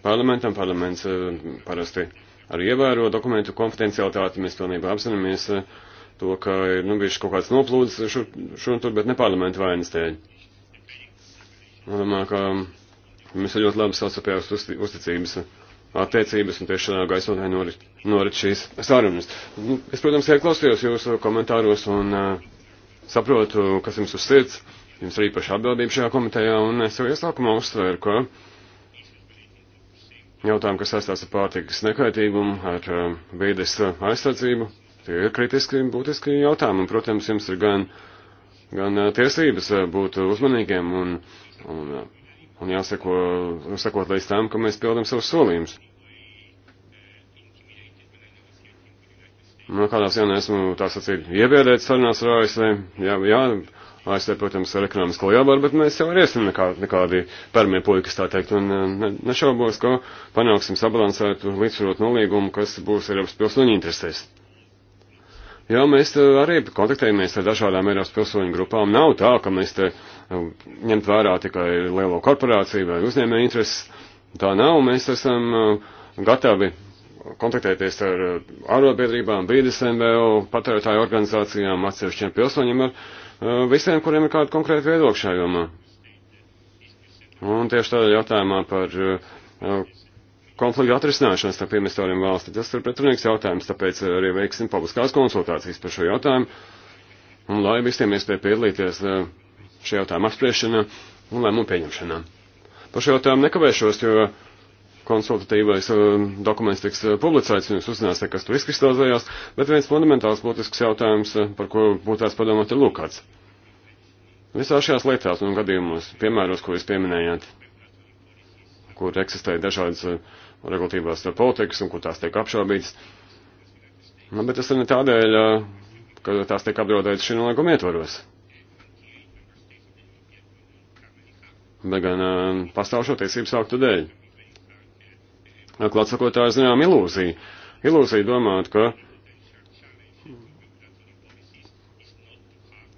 parlamentam. Parlaments uh, parasti arī ievēro dokumentu konfidencialitāti. Mēs pilnībā apzināmies eh, to, ka ir nu, bijuši kaut kāds noplūdes šur un tur, bet ne parlamentu vainas dēļ. Man domāju, ka mums ir ļoti labi savstarpējās uzticības attiecības, un tieši šādā gaisotnē norit, norit šīs sarunas. Nu, es, protams, ieklausījos jūsu komentāros un uh, saprotu, kas jums uz sirds. Jums ir īpaša atbildība šajā komitejā, un es jau iesākumā uzsveru, ka jautājumi, kas saistās ar pārtikas nekaitīgumu, ar um, vīdes aizsardzību, tie ir kritiski būtiski jautājumi. Un, protams, jums ir gan, gan uh, tiesības uh, būt uzmanīgiem un, un, uh, un jāseko, sakot līdz tam, ka mēs pildam savus solījumus. Nu, kādās jau neesmu tā sacīt iebiedēt sarunās ar ASV, jā, jā, ASV, protams, ar ekonomisko jāvaru, bet mēs jau iesim nekā, nekādi permie puļi, kas tā teikt. Un um, ne, nešaubos, ka panāksim sabalansētu līdzsvarot nolīgumu, kas būs Eiropas pilsoņu interesēs. Jā, mēs uh, arī kontaktējamies ar dažādām Eiropas pilsoņu grupām. Nav tā, ka mēs te uh, ņemt vērā tikai lielo korporāciju vai uzņēmēju intereses. Tā nav. Mēs esam uh, gatavi kontaktēties ar ārotbiedrībām, brīdis MVO, patērētāju organizācijām, atsevišķiem pilsoņiem ar Eh, visiem, kuriem ir kāda konkrēta viedokļa šajā jomā. Un tieši tādā jautājumā par eh, konfliktu atrisināšanu starp investoriem valsti. Tas ir pretrunīgs jautājums, tāpēc arī veiksim publiskās konsultācijas par šo jautājumu. Un lai visiem iespēja piedalīties eh, šajā jautājuma apspriešanā un lēmumu pieņemšanā. Par šo jautājumu nekavēšos, jo konsultatīvais um, dokuments tiks uh, publicēts, un jūs uzzināsiet, kas tur izkristalizējās, bet viens fundamentāls būtisks jautājums, uh, par ko būtās padomāt, ir lūkāts. Visā šajās lietās un gadījumos, piemēros, ko jūs pieminējāt, kur eksistē dažādas uh, regulatīvās politikas un kur tās tiek apšaubītas, nu, bet tas ir ne tādēļ, ka tās tiek apdraudētas šī nolēguma ietvaros. bet gan pastāvšo tiesību sauktu dēļ klātsakot, tā ir zinām ilūzija. Ilūzija domāt, ka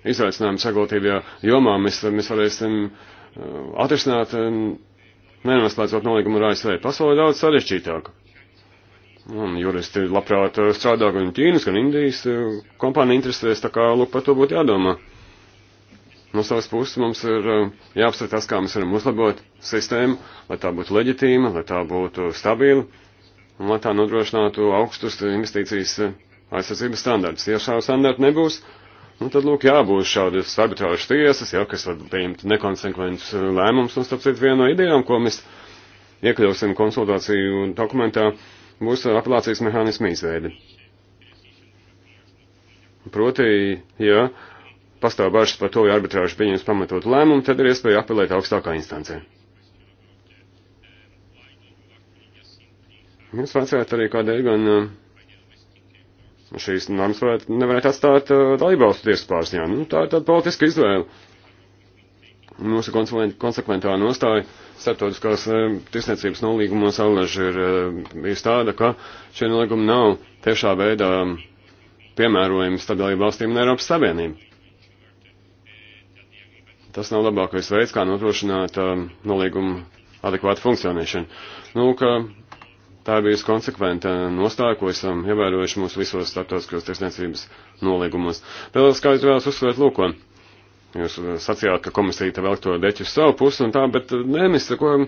izaicinājumu saglotībā jomā mēs, mēs varēsim uh, atrisināt, um, nenoslēdzot nolīgumu ar ASV. Pasaulē daudz sarežģītāk. Un juristi labprāt uh, strādā gan Ķīnas, gan Indijas uh, kompānija interesēs, tā kā, lūk, par to būtu jādomā. No savas puses mums ir eh, jāapsver tas, kā mēs varam uzlabot sistēmu, lai tā būtu leģitīma, lai tā būtu stabila un lai tā nodrošinātu augstus investīcijas eh, aizsardzības standartus. Ja šādu standartu nebūs, nu tad lūk jābūt šādas arbitrāžas tiesas, jau kas var pieņemt nekonsekventus eh, lēmumus, un starp citu viena no idejām, ko mēs iekļausim konsultāciju dokumentā, būs apelācijas mehānismu izveidi. Proti, ja pastāv bažas par to, ja arbitrāžu pieņems pamatot lēmumu, tad ir iespēja apelēt augstākā instancē. Jūs vecējāt arī kādēļ gan šīs normas varētu, nevarētu atstāt dalībvalstu tiesas pārziņā. Nu, tā ir tāda politiska izvēle. Mūsu konsekventā nostāja starptautiskās tirsniecības nolīgumos allaži ir bijusi tāda, ka šie nolīgumi nav tiešā veidā piemērojami starp dalībvalstīm un Eiropas Savienību tas nav labākais veids, kā nodrošināt um, nolīgumu adekvātu funkcionēšanu. Nu, ka tā ir bijusi konsekventa nostāja, ko esam ievērojuši mūsu visos starptautiskajos tiesniecības nolīgumos. Vēl skaidri vēlas uzsvērt lūko. Jūs uh, sacījāt, ka komisija te vēl to deķu uz savu pusi un tā, bet uh, nē, mēs sakojam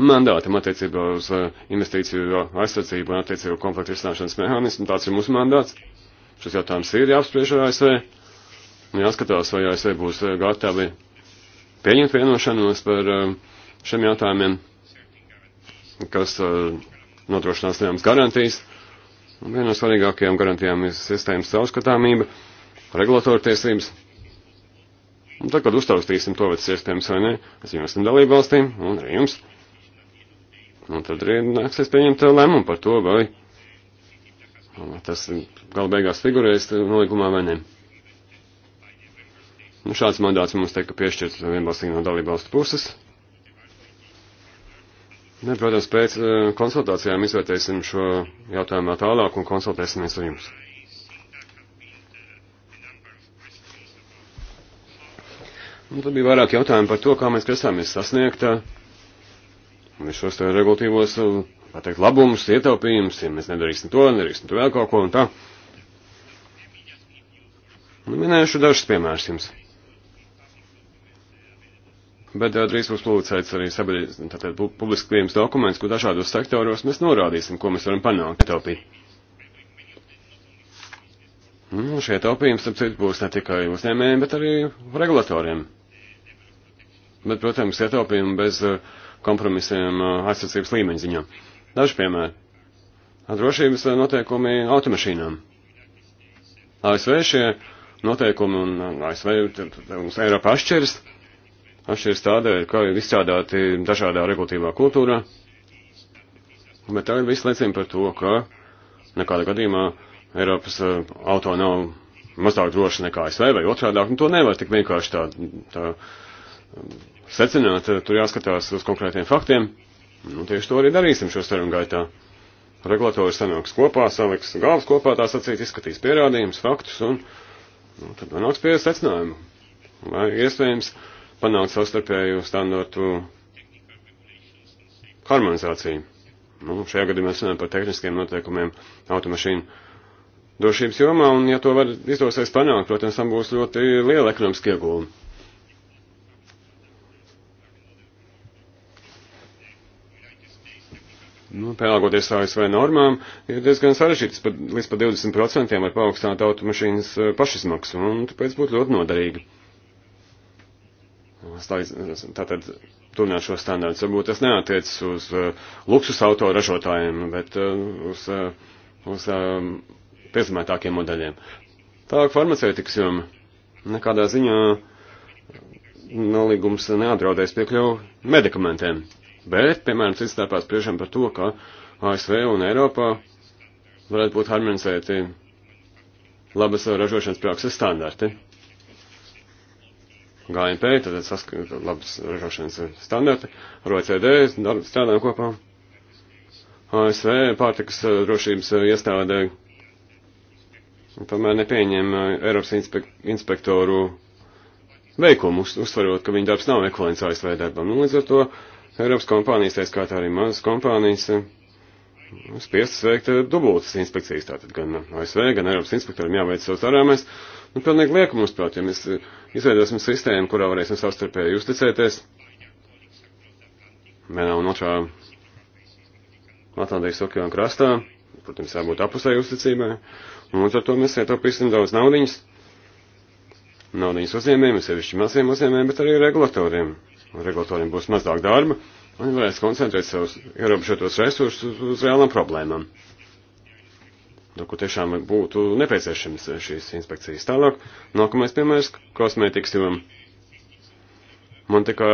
mandātam attiecībā uz uh, investīciju aizsardzību un attiecību konfliktu risināšanas mehānismu. Tāds ir mūsu mandāts. Šis jautājums ir jāapspriež ar ASV. Nu, jāskatās, vai ASV e būs eh, gatavi pieņemt vienošanos par eh, šiem jautājumiem, kas eh, nodrošinās zināmas garantijas. Un viena no svarīgākajām garantijām ir sistēmas caurskatāmība, regulatora tiesības. Un tad, kad uztaustīsim to vecas iespējams vai nē, es jums esmu dalību valstīm un arī jums. Un tad arī nāksies pieņemt lēmumu par to, vai tas galu beigās figurēs nolikumā vai nē. Nu, šāds mandāts mums tika piešķirts vienbalsīgi no dalībvalstu puses. Ne, nu, protams, pēc eh, konsultācijām izvērtēsim šo jautājumu vēl tālāk un konsultēsimies ar jums. Un nu, tad bija vairāk jautājumu par to, kā mēs grasāmies sasniegt šos eh, te regulatīvos, eh, tā teikt, labumus, ietaupījumus, ja mēs nedarīsim to, nedarīsim to vēl kaut ko un tā. Nu, minēšu dažus piemērus jums. Bet drīz būs publicēts arī sabiedrības publiski pieejams dokuments, kur dažādos sektoros mēs norādīsim, ko mēs varam panākt ietaupīt. Nu, šie taupījumi, starp citu, būs ne tikai uzņēmējiem, bet arī regulatoriem. Bet, protams, ietaupījumi bez kompromisiem aizsardzības līmeņa ziņā. Daži piemēri. Drošības noteikumi automašīnām. ASV šie noteikumi un ASV mums Eiropa atšķiras Atšķiras tādēļ, ka ir izstrādāti dažādā regulatīvā kultūrā, bet tā viss liecina par to, ka nekādā gadījumā Eiropas eh, auto nav mazāk droši nekā ASV vai otrādāk, un to nevar tik vienkārši tā, tā eh, secināt, tur jāskatās uz konkrētiem faktiem. Nu, tieši to arī darīsim šo sarunu gaitā. Regulatori sanāks kopā, saliks galvas kopā, tā sacīt, izskatīs pierādījumus, faktus, un nu, tad nonāks pie secinājumu. Vai iespējams panākt savstarpēju standartu harmonizāciju. Nu, šajā gadījumā mēs runājam par tehniskiem noteikumiem automašīnu drošības jomā, un ja to var izdosies panākt, protams, tam būs ļoti liela ekonomiska iegūma. Nu, pielāgoties ASV normām, ir diezgan sarežģīts, pat, līdz pat 20% var paaugstināt automašīnas eh, pašizmaksu, un tāpēc būtu ļoti noderīgi tātad turināt šo standārtu. Varbūt tas neatiecas uz uh, luksus auto ražotājiem, bet uh, uz, uh, uz uh, um, piezemētākiem modeļiem. Tālāk farmaceitikas joma. Nekādā ziņā nolīgums neapdraudēs piekļuvu medikamentiem. Bet, piemēram, cits starpā spriežam par to, ka ASV un Eiropā varētu būt harmonizēti labas ražošanas prakses standarti. GMP, tad saskat labas ražošanas standarti, ar OECD darb, strādājam kopā. ASV pārtikas eh, drošības eh, iestādē tomēr nepieņem eh, Eiropas inspek inspektoru veikumu, uzsvarot, ka viņa darbs nav ekvivalents ASV darbam. Un nu, līdz ar to Eiropas kompānijas, tā skaitā arī mazas kompānijas, spiestas veikt dubultas inspekcijas. Tātad gan ASV, gan Eiropas inspektoriem jāveic savs darāmais, Nu, pilnīgi lieka mums prāt, ja mēs eh, izveidosim sistēmu, kurā varēsim savstarpēji uzticēties. Vienā un otrā Atlantijas okeāna krastā, protams, jābūt apusēji uzticībai. Un ar to mēs ietaupīsim daudz naudiņas. Naudiņas uzņēmējiem, sevišķi maziem uzņēmējiem, bet arī regulatoriem. Un regulatoriem būs mazāk darba, un viņi varēs koncentrēt savus ierobežotos resursus uz, uz reālām problēmām nu, kur tiešām būtu nepieciešams šīs inspekcijas. Tālāk, nākamais piemērs - kosmētikas jom. Man tikā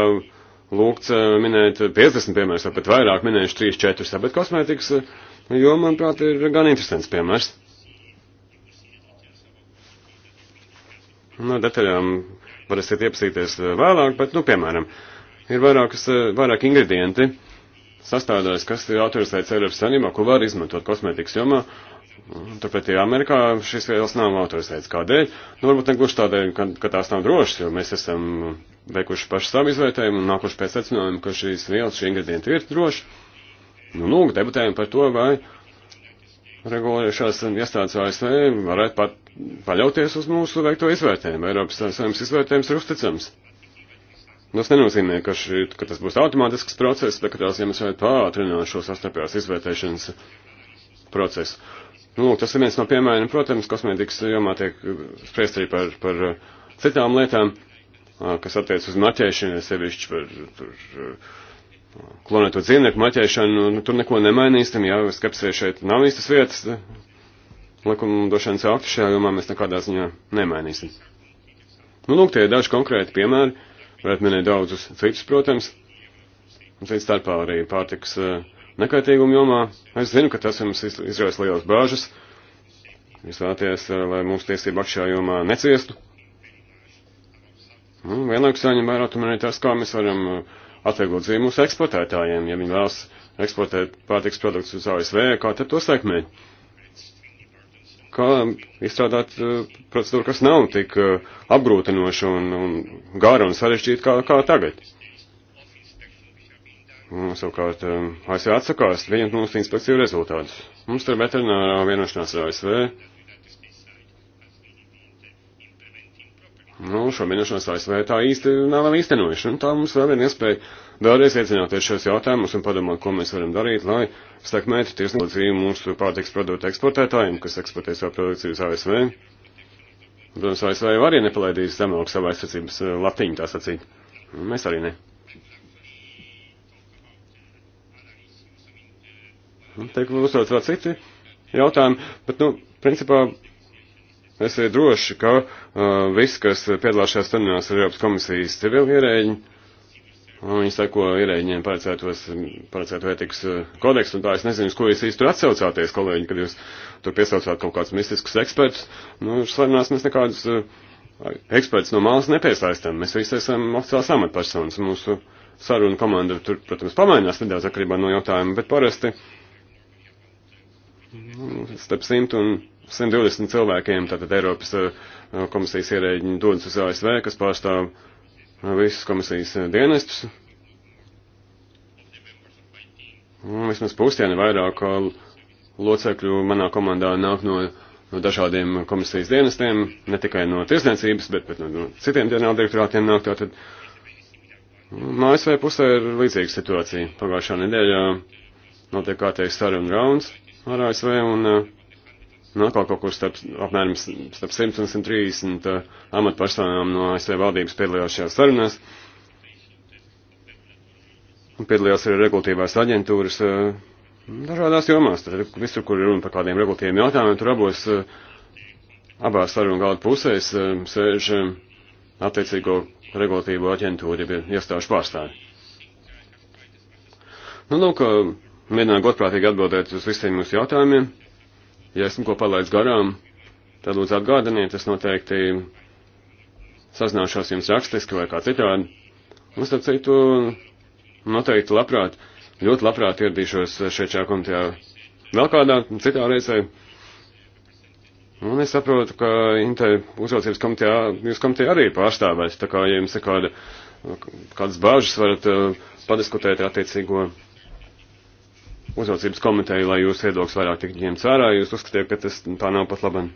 lūgts eh, minēt 50 piemērus, vai pat vairāk minējuši 3, 4, bet kosmētikas eh, joma, manuprāt, ir gan interesants piemērs. No nu, detaļām varēsiet iepazīties eh, vēlāk, bet, nu, piemēram, ir vairākas, vairāk ingredienti sastādājs, kas ir autorizēts Eiropas saimnībā, ko var izmantot kosmētikas jomā, Turpretī Amerikā šis vielas nav autorizēts. Kādēļ? Nu, varbūt ne gluži tādēļ, ka, ka tās nav drošas, jo mēs esam veikuši pašu savu izvērtējumu un nākuši pēc secinājumu, ka šīs vielas, šī ingredienta ir droša. Nu, lūk, debatējam par to, vai regulējušās iestādes ASV varētu pat paļauties uz mūsu veikto izvērtējumu. Eiropas Savienības izvērtējums ir uzticams. Nu, tas nenozīmē, ka, ši, ka tas būs automātisks process, bet ka tās, ja mēs varētu pātrināt šo sastarpējās izvērtēšanas procesu. Nu, tas ir viens no piemēriem, protams, kosmētikas jomā tiek spriest arī par, par eh, citām lietām, eh, kas attiec uz maķēšanu, sevišķi par, par eh, klonēto dzīvnieku maķēšanu. Nu, tur neko nemainīsim, jā, skepsē šeit nav īstas vietas. Likumdošanas aktu šajā jomā mēs nekādā ziņā nemainīsim. Nu, lūk, tie ir daži konkrēti piemēri, varētu minēt daudzus citus, protams, un cits starpā arī pārtiks uh, nekaitīguma jomā. Es zinu, ka tas jums izraisa lielas bāžas. Jūs vēlaties, eh, lai mūsu tiesība akšā jomā neciestu. Nu, vienlaikus jāņem vērā tomēr tas, kā mēs varam eh, atvieglot dzīvi mūsu eksportētājiem, ja viņi vēlas eksportēt pārtiks produktus uz ASV, kā tad to sekmēt? Kā izstrādāt uh, procedūru, kas nav tik uh, apgrūtinoša un, un gara un sarežģīta kā, kā tagad? Nu, savukārt, um, ASV atsakās viņam no mūsu inspekciju rezultātus. Mums tur veterinārā vienošanās ar ASV. Nu, šo vienošanās ASV tā īsti nav vēl īstenojuši, un tā mums vēl ir iespēja vēlreiz iedzināties šos jautājumus un padomāt, ko mēs varam darīt, lai stekmētu tiesniecību mūsu pārtiks produktu eksportētājiem, kas eksportē savu produkciju uz ASV. Protams, ASV arī nepalaidīs zemāk savu aizsardzības eh, latiņu, tā sacīt. Mēs arī ne. Mhm. Tiek uzdodas vēl citi jautājumi, bet, nu, principā esiet droši, ka uh, viss, kas piedalās šajās sarunās ar Eiropas komisijas civili ierēģi, un viņi sako ierēģiem paredzētos, um, paredzēto etikas uh, kodeksu, un tā es nezinu, uz ko jūs īsti tur atsaucāties, kolēģi, kad jūs tur piesaucāt kaut kādus mistiskus ekspertus. Nu, sarunās mēs nekādus uh, ekspertus no malas nepiesaistām. Mēs visi esam oficiāls amatpersonas. Mūsu saruna komanda tur, protams, pamainās nedaudz atkarībā no jautājuma, bet parasti. Uh, starp 100 un 120 cilvēkiem, tātad Eiropas eh, komisijas ierēģiņi dodas uz ASV, kas pārstāv eh, visus komisijas eh, dienestus. Vismaz pusdienu vairāk locekļu manā komandā nāk no, no dažādiem komisijas dienestiem, ne tikai no tirsniecības, bet, bet no, no citiem ģenerāldirektorātiem nāk. Tātad no ASV pusē ir līdzīga situācija. Pagājušā nedēļā notiek kārtējs saruna rauns ar ASV un uh, nokal kaut kur starp, apmēram starp 100 un 130 uh, amatpersonām no ASV valdības piedalījās šajās sarunās. Piedalījās arī regulatīvās aģentūras uh, dažādās jomās. Tur visur, kur ir runa par kādiem regulatīviem jautājumiem, tur abos abās sarunu galda pusēs sēž um, attiecīgo regulatīvo aģentūru, ja iestāžu pārstāvi. Nu, lūk, mēģināju godprātīgi atbildēt uz visiem jūsu jautājumiem. Ja esmu ko palaidis garām, tad lūdzu atgādiniet, es noteikti sazināšos jums rakstiski vai kā citādi. Un starp citu, noteikti labprāt, ļoti labprāt ieradīšos šeit šajā komitejā vēl kādā citā reizē. Un es saprotu, ka Inte uzraucības komitejā, jūs komitejā arī pārstāvēs, tā kā ja jums ir kāda, kādas bāžas varat uh, padiskutēt attiecīgo uzraudzības komiteju, lai jūsu viedoklis vairāk tik ņemts vērā, jūs uzskatiet, ka tas tā nav pat labi.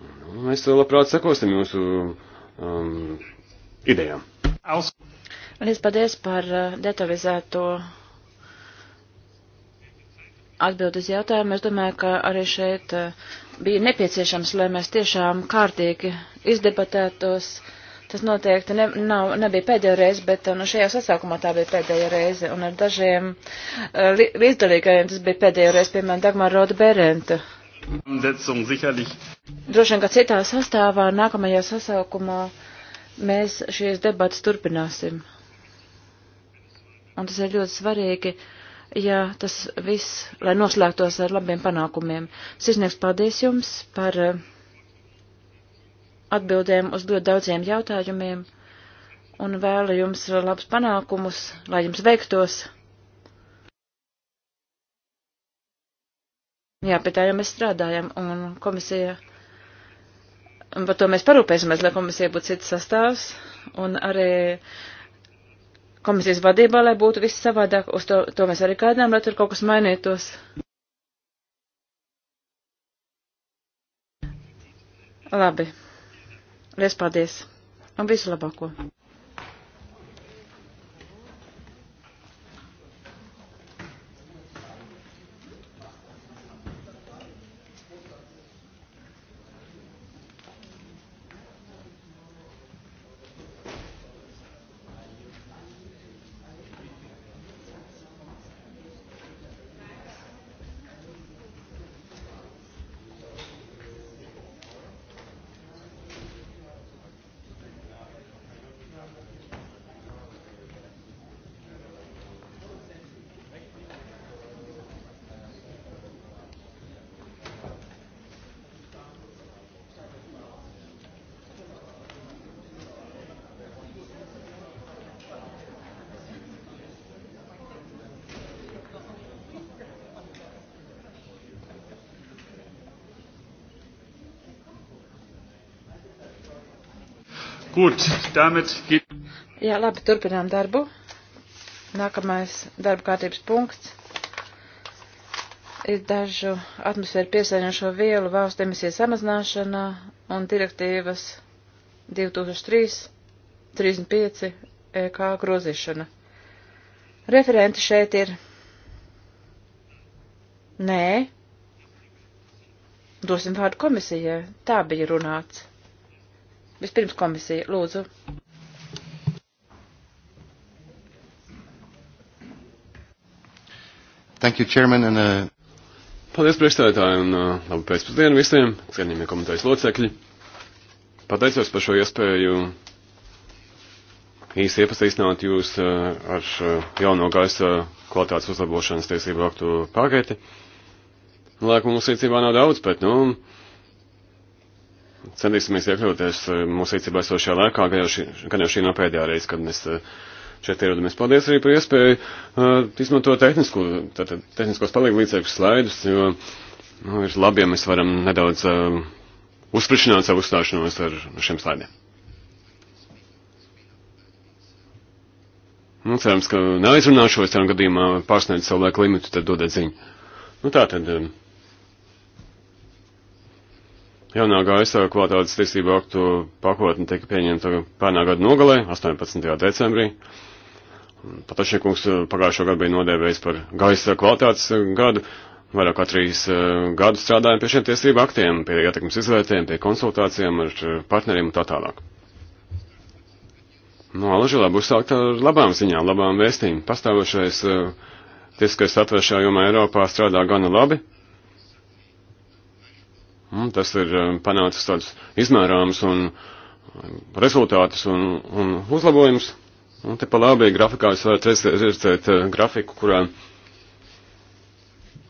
Nu, mēs labprāt sekosim jūsu um, idejām. Liels paldies par uh, detalizēto atbildi uz jautājumu. Es domāju, ka arī šeit uh, bija nepieciešams, lai mēs tiešām kārtīgi izdebatētos Tas noteikti ne, nav, nebija pēdējā reize, bet uh, nu, šajā sasaukumā tā bija pēdējā reize. Un ar dažiem uh, līdzdalīgajiem tas bija pēdējā reize, piemēram, Dagmar Roda Berenta. Droši vien, ka citā sastāvā, nākamajā sasaukumā, mēs šīs debatas turpināsim. Un tas ir ļoti svarīgi, ja tas viss, lai noslēgtos ar labiem panākumiem. Sirsnieks, paldies jums par. Uh, atbildēm uz ļoti daudziem jautājumiem un vēlu jums labus panākumus, lai jums veiktos. Jā, pie tā jau mēs strādājam un komisija, un par to mēs parūpēsimies, lai komisija būtu cits sastāvs un arī komisijas vadībā, lai būtu viss savādāk. Uz to, to mēs arī gaidām, lai tur kaut kas mainītos. Labi. Lies paldies! Un visu labāko! Gut, damit geht. Jā, labi, turpinām darbu. Nākamais darba kārtības punkts ir dažu atmosfēru piesaņošo vielu valstu emisiju samazināšana un direktīvas 2003-35 EK grozīšana. Referenti šeit ir. Nē. Dosim vārdu komisijai. Tā bija runāts. Vispirms komisija, lūdzu. Thank you, Chairman, and, uh... Paldies priekšstādātāji un uh, labu pēcpusdienu visiem, cienījamie komitejas locekļi. Pateicos par šo iespēju īsi iepazīstināt jūs uh, ar uh, jauno gaisa kvalitātes uzlabošanas tiesību aktu paketi. Laika mums rīcībā nav daudz, bet, nu, centīsimies iekļauties eh, mūsu rīcībā esošajā laikā, gan jau šī, gan jau šī nav pēdējā reize, kad mēs eh, šeit ierodamies. Paldies arī par iespēju uh, izmantot tehnisko, tātad, tehniskos palīdzības slaidus, jo nu, ir labi, ja mēs varam nedaudz uh, uzsprišināt savu uzstāšanos ar šiem slaidiem. Nu, cerams, ka neaizrunāšos, ja gadījumā pārsniedz savu laiku limitu, tad dodiet ziņu. Nu, tā tad. Uh, Jaunā gaisa kvalitātes tiesību aktu pakotne tika pieņemta pērnā gada nogalē, 18. decembrī. Patašiekungs eh, pagājušo gadu bija nodēvējis par gaisa kvalitātes eh, gadu. Vairāk kā trīs eh, gadus strādājam pie šiem tiesību aktiem, pie ietekmes izvērtējiem, pie konsultācijām ar partneriem un tā tālāk. No nu, Alažēlā būs sākt ar labām ziņām, labām vēstīm. Pastāvošais tiesiskais satver šajā jomā Eiropā strādā gana labi. Un mm, tas ir um, panācis tāds izmērāms un rezultātus un, un uzlabojums. Un te pa labi grafikā jūs varat redzēt uh, grafiku, kurā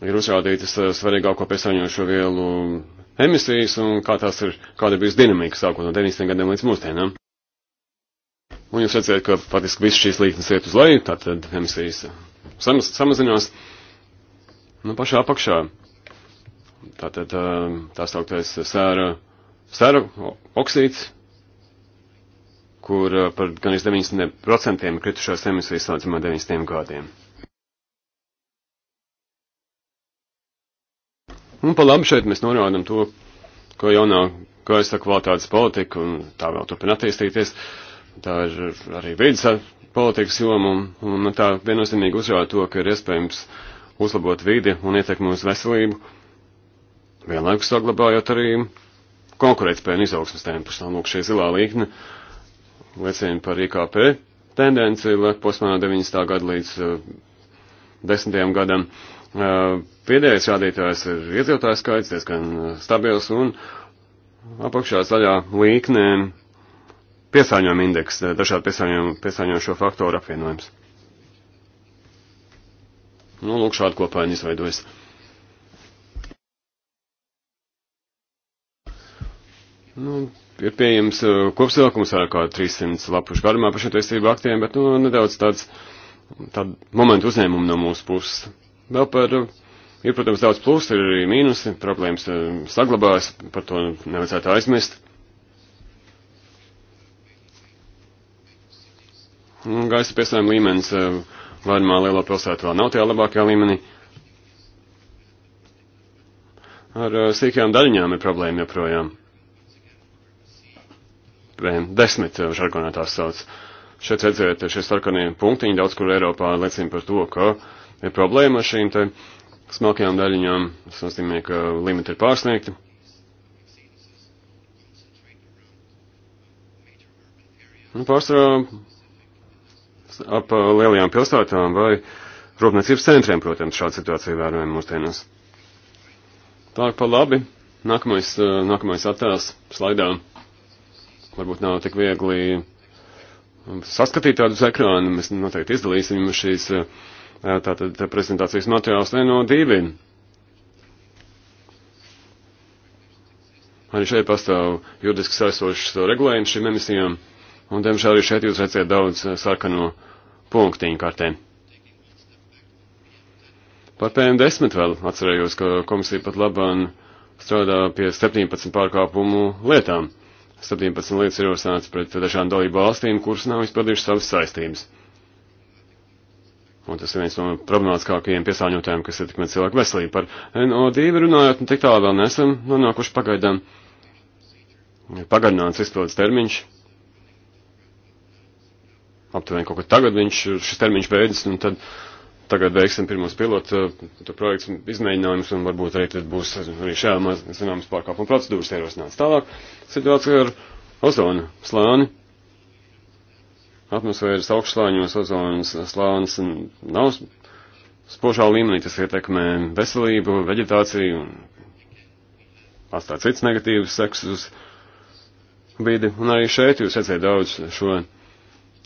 ir uzrādītas uh, svarīgāko piesaņojušo vielu emisijas un kā tās ir, kāda ir bijusi dinamika sākot no 90. gadiem līdz mūsdienām. Un jūs redzēt, ka faktiski viss šīs līknes iet uz leju, tātad emisijas uh, samazinās. Nu, pašā apakšā tātad um, tā sauktais sēra, sēra oksīds, kur uh, par gan iz 90% kritušās emisijas salīdzinājumā 90. gadiem. Un pa labi šeit mēs norādam to, ko jaunā gaisa kvalitātes politika, un tā vēl turpina attīstīties, tā ir arī vidas politikas joma, un, un tā viennozīmīgi uzrāda to, ka ir iespējams uzlabot vidi un ietekmi uz veselību vienlaikus saglabājot arī konkurētspēju un izaugsmas tempus. Un lūk, šī zilā līkne liecina par IKP tendenci laika posmā 90. gada līdz uh, eh, 10. gadam. Uh, Pēdējais rādītājs ir iedzīvotāju skaits, diezgan eh, stabils un apakšā zaļā līknē piesāņojuma indeks, dažādu piesāņojumu, piesāņojušo faktoru apvienojums. Nu, lūk, šādi kopēji izveidojas. Uh, Nu, ir pieejams uh, kopsavilkums ar kādu 300 lapušu garumā par šiem tiesību aktiem, bet nu, nedaudz tāds tādu momentu uzņēmumu no mūsu puses. Vēl par, uh, ir, protams, daudz plusu, ir arī mīnusi, problēmas uh, saglabājas, par to nevajadzētu aizmirst. Gaisa piesājuma līmenis vairumā lielo pilsētu vēl nav tajā labākajā līmenī. Ar sīkajām daļiņām ir problēma joprojām. PM10 žargonā tās sauc. Šeit redzēt, šie sarkanie punktiņi daudz kur Eiropā liecina par to, ka ir problēma ar šīm te smalkajām daļiņām. Tas nozīmē, ka limiti ir pārsniegti. Nu, pārsvarā ap lielajām pilsētām vai rūpniecības centriem, protams, šāda situācija vērojama mūsdienās. Tā pa labi. Nākamais, nākamais attēls slaidā varbūt nav tik viegli saskatīt tādus ekrānus. Mēs noteikti izdalīsim šīs eh, tātad prezentācijas materiālus no divi. Arī šeit pastāv juridiski saistošs regulējums šīm emisijām, un, diemžēl, arī šeit jūs redzat daudz eh, sarkano punktiņu kartēm. Par PM10 vēl atcerējos, ka komisija pat labāk strādā pie 17 pārkāpumu lietām. 17 lietas ir ierosināts pret dažām dalību valstīm, kuras nav izpildījušas savas saistības. Un tas ir viens no problemātiskākajiem piesāņotājiem, kas ietekmē cilvēku veselību. Par NO2 runājot, un nu, tik tālu vēl nesam nonākuši pagaidām. Ir pagarināts izpildes termiņš. Aptuveni kaut kad tagad viņš, šis termiņš beidzas, un tad uh, tagad veiksim pirmos pilotu uh, projektu izmēģinājumus un varbūt arī tad būs arī šajā maz, zināmas pārkāpuma procedūras ierosināts. Tālāk situācija ar ozonu slāni. Atmosfēras augšslāņos ozonas slānis nav spožā līmenī, tas ietekmē veselību, veģetāciju un atstāja cits negatīvs seks uz vidi. Un arī šeit jūs redzēt daudz šo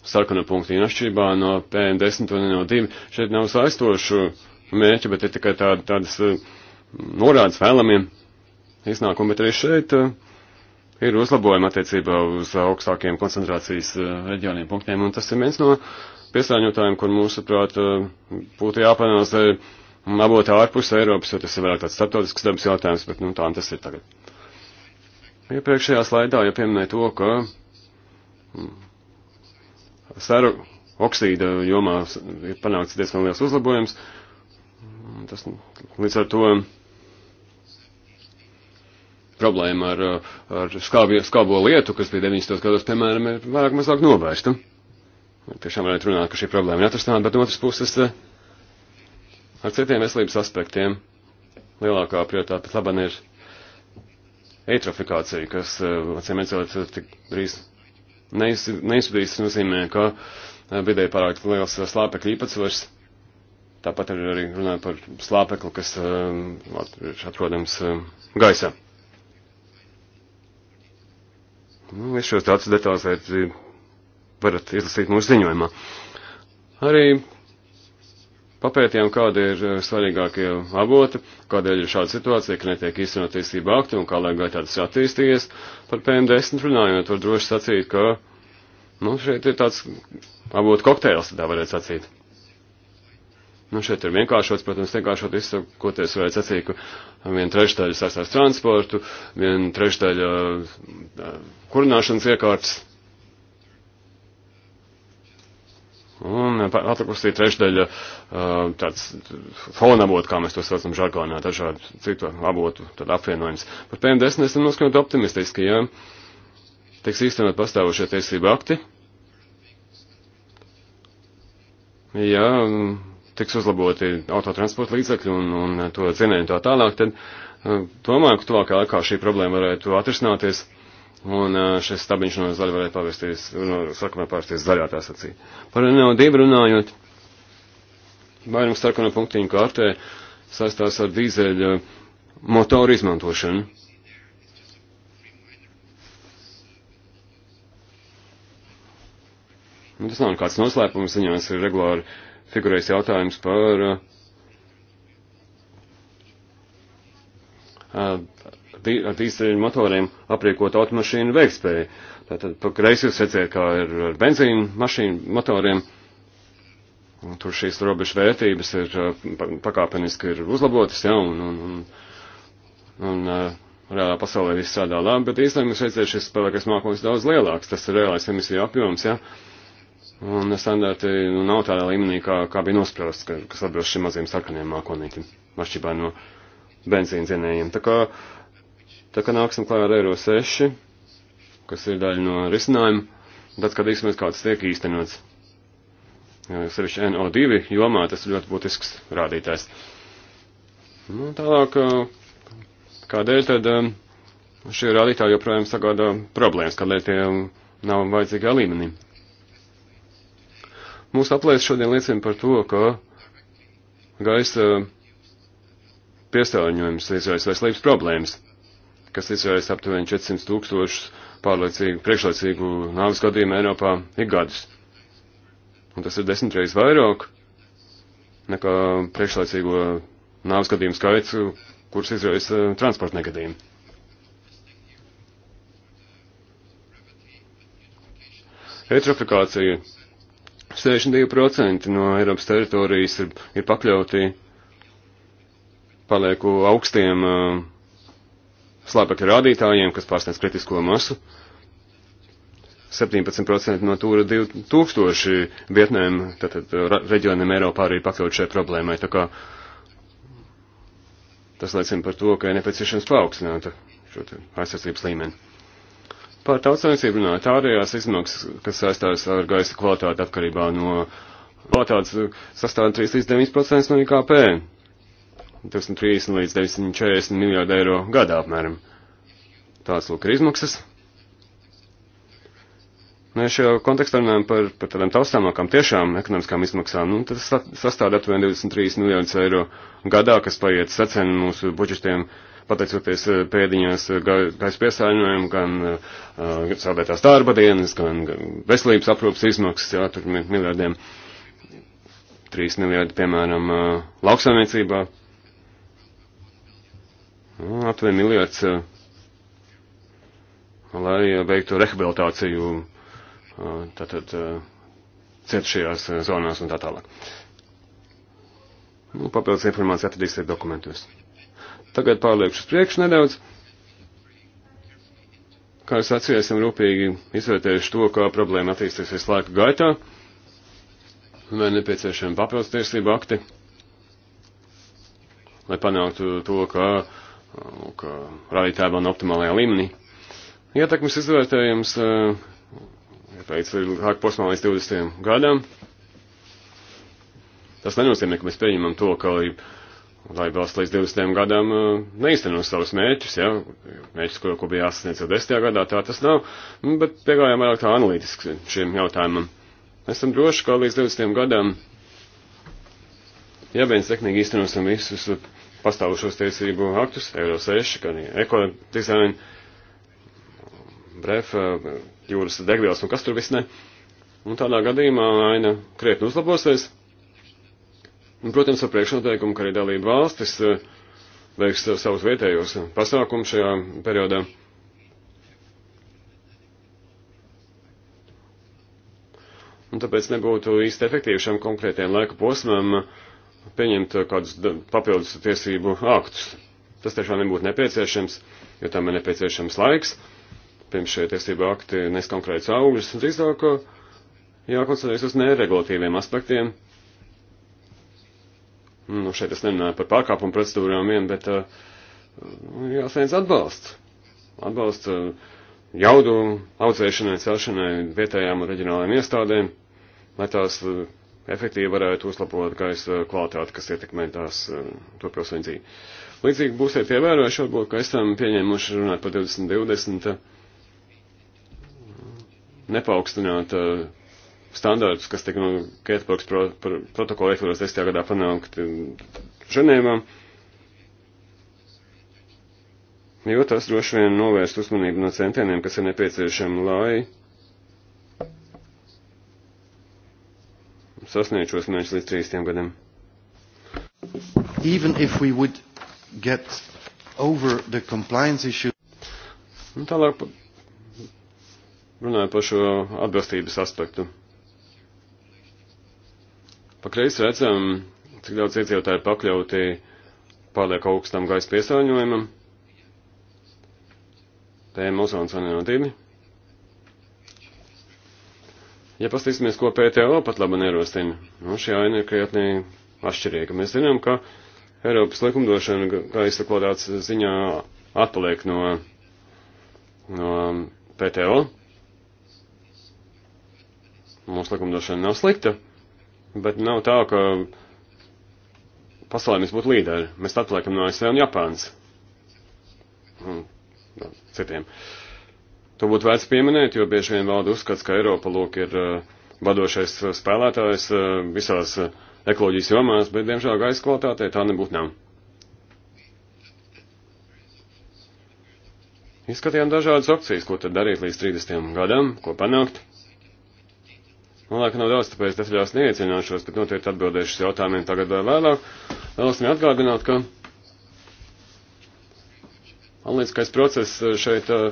sarkano punktu īnašķībā no PM10 un no 2. Šeit nav saistošu mērķu, bet ir tikai tāda, tādas eh, norādes vēlamiem iznākumu, bet arī šeit eh, ir uzlabojumi attiecībā uz augstākiem koncentrācijas eh, reģioniem punktiem, un tas ir viens no piesārņotājiem, kur mūsuprāt būtu jāpanāzē labot ārpus Eiropas, jo tas ir vairāk tāds starptautisks dabas jautājums, bet nu tā tas ir tagad. Iepriekšējā slaidā jau pieminēja to, ka sēru oksīda jomā ir panākts diezgan liels uzlabojums. Tas līdz ar to problēma ar, ar skābi, skābo lietu, kas bija 90. gados, piemēram, ir vairāk mazāk novērsta. Tiešām varētu runāt, ka šī problēma ir atrastāta, bet no otras puses ar citiem veselības aspektiem lielākā prioritāte pat laban ir eitrofikācija, kas, atcīm redzot, tik drīz neizpildīts, nozīmē, ka eh, vidē pārāk liels eh, slāpekļu īpatsvars. Tāpat arī runāja par slāpekli, kas eh, ir atrodams gaisā. Nu, visu šos tādus detalizēt varat izlasīt mūsu ziņojumā. Arī Papētījām, kāda ir eh, svarīgākie avoti, kādēļ ir šāda situācija, ka netiek īstenot tiesība akti un kā lai gaitā tas attīstījies. Par PM10 runājot, var droši sacīt, ka, nu, šeit ir tāds avotu kokteils, tā varētu sacīt. Nu, šeit ir vienkāršots, protams, vienkāršot izsakoties, varētu sacīt, ka viena trešdaļa sasās transportu, viena trešdaļa eh, kurināšanas iekārtas Un eh, atlikusī trešdaļa eh, tāds fonavotu, kā mēs to saucam žargonā, dažādu citu avotu apvienojums. Par PM10 esam noskaņot optimistiski, ja tiks īstenot pastāvošie tiesību akti, ja mm, tiks uzlaboti autotransporta līdzekļi un, un to cienējumi tā tālāk, tad eh, domāju, ka tuvākā laikā šī problēma varētu atrisināties. Uh, Un šis stabiņš no zaļa varēja pavērsties, no sākumā pārsties zaļā tā sacīja. Par NO2 runājot, vairums sarkano punktiņu kārtē saistās ar dīzeļa motoru izmantošanu. Nu, tas nav nekāds noslēpums, viņās ir regulāri figurējis jautājums par uh, uh, dī, ar dīzeļu motoriem apriekot automašīnu veikspēju. Tātad pa kreisi jūs redzēt, kā ir ar benzīnu mašīnu motoriem. Un tur šīs robežu vērtības ir pakāpeniski ir uzlabotas, jā, un, un, un, un reālā pasaulē viss strādā labi, bet īstenībā mēs redzējām, šis spēlēkais mākslinieks daudz lielāks, tas ir reālais emisiju apjoms, jā. Un standarti nu, nav tādā līmenī, kā, kā bija nosprausts, ka, kas atbilst šiem maziem sarkaniem mākonītiem, mašķībā no benzīna zinējiem. Tā kā uh, Tā kā nāksim klājā ar Eiro 6, kas ir daļa no risinājuma, tad skatīsimies, kā tas tiek īstenots. Sevišķi NO2 jomā tas ir ļoti būtisks rādītājs. Nu, tālāk, kādēļ tad šie rādītāji joprojām sagādā problēmas, kādēļ tie nav vajadzīgā līmenī? Mūsu aplēs šodien liecina par to, ka gaisa piesārņojums izraisa veselības problēmas kas izraisa aptuveni 400 tūkstošus pārlaicīgu, priekšlaicīgu nāvis gadījumu Eiropā ik gadus. Un tas ir desmit reizes vairāk nekā priekšlaicīgo nāvis gadījumu skaits, kurus izraisa eh, transporta negadījumi. Eitrofikācija 62% no Eiropas teritorijas ir, ir pakļauti palieku augstiem uh, slāpekļa rādītājiem, kas pārsniedz kritisko masu. 17% no tūra 2000 vietnēm, tātad uh, reģioniem Eiropā arī pakļaut šai problēmai. Tā kā tas liecina par to, ka ir nepieciešams paaugstināt šo aizsardzības līmeni. Par tautsainicību runājot, ārējās izmaksas, kas saistās ar gaisa kvalitāti atkarībā no kvalitātes sastāv 3 līdz 9% no IKP. 230 līdz 940 miljārdu eiro gadā apmēram. Tāds lūk ir izmaksas. Mēs šajā kontekstā runājam par, par tādām taustāmākām tiešām ekonomiskām izmaksām. Nu, tas sastāv aptuveni 23 miljardus eiro gadā, kas paiet seceni mūsu budžetiem, pateicoties eh, pēdiņās eh, gaisa piesārņojumu, gan uh, saldētās darba dienas, gan, gan veselības aprūpas izmaksas, jā, tur miljardiem. 3 miljardi, piemēram, uh, lauksaimniecībā, Nu, aptuveni miljards, eh, lai veiktu rehabilitāciju eh, tātad eh, cietušajās zonās un tā tālāk. Nu, papildus informācija atradīsiet dokumentos. Tagad pārliekšu uz priekšu nedaudz. Kā es sacīju, esam rūpīgi izvērtējuši to, kā problēma attīstīsies laika gaitā, vai nepieciešami papildus tiesību akti, lai panāktu to, ka uh, Nu, ka rādītāji vēl nav optimālajā līmenī. Ietekmes izvērtējums eh, ir veids ir laika posmā līdz 20 gadam. Tas nenozīmē, ka mēs pieņemam to, ka lai valsts līdz 20 gadam eh, neizteno savus mērķus, ja, mērķus, ko, ko bija jāsasniedz jau 10. gadā, tā tas nav, bet piegājām vairāk tā analītiski šiem jautājumam. Esam droši, ka līdz 20 gadam, ja vien sekmīgi īstenosim visus pastāvušos tiesību aktus, Eiro 6, gan ekodizaini, bref, jūras degvielas un kas tur viss ne. Un tādā gadījumā aina krietni uzlabosies. Un, protams, ar priekšnoteikumu, ka arī dalība valstis eh, veiks savus vietējos pasākumus šajā periodā. Un tāpēc nebūtu īsti efektīvi šam konkrētajam laika posmam uh, pieņemt kādus papildus tiesību aktus. Tas tiešām nebūtu nepieciešams, jo tam ir nepieciešams laiks, pirms šie tiesību akti nes konkrēts augļus, un drīzāk jākoncentrējas uz neregulatīviem aspektiem. Nu, šeit es nerunāju par pārkāpumu procedūrām vien, bet uh, jāsniedz atbalsts. Atbalsts uh, jaudu audzēšanai, celšanai vietējām un reģionālajām iestādēm, lai tās uh, efektīvi varētu uzlabot gaisa kvalitāti, kas ietekmē tās eh, to pilsoņu dzīvi. Līdzīgi būsiet ievērojuši, varbūt, ka esam pieņēmuši runāt par 2020 nepaukstināt eh, standārtus, kas tika no Kētburgas pro, pro, protokola ietvaros 10. gadā panākt Ženēvā. Jo tas droši vien novērst uzmanību no centieniem, kas ir nepieciešami, lai sasniegt šos mērķus līdz 30 gadiem. Even if we would get over the compliance issue. Un nu, tālāk runāju par šo atbilstības aspektu. Pakreiz redzam, cik daudz iedzīvotāji pakļauti pārliek augstam gaisa piesārņojumam. PM ozons un NO2. Ja paskatīsimies, ko PTO pat laba nerostina, nu, šī aina ir krietnī atšķirīga. Mēs zinām, ka Eiropas likumdošana gaisa kvalitātes ziņā atpaliek no, no PTO. Mūsu likumdošana nav slikta, bet nav tā, ka pasaulē mēs būtu līderi. Mēs atpaliekam no ASV un Japānas. Un, no, citiem. Uh, To būtu vērts pieminēt, jo bieži vien valda uzskats, ka Eiropa lūk ir eh, vadošais spēlētājs eh, visās eh, ekoloģijas jomās, bet diemžēl gaisa kvalitātei tā nebūtu nav. Izskatījām dažādas opcijas, ko tad darīt līdz 30. gadam, ko panākt. Man liekas, nav daudz, tāpēc detaļās neiecināšos, bet noteikti atbildēšu uz jautājumiem tagad vai vēlāk. Vēlos man atgādināt, ka analītiskais process šeit uh,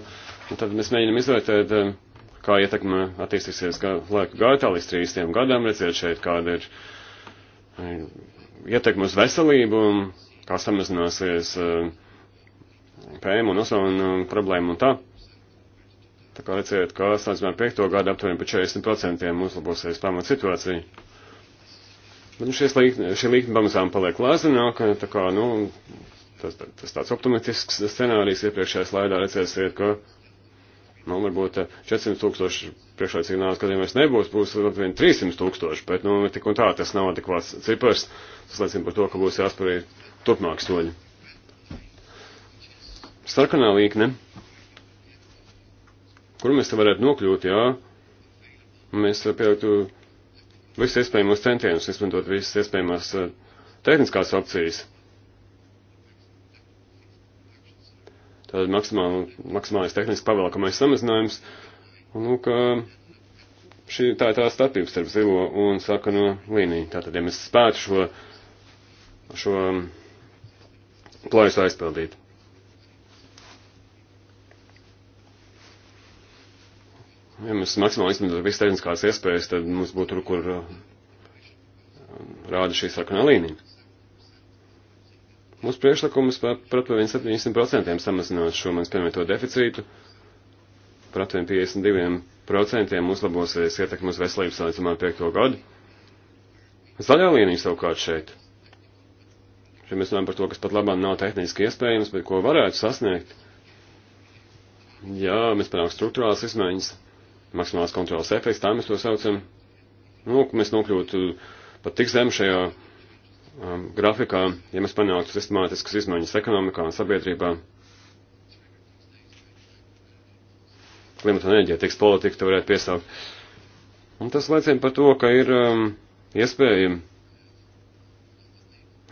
Un tad mēs mēģinam izvērtēt, eh, kā ietekme attīstīsies kā laika gaitā līdz 30 gadam, redzēt šeit, kāda ir eh, ietekme uz veselību, kā samazināsies eh, PM un ozonu problēma un tā. Tā kā redzēt, ka 85. gada aptuveni pa 40% uzlabosies pamat situācija. Bet nu, līkni, šī līkne pamazām paliek lēzināka, tā kā, nu, tas, tas tāds optimistisks scenārijs iepriekšējā slaidā redzēsiet, ka Nu, varbūt 400 tūkstoši priekšlaicīgās gadījumos nebūs, būs apmēram 300 tūkstoši, bet, nu, tik un tā tas nav adekvāts cipars. Tas liecina par to, ka būs jāspēj turpmāk soļi. Sarkanā līkne. Kur mēs te varētu nokļūt, jā? Mēs eh, pieliktu visus iespējamos centienus, izmantot visas iespējamās eh, tehniskās opcijas. tāda maksimāla, maksimālais tehniski pavēlkamais samazinājums. Un, nu, ka šī tā ir tā starpība starp zilo un sarkano līniju. Tātad, ja mēs spētu šo, šo plājus aizpildīt. Ja mēs maksimāli izmantotu visu tehniskās iespējas, tad mums būtu tur, kur rāda šī sarkanā līnija. Mūsu priekšlikumus par aptuveni 700% samazinot šo manis pieminēto deficītu, par aptuveni 52% uzlabosies ietekmi uz veselības salīdzinājumā 5. gadu. Zaļā līnija savukārt šeit. Šeit mēs runājam par to, kas pat labāk nav tehniski iespējams, bet ko varētu sasniegt. Jā, mēs panākam struktūrālas izmaiņas, maksimālās kontrolas efekts, tā mēs to saucam. Nu, mēs nokļūtu pat tik zem šajā um, grafikā, ja mēs panāktu sistemātiskas izmaiņas ekonomikā un sabiedrībā, klimata un enerģētikas politika te varētu piesaukt. Un tas liecina par to, ka ir um, iespēja,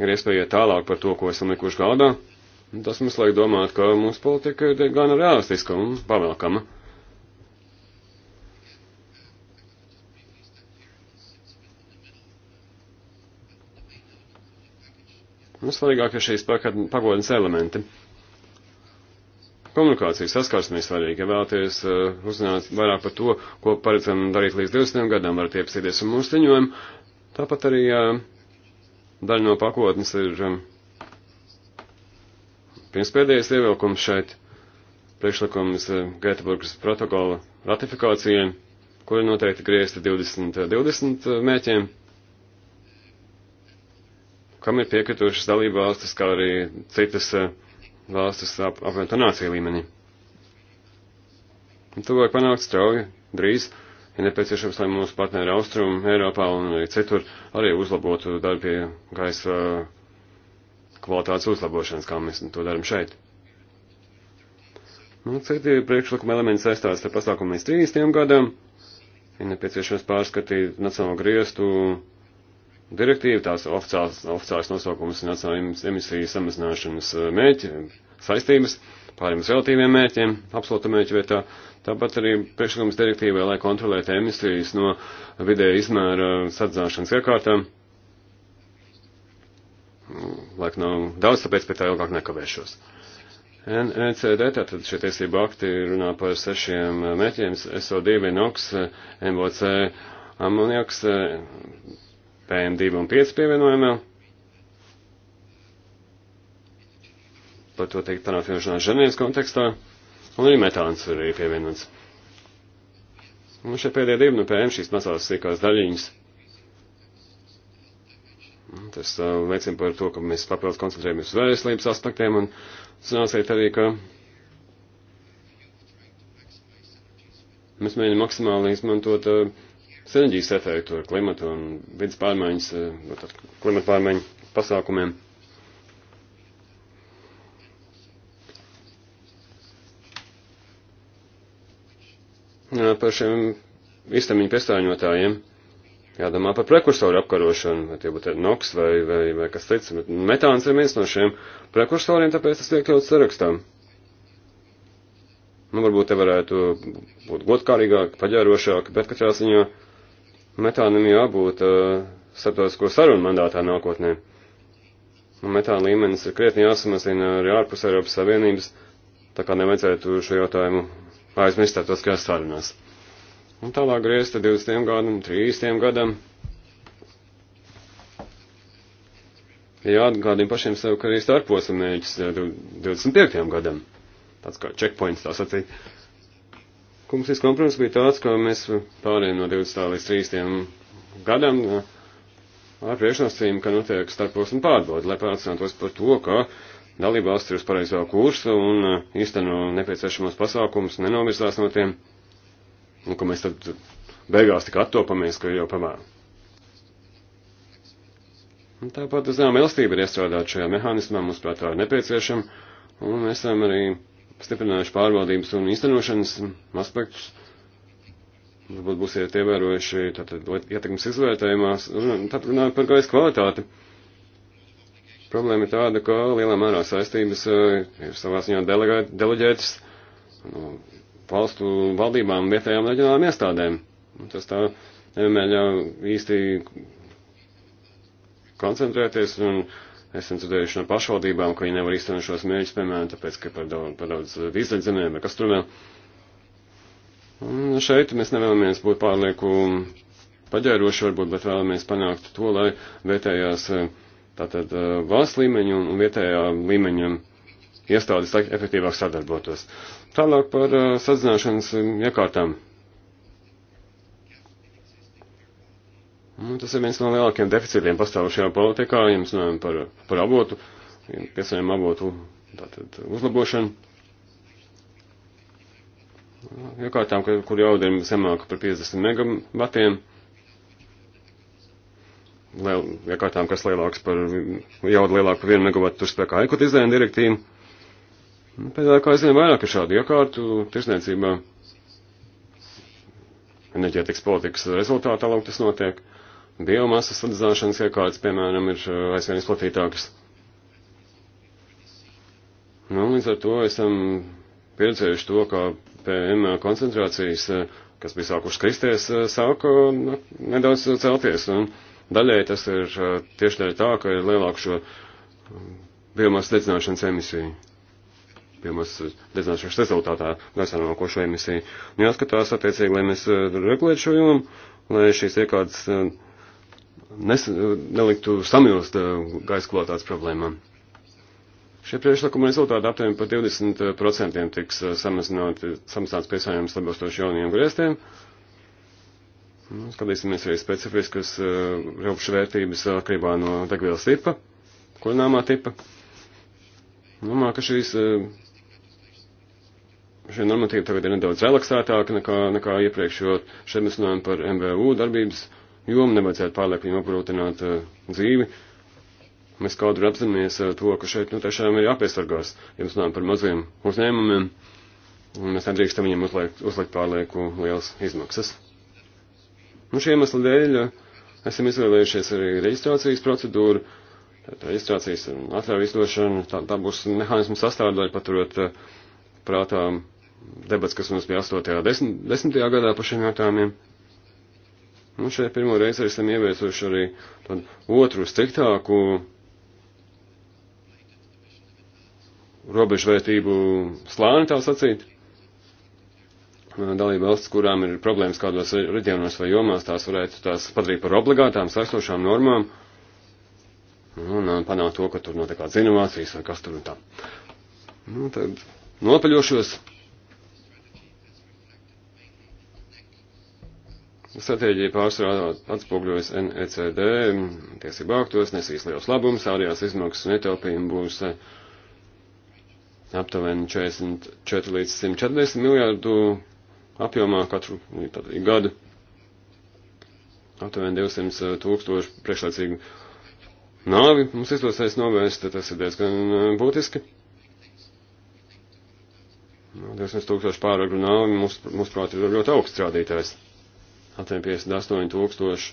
ir iespēja tālāk par to, ko esam likuši galdā. Un tas mums liek domāt, ka mūsu politika ir gana realistiska un pavēlkama. Nu, svarīgāk ir šīs pagodnes elementi. Komunikācija saskarsme ir svarīga. Ja vēlaties uh, uzzināt vairāk par to, ko paredzam darīt līdz 20 gadam, varat iepazīties ar mūsu ziņojumu. Tāpat arī uh, daļa no pakotnes ir um, eh, pirms pēdējais ievilkums šeit priekšlikums Gēteburgas protokola ratifikācijai, kuri noteikti griezti 2020 20 mēķiem kam ir piekritušas dalība valstis, kā arī citas eh, valstis ap, apvienotā nācija līmenī. Un to vajag panākt strauji, drīz, ja nepieciešams, lai mūsu partneri Austrum, Eiropā un arī citur arī uzlabotu darbu pie gaisa eh, kvalitātes uzlabošanas, kā mēs to darām šeit. Nu, citi priekšlikuma elementi saistās ar pasākumu līdz 30. gadam, ir nepieciešams pārskatīt nacionālo griestu direktīva, tās oficiāls, oficiāls nosaukums ir nacionāla emisiju samazināšanas eh, mērķi, saistības, pāriem uz relatīviem mērķiem, absolūta mērķa vietā. Tāpat arī priekšlikums direktīvai, lai kontrolētu emisijas no vidē izmēra sadzināšanas iekārtām. Laik nav daudz, tāpēc pie tā ilgāk nekavēšos. NECD, tātad šie tiesību akti runā par sešiem mērķiem, SO2, NOX, MOC, amoniaks, PM2 un 5 pievienojumā. Par to teikt tādā finanšanās Ženēvas kontekstā. Un arī metāns arī pievienots. Un šie pēdējie divi no PM šīs mazās sīkās daļiņas. Tas uh, liecina par to, ka mēs papildus koncentrējamies uz veselības aspektiem un zināsiet arī, ka mēs mēģinām maksimāli izmantot uh, sinerģijas efektu ar klimatu un vidas pārmaiņas, eh, nu, klimatu pārmaiņu pasākumiem. Par šiem istamiņu piestāņotājiem jādomā par prekursoru apkarošanu, vai tie būtu NOX vai, vai, vai kas cits. Metāns ir viens no šiem prekursoriem, tāpēc tas tiek ļauts sarakstām. Nu, varbūt te varētu būt godkārīgāk, paģērošāk, bet katrā ziņā. Ziņā metānam jābūt uh, starptautisko sarunu mandātā nākotnē. Un metāna līmenis ir krietni jāsamazina arī ārpus Eiropas Savienības, tā kā nevajadzētu šo jautājumu aizmirst starptautiskajās sarunās. Un tālāk griezta 20. gadam, 30. gadam. Jāatgādina pašiem sev, ka arī starposam mēģis 25. gadam. Tāds kā checkpoints tā sacīt. Komisijas kompromiss bija tāds, ka mēs pārējām no 20. līdz 30. gadam eh, ar priekšnosacījumu, ka notiek starposmu pārbaudi, lai pārliecinātos par to, ka dalībvalsts ir uz pareizā kursa un eh, īsteno nepieciešamos pasākumus, nenomirzās no tiem, un ka mēs tad beigās tik attopamies, ka jau pamēram. Tāpat, zinām, elastība ir iestrādāta šajā mehānismā, mums prāt tā ir nepieciešama, un esam arī stiprinājuši pārvaldības un īstenošanas aspektus. Varbūt būsiet ievērojuši tātad ietekmes izvērtējumās, tad runājot par gaisa kvalitāti. Problēma ir tāda, ka lielā mērā saistības eh, ir savā ziņā deleģētas no valstu valdībām, vietējām reģionālām iestādēm. Tas tā nevienmēr ļauj īsti koncentrēties un uh, Esam dzirdējuši no pašvaldībām, ka viņi nevar īstenot šos mērķus, piemēram, tāpēc, ka par daudz, par daudz vīzledzemēm vai kas tur vēl. Un šeit mēs nevēlamies būt pārlieku paģēroši varbūt, bet vēlamies panākt to, lai vietējās eh, tātad eh, valsts līmeņa un, un vietējā līmeņa iestādes efektīvāk sadarbotos. Tālāk par eh, sadzināšanas iekārtām. Ja Un nu, tas ir viens no lielākiem deficītiem pastāvošajā politikā, ja mēs runājam par, par avotu, piesaņem avotu tātad, uzlabošanu. Jokārtām, kur jauda ir zemāka par 50 megavatiem, liel, jokārtām, kas lielāks par, jauda lielāka par 1 megavatu, tur spēkā ekotizēna direktīva. Nu, pēdējā kā aizvien vairāk ir šādu jokārtu tirsniecībā. Enerģētikas politikas rezultātā lūk tas notiek. Uh, biomasas sadedzināšanas iekārtas, piemēram, ir uh, aizvien izplatītākas. Nu, līdz ar to esam pieredzējuši to, ka PM koncentrācijas, uh, kas bija sākušas kristies, uh, sāka nu, nedaudz celties. Un daļai tas ir tieši dēļ tā, ka ir lielāka šo um, biomasas dedzināšanas emisiju. Biomasas dedzināšanas rezultātā gaisā nākošo emisiju. Un jāskatās attiecīgi, lai mēs regulētu šo jomu, lai šīs iekārtas. Uh, nes, neliktu samilst eh, gaisa kvalitātes problēmām. Šie priekšlikumi rezultāti aptuveni par 20% tiks eh, samazināts piesājums labostoši jauniem griestiem. Nu, skatīsimies arī specifiskas uh, rupšu vērtības atkarībā no degvielas tipa, kurināmā tipa. Domāju, ka šīs, šie normatīvi tagad ir nedaudz relaksētāki nekā, nekā iepriekš, jo šeit mēs runājam par MVU darbības uh, jomu, nevajadzētu pārlieku viņiem apgrūtināt uh, eh, dzīvi. Mēs kaut kur apzināmies uh, to, ka šeit nu, tiešām ir jāpiesargās, ja mēs runājam par maziem uzņēmumiem, un mēs nedrīkstam viņiem uzliekt, uzliekt pārlieku lielas izmaksas. Nu, šie iemesli dēļ uh, esam izvēlējušies arī reģistrācijas procedūru, reģistrācijas atļauju izdošanu, tā, tā būs mehānismu sastāvdaļa paturot prātā debats, kas mums bija 8. un 10. gadā par šiem jautājumiem. Nu, šeit pirmo reizi esam ieviesuši arī tādu otru striktāku robežvērtību slāni, tā sacīt. Dalība valsts, kurām ir problēmas kādos reģionos vai jomās, tās varētu tās padarīt par obligātām, saistošām normām. Un panākt to, ka tur notiek kāds inovācijas vai kas tur un tā. Nu, tad nopaļošos Stratēģija pārsvarā atspoguļojas NECD, tiesību aktos nesīs liels labums, ārējās izmaksas un ietaupījumi būs eh, aptuveni 44 līdz 140 miljārdu apjomā katru nu, tad, gadu. Aptuveni 200 eh, tūkstoši priekšlaicīgu nāvi mums izdosies novērst, tas ir diezgan eh, būtiski. 200 nu, tūkstoši pāragru nāvi mums, mums prāt, ir ļoti augsts rādītājs. 858 tūkstoši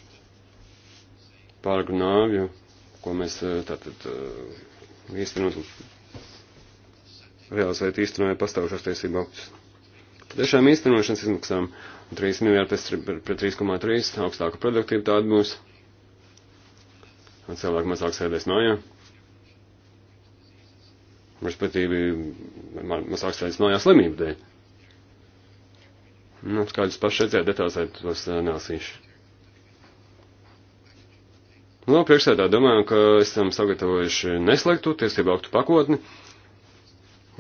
pārgu nāvju, ko mēs eh, tātad eh, īstenot realizēt īstenojot pastāvušās tiesību aktus. Tiešām īstenošanas izmaksām 3 miljārdi pret 3,3 augstāka produktivitāte būs. Un cilvēki mazāk sēdēs mājā. Respektīvi, mazāk sēdēs mājā slimību dēļ. Nu, kādas pašreizējā detalizēt tos eh, nelasīšu. Nu, priekšsēdā domājam, ka esam sagatavojuši neslēgtu tiesību aktu pakotni.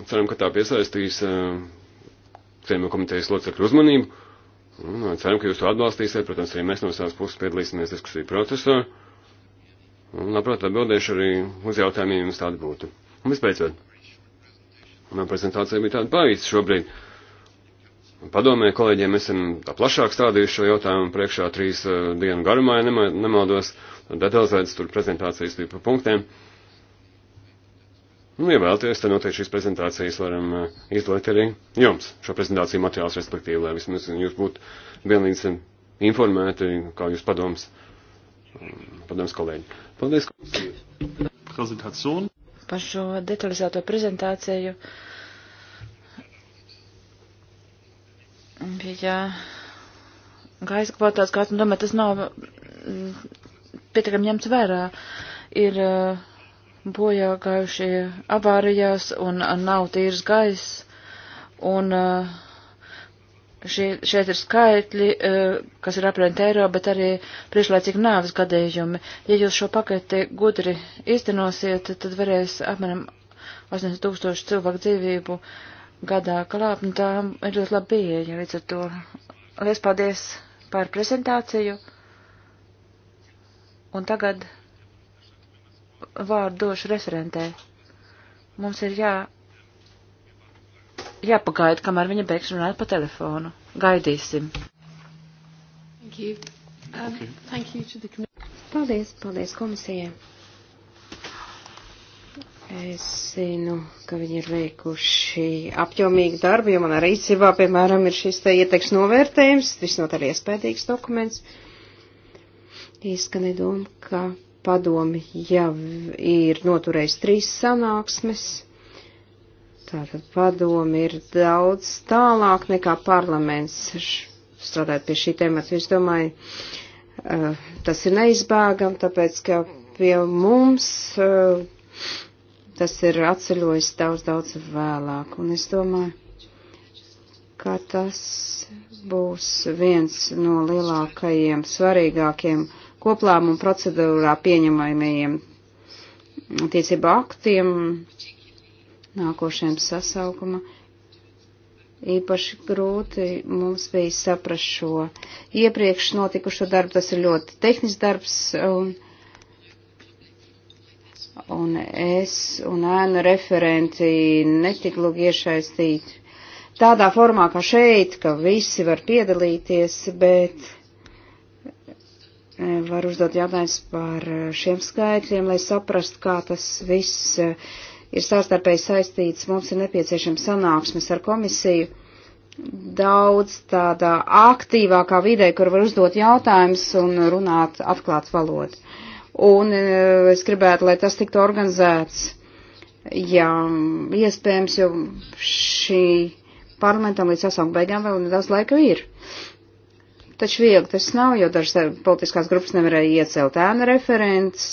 Ceram, ka tā piesaistīs uh, eh, ciemu komitejas locekļu uzmanību. Un, eh, ceram, ka jūs to atbalstīsiet. Protams, arī mēs no savas puses piedalīsimies diskusiju procesā. Un, labprāt, atbildēšu arī uz jautājumiem, ja jums tādi būtu. Un, vispēcot. Manā prezentācija bija tāda paīca šobrīd. Uh, padomē kolēģiem esam tā plašāk stādījuši šo jautājumu priekšā trīs uh, dienu garumā, ja nema, nemaldos, detalizētas tur prezentācijas bija pa punktiem. Nu, ja vēlaties, tad noteikti šīs prezentācijas varam uh, eh, izdot arī jums, šo prezentāciju materiāls respektīvi, lai vismaz jūs būtu vienlīdz eh, informēti, kā jūs padoms, mm, padoms kolēģi. Paldies, komisija. Prezentācija. Par šo detalizēto prezentāciju. Uh, bija gaisa kvalitātes kāds, un domāju, tas nav pietiekami ņemts vērā. Ir uh, bojā gājušie avārijās un uh, nav tīrs gaiss, un uh, šie, šeit ir skaitļi, kas ir aprēnti eiro, bet arī priekšlaicīgi nāvis gadījumi. Ja jūs šo paketi gudri iztenosiet, tad varēs apmēram 8000 cilvēku dzīvību uh, gadā klāpni, nu, tā ir ļoti labi pieeja līdz ar to. Lies paldies par prezentāciju. Un tagad vārdu došu referentē. Mums ir jā, jāpagaida, kamēr viņa beigs runāt pa telefonu. Gaidīsim. Thank you. Um, thank you to the... Paldies, paldies komisijai. Es zinu, ka viņi ir veikuši apjomīgu darbu, jo manā rīcībā, piemēram, ir šis te ieteiks novērtējums, visnotaļ iespējīgs dokuments. Īskanī doma, ka padomi jau ir noturējis trīs sanāksmes. Tātad padomi ir daudz tālāk nekā parlaments strādāt pie šī temata. Es domāju, uh, tas ir neizbēgam, tāpēc, ka pie mums uh, tas ir atceļojis daudz, daudz vēlāk. Un es domāju, ka tas būs viens no lielākajiem, svarīgākiem koplām un procedūrā pieņemamajiem tiesību aktiem nākošajam sasaukuma. Īpaši grūti mums bija saprast šo iepriekš notikušo darbu, tas ir ļoti tehnisks darbs. Un, un es un ēnu referenti netik lūgi iesaistīti tādā formā kā šeit, ka visi var piedalīties, bet eh, var uzdot jautājums par eh, šiem skaitļiem, lai saprastu, kā tas viss eh, ir sāstarpēji saistīts. Mums ir nepieciešams sanāksmes ar komisiju daudz tādā aktīvākā vidē, kur var uzdot jautājumus un runāt atklāt valodu un eh, es gribētu, lai tas tiktu organizēts, ja iespējams, jo šī parlamentam līdz sasaukuma beigām vēl nedaudz laika ir. Taču viegli tas nav, jo dažas eh, politiskās grupas nevarēja iecelt ēna referents,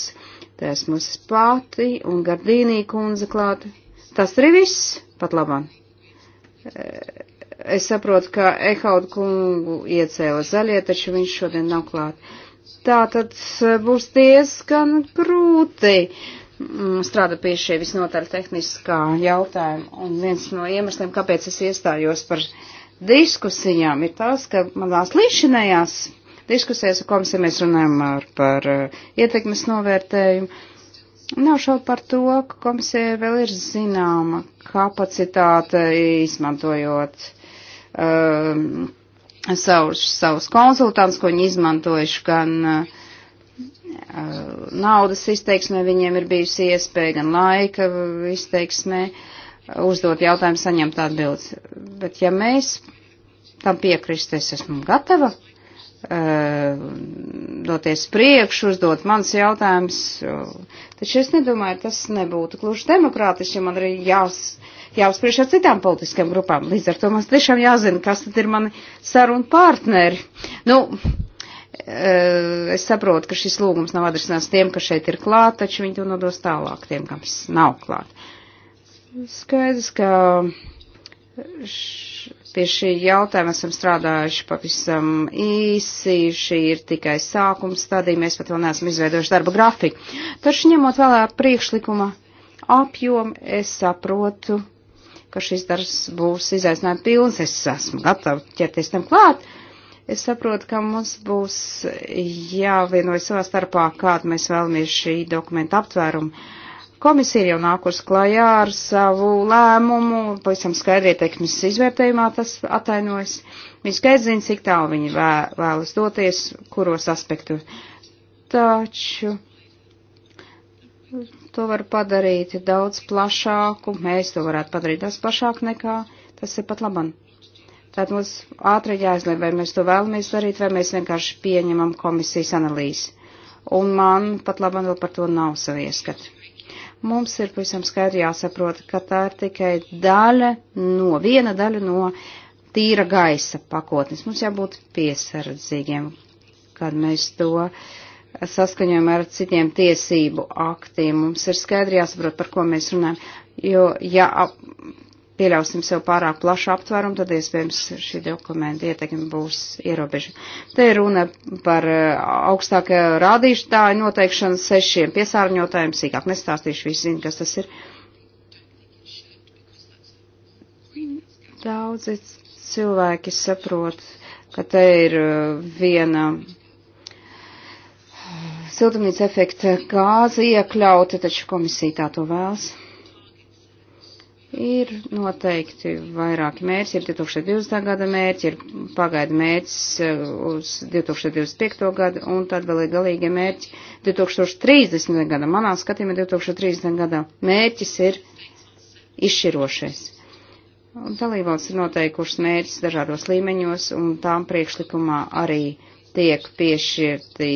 tas mums pati un Gardīnī kundze klāta. Tas arī viss, pat labam. Eh, es saprotu, ka Ehaudu kungu iecēla zaļie, taču viņš šodien nav klāt. Tātad būs diezgan grūti mm, strādāt pie šie visnotaļ tehniskā jautājuma. Un viens no iemesliem, kāpēc es iestājos par diskusijām, ir tas, ka manās līdzinējās diskusijās ar komisiju mēs runājam ar, par eh, ietekmes novērtējumu. Nav šaubu par to, ka komisija vēl ir zināma kapacitāte izmantojot. Um, savus, savus konsultants, ko viņi izmantojuši gan uh, naudas izteiksmē, viņiem ir bijusi iespēja gan laika eh, izteiksmē uzdot jautājumu, saņemt atbildes. Bet ja mēs tam piekrist, es esmu gatava uh, doties priekš, uzdot mans jautājums, taču es nedomāju, tas nebūtu kluši demokrātiski, ja man arī jās jāuzspriež ar citām politiskām grupām. Līdz ar to mums tiešām jāzina, kas tad ir mani sarunu partneri. Nu, e, es saprotu, ka šis lūgums nav adresēts tiem, kas šeit ir klāt, taču viņi to nodos tālāk tiem, kam nav klāt. Skaidrs, ka š, pie šī jautājuma esam strādājuši pavisam īsi, šī ir tikai sākuma stadija, mēs pat vēl neesam izveidojuši darba grafiku. Taču ņemot vēlā priekšlikuma apjomu, es saprotu, ka šis darbs būs izaicinājums pilns. Es esmu gatava ķerties tam klāt. Es saprotu, ka mums būs jāvienojas savā starpā, kādu mēs vēlamies šī dokumenta aptvērumu. Komisija ir jau nākus klajā ar savu lēmumu, pavisam skaidri ieteikums izvērtējumā tas atainojas. Viņi skaidri zina, cik tālu viņi vēlas doties, kuros aspektu. Taču to var padarīt daudz plašāku, mēs to varētu padarīt daudz plašāk nekā tas ir pat labam. Tātad mums ātri jāizlēm, vai mēs to vēlamies darīt, vai mēs vienkārši pieņemam komisijas analīzi. Un man pat labam vēl par to nav savu ieskatu. Mums ir pavisam skaidri jāsaprot, ka tā ir tikai daļa no, viena daļa no tīra gaisa pakotnes. Mums jābūt piesardzīgiem, kad mēs to uh, saskaņojam ar citiem tiesību aktiem. Mums ir skaidri jāsaprot, par ko mēs runājam, jo ja ap, pieļausim sev pārāk plašu aptvērumu, tad iespējams šī dokumenta ietekme būs ierobeža. Te ir runa par uh, augstākā rādīštāju noteikšanu sešiem piesārņotājiem, sīkāk nestāstīšu, visi zina, kas tas ir. Daudzi cilvēki saprot, ka te ir uh, viena siltumnīca efekta gāzi iekļauta, taču komisija tā to vēlas. Ir noteikti vairāki mērķi, ir 2020. gada mērķi, ir pagaida mērķis uh, uz 2025. gadu, un tad vēl ir galīgie mērķi 2030. gada. Manā skatījumā 2030. gadā mērķis ir izšķirošais. Un dalībvalsts ir noteikušas mērķis dažādos līmeņos, un tām priekšlikumā arī uh, tiek piešķirti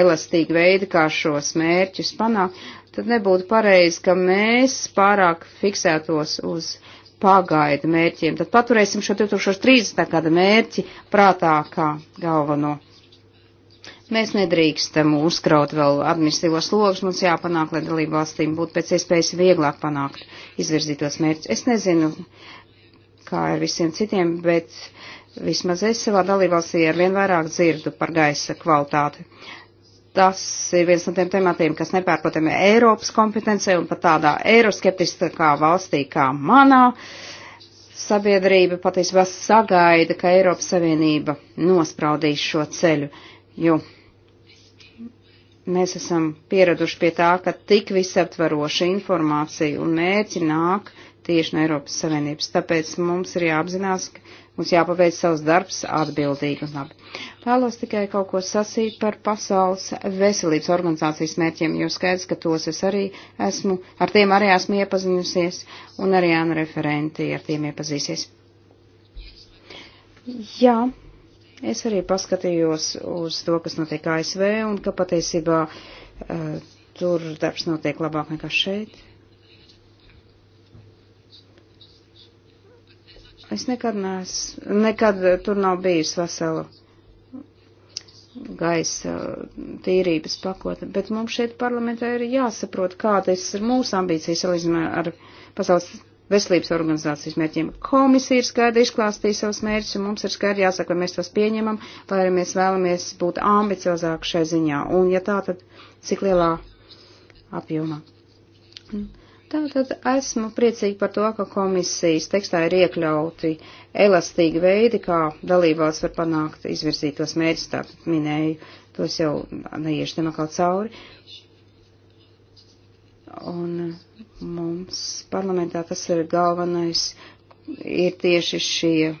elastīgi veidi, kā šos mērķus panākt, tad nebūtu pareizi, ka mēs pārāk fiksētos uz pagaidu mērķiem. Tad paturēsim šo 2030. gada mērķi prātā kā galveno. Mēs nedrīkstam uzkraut vēl administratīvo slogus, mums jāpanāk, lai dalību valstīm būtu pēc iespējas vieglāk panākt izvirzītos mērķus. Es nezinu, kā ar visiem citiem, bet uh, Vismaz es savā dalībvalstī ar vien vairāk dzirdu par gaisa kvalitāti. Tas ir viens no tiem tematiem, kas nepārprotami Eiropas kompetencija un pat tādā eiroskeptiskā valstī kā manā. Sabiedrība patiesībā sagaida, ka Eiropas Savienība nospraudīs šo ceļu, jo mēs esam pieraduši pie tā, ka tik visaptvaroša informācija un mērķi nāk tieši no Eiropas Savienības. Tāpēc mums ir jāapzinās, ka mums jāpaveic savs darbs atbildīgi un labi. Vēlos tikai kaut ko sasīt par pasaules veselības organizācijas mērķiem, jo skaidrs, ka tos es arī esmu, ar tiem arī esmu iepazinusies un arī Anna referenti ar tiem iepazīsies. Jā, es arī paskatījos uz to, kas notiek ASV un ka patiesībā uh, tur darbs notiek labāk nekā šeit Es nekad, nes, nekad eh, tur nav bijis veselu gaisa eh, tīrības pakota, bet mums šeit parlamentā ir jāsaprot, kādas ir mūsu ambīcijas salīdzinājumā ar pasaules veselības organizācijas mērķiem. Komisija ir skaidri izklāstīja savus mērķus, un mums ir skaidri jāsaka, vai mēs tos pieņemam, vai arī mēs vēlamies būt ambiciozāki šai ziņā, un ja tā, tad cik lielā apjomā. Mm. Tātad esmu priecīgi par to, ka komisijas tekstā ir iekļauti elastīgi veidi, kā dalībvalsts var panākt izvirzītos mērķus, tātad minēju, tos jau neiešu nemakal cauri. Un mums parlamentā tas ir galvenais, ir tieši šie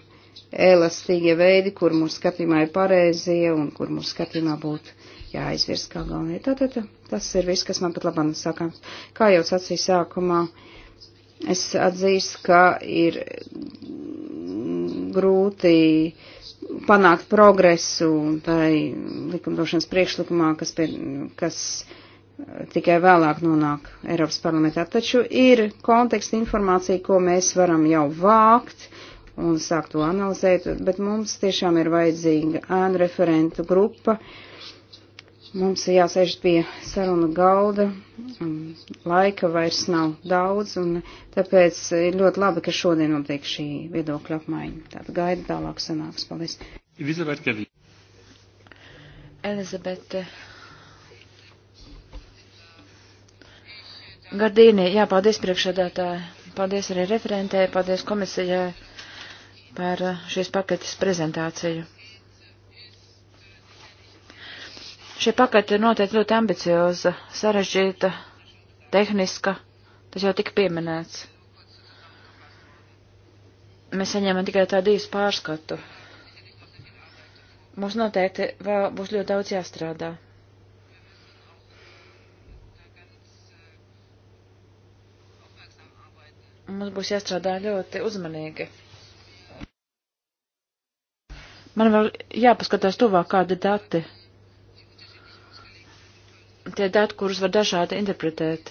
elastīgie veidi, kur mūsu skatījumā ir pareizie un kur mūsu skatījumā būtu jāizvirs kā galvenie. Tātad. Tā, tā. Tas ir viss, kas man pat labam sakāms. Kā jau sacīju sākumā, es atzīstu, ka ir grūti panākt progresu tai likumdošanas priekšlikumā, kas, pie, kas tikai vēlāk nonāk Eiropas parlamentā. Taču ir konteksta informācija, ko mēs varam jau vākt un sākt to analizēt, bet mums tiešām ir vajadzīga ēnu referentu grupa. Uh, Mums ir jāsēž pie saruna galda, laika vairs nav daudz, un tāpēc ir ļoti labi, ka šodien notiek šī viedokļa apmaiņa. Tātad gaida tālāk sanāks. Paldies. Elizabete Gavī. Elizabete Gardīnī, jā, paldies priekšsēdētāji, paldies arī referentē, paldies komisijai par šīs paketes prezentāciju. Šie paketi ir noteikti ļoti ambicioza, sarežģīta, tehniska, tas jau tika pieminēts. Mēs saņēmām tikai tādu īsu pārskatu. Mums noteikti vēl būs ļoti daudz jāstrādā. Mums būs jāstrādā ļoti uzmanīgi. Man vēl jāpaskatās tuvāk kādi dati tie dati, kurus var dažādi interpretēt.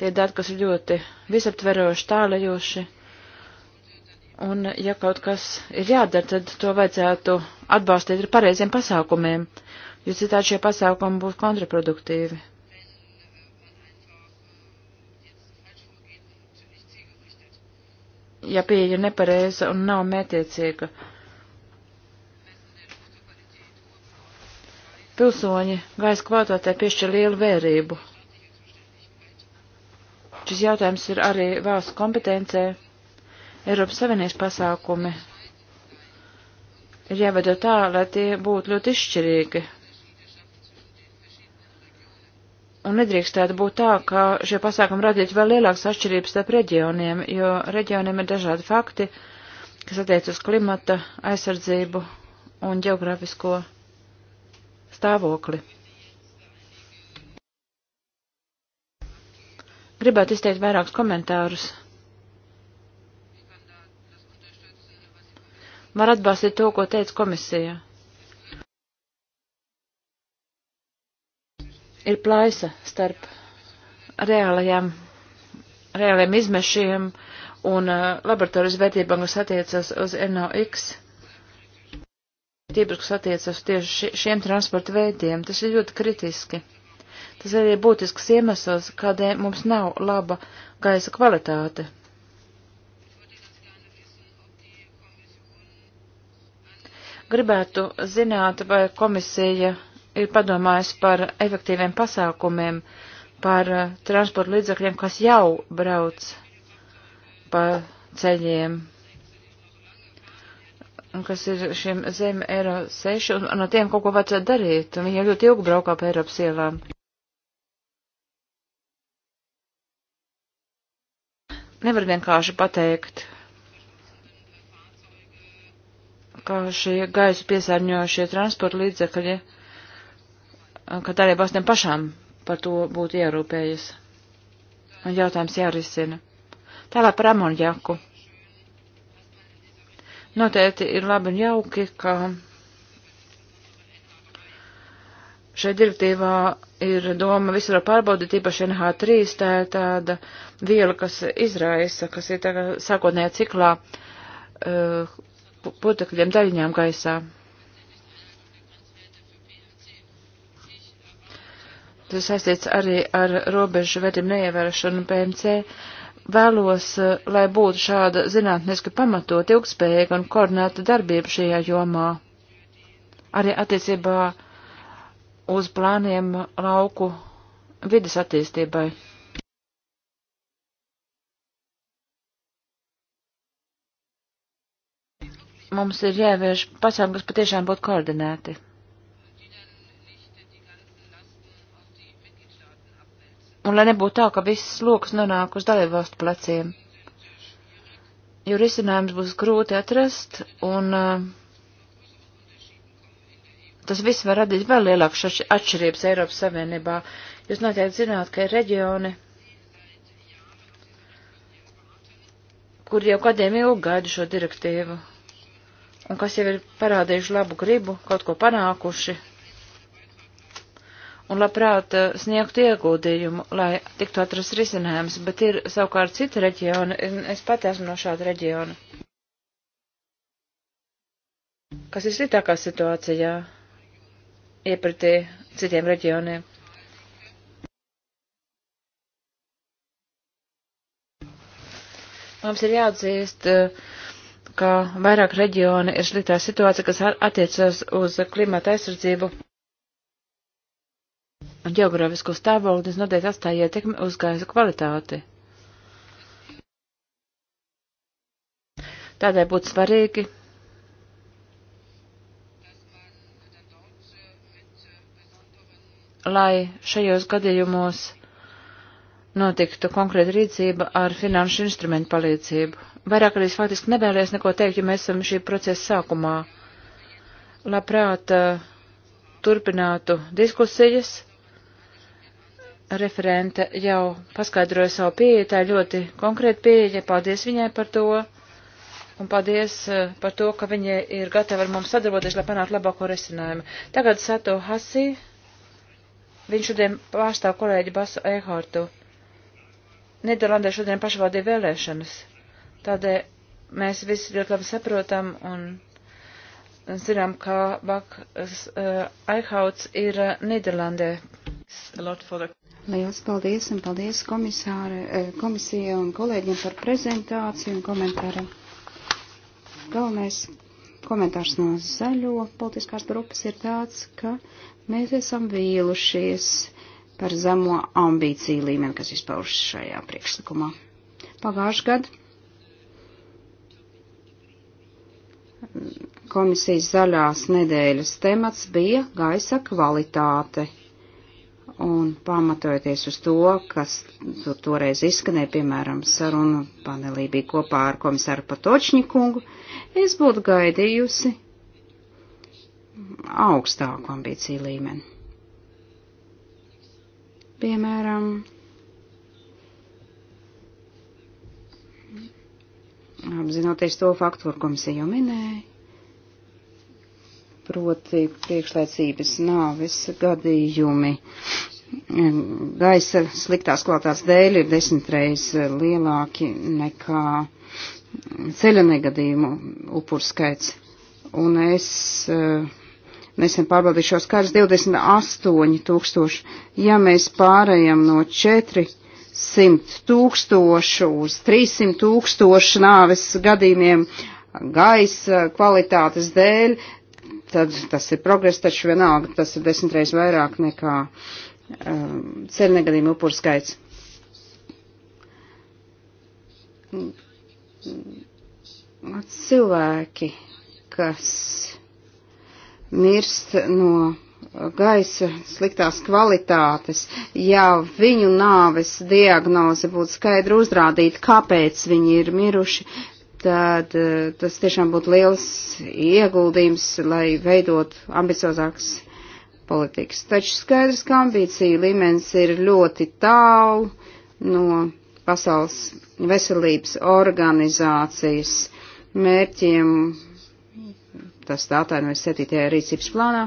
Tie dati, kas ir ļoti visaptveroši, tālajoši. Un, ja kaut kas ir jādara, tad to vajadzētu atbalstīt ar pareiziem pasākumiem, jo citādi šie pasākumi būs kontraproduktīvi. Ja pieeja ir nepareiza un nav mētiecīga, Pilsoņi gaisa kvalitātē piešķir lielu vērību. Šis jautājums ir arī valsts kompetencē. Eiropas Savienības pasākumi ir jāveido tā, lai tie būtu ļoti izšķirīgi. Un nedrīkstētu būt tā, ka šie pasākumi radītu vēl lielākas atšķirības starp reģioniem, jo reģioniem ir dažādi fakti, kas attiec uz klimata, aizsardzību un geogrāfisko stāvokli. Gribētu izteikt vairākus komentārus. Var atbalstīt to, ko teica komisija. Ir plaisa starp reālajām, reālajiem izmešiem un uh, laboratorijas vērtībām, kas attiecas uz NOx. Tīpaši, kas attiecas tieši šiem transporta veidiem, tas ir ļoti kritiski. Tas arī ir būtisks iemesls, kādēļ mums nav laba gaisa kvalitāte. Gribētu zināt, vai komisija ir padomājusi par efektīviem pasākumiem, par uh, transporta līdzakļiem, kas jau brauc pa ceļiem kas ir šiem zem eiro 6, un no tiem kaut ko vajadzētu darīt, un viņi jau ļoti ilgi braukā pa Eiropas ielām. Nevar vienkārši pateikt, ka šie gaisa piesārņojošie transporta līdzekļi, ka darīja valstīm pašām par to būtu jārūpējies. Un jautājums jārisina. Tālāk par amoniaku. Noteikti ir labi un jauki, ka šajā direktīvā ir doma visur pārbaudīt, īpaši NH3, tā ir tāda viela, kas izraisa, kas ir tagad sākotnējā ciklā uh, putekļiem daļiņām gaisā. Tas saistīts arī ar robežu vedību neievērošanu PMC. Uh, vēlos, eh, lai būtu šāda zinātniska pamatot ilgspējīga un koordinēta darbība šajā jomā. Arī attiecībā uz plāniem lauku vidas attīstībai. Mums ir jāvērš pasākumi, kas patiešām būtu koordinēti. un lai nebūtu tā, ka viss lokus nonāk uz dalībvalstu pleciem, jo risinājums būs grūti atrast, un uh, tas viss var radīt vēl lielākas atšķirības Eiropas Savienībā. Jūs noteikti zināt, ka ir reģioni, kur jau gadiem ilgi gaida šo direktīvu, un kas jau ir parādījuši labu gribu, kaut ko panākuši, un labprāt eh, sniegtu ieguldījumu, lai tiktu atrast risinājums, bet ir savukārt cita reģiona, es pati esmu no šāda reģiona. Kas ir sliktākā situācijā iepratī citiem reģioniem? Mums ir jāatzīst, eh, ka vairāk reģioni ir sliktā situācija, kas attiecas uz klimata aizsardzību un ģeogrāfisko stāvokli, tas noteikti atstāja ietekmi uz gaisa kvalitāti. Tādēļ būtu svarīgi, lai šajos gadījumos notiktu konkrēta rīcība ar finanšu instrumentu palīdzību. Vairāk arī es faktiski nevēlies neko teikt, jo mēs esam šī procesa sākumā. Labprāt, eh, turpinātu diskusijas referente jau paskaidroja savu pieeju, tā ir ļoti konkrēta pieeja, paldies viņai par to, un paldies eh, par to, ka viņa ir gatava ar mums sadarboties, lai panāktu labāko risinājumu. Tagad Sato Hasi, viņš šodien pārstāv kolēģi Basu Eihārtu. Nīderlandē šodien pašvaldīja vēlēšanas, tādēļ mēs visi ļoti labi saprotam un zinām, ka Baks uh, Eihauts ir eh, Nīderlandē. The... Liels paldies un paldies e, komisijai un kolēģiem par prezentāciju un komentāru. Galvenais komentārs no zaļo politiskās grupas ir tāds, ka mēs esam vīlušies par zemo ambīciju līmeni, kas izpaužas šajā priekšlikumā. Pagājuši gadu komisijas zaļās nedēļas temats bija gaisa kvalitāte un pamatojoties uz to, kas toreiz izskanēja, piemēram, sarunu panelī bija kopā ar komisāru Patočņikungu, es būtu gaidījusi augstāku ambīciju līmeni. Piemēram, apzinoties to faktu, kur komisija jau minēja, proti priekšlaicības nāves gadījumi gaisa sliktās kvalitātes dēļ ir desmit reizes eh, lielāki nekā ceļa negadījumu upuru skaits. Un es eh, nesen pārbaudīju šos kārtas 28 tūkstoši. Ja mēs pārējām no 400 tūkstošu uz 300 tūkstošu nāves gadījumiem gaisa kvalitātes dēļ, tad tas ir progress, taču vienalga tas ir desmitreiz vairāk nekā uh, um, ceļu negadījumu upuru skaits. Cilvēki, kas mirst no gaisa sliktās kvalitātes, ja viņu nāves diagnoze būtu skaidri uzrādīta, kāpēc viņi ir miruši, tad eh, tas tiešām būtu liels ieguldījums, lai veidot ambiciozāks politikas. Taču skaidrs, ka ambīcija līmenis ir ļoti tālu no Pasaules veselības organizācijas mērķiem, tas tā atainojas 7. rīcības plānā.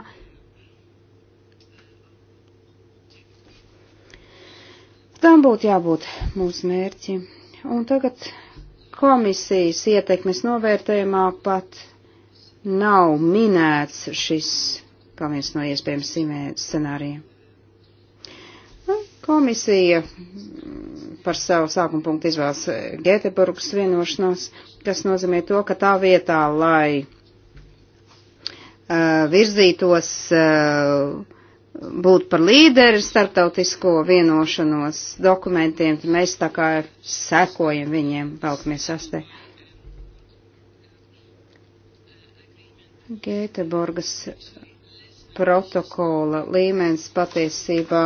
Tam būtu jābūt mūsu mērķim. Un tagad komisijas ietekmes novērtējumā pat nav minēts šis kā viens no iespējams scenārijiem. Nu, komisija par savu sākuma punktu izvēlas eh, Gēteburgas vienošanos, kas nozīmē to, ka tā vietā, lai uh, virzītos uh, būt par līderi starptautisko vienošanos dokumentiem, tad mēs tā kā sekojam viņiem, velkamies astē. Gēteburgas protokola līmenis patiesībā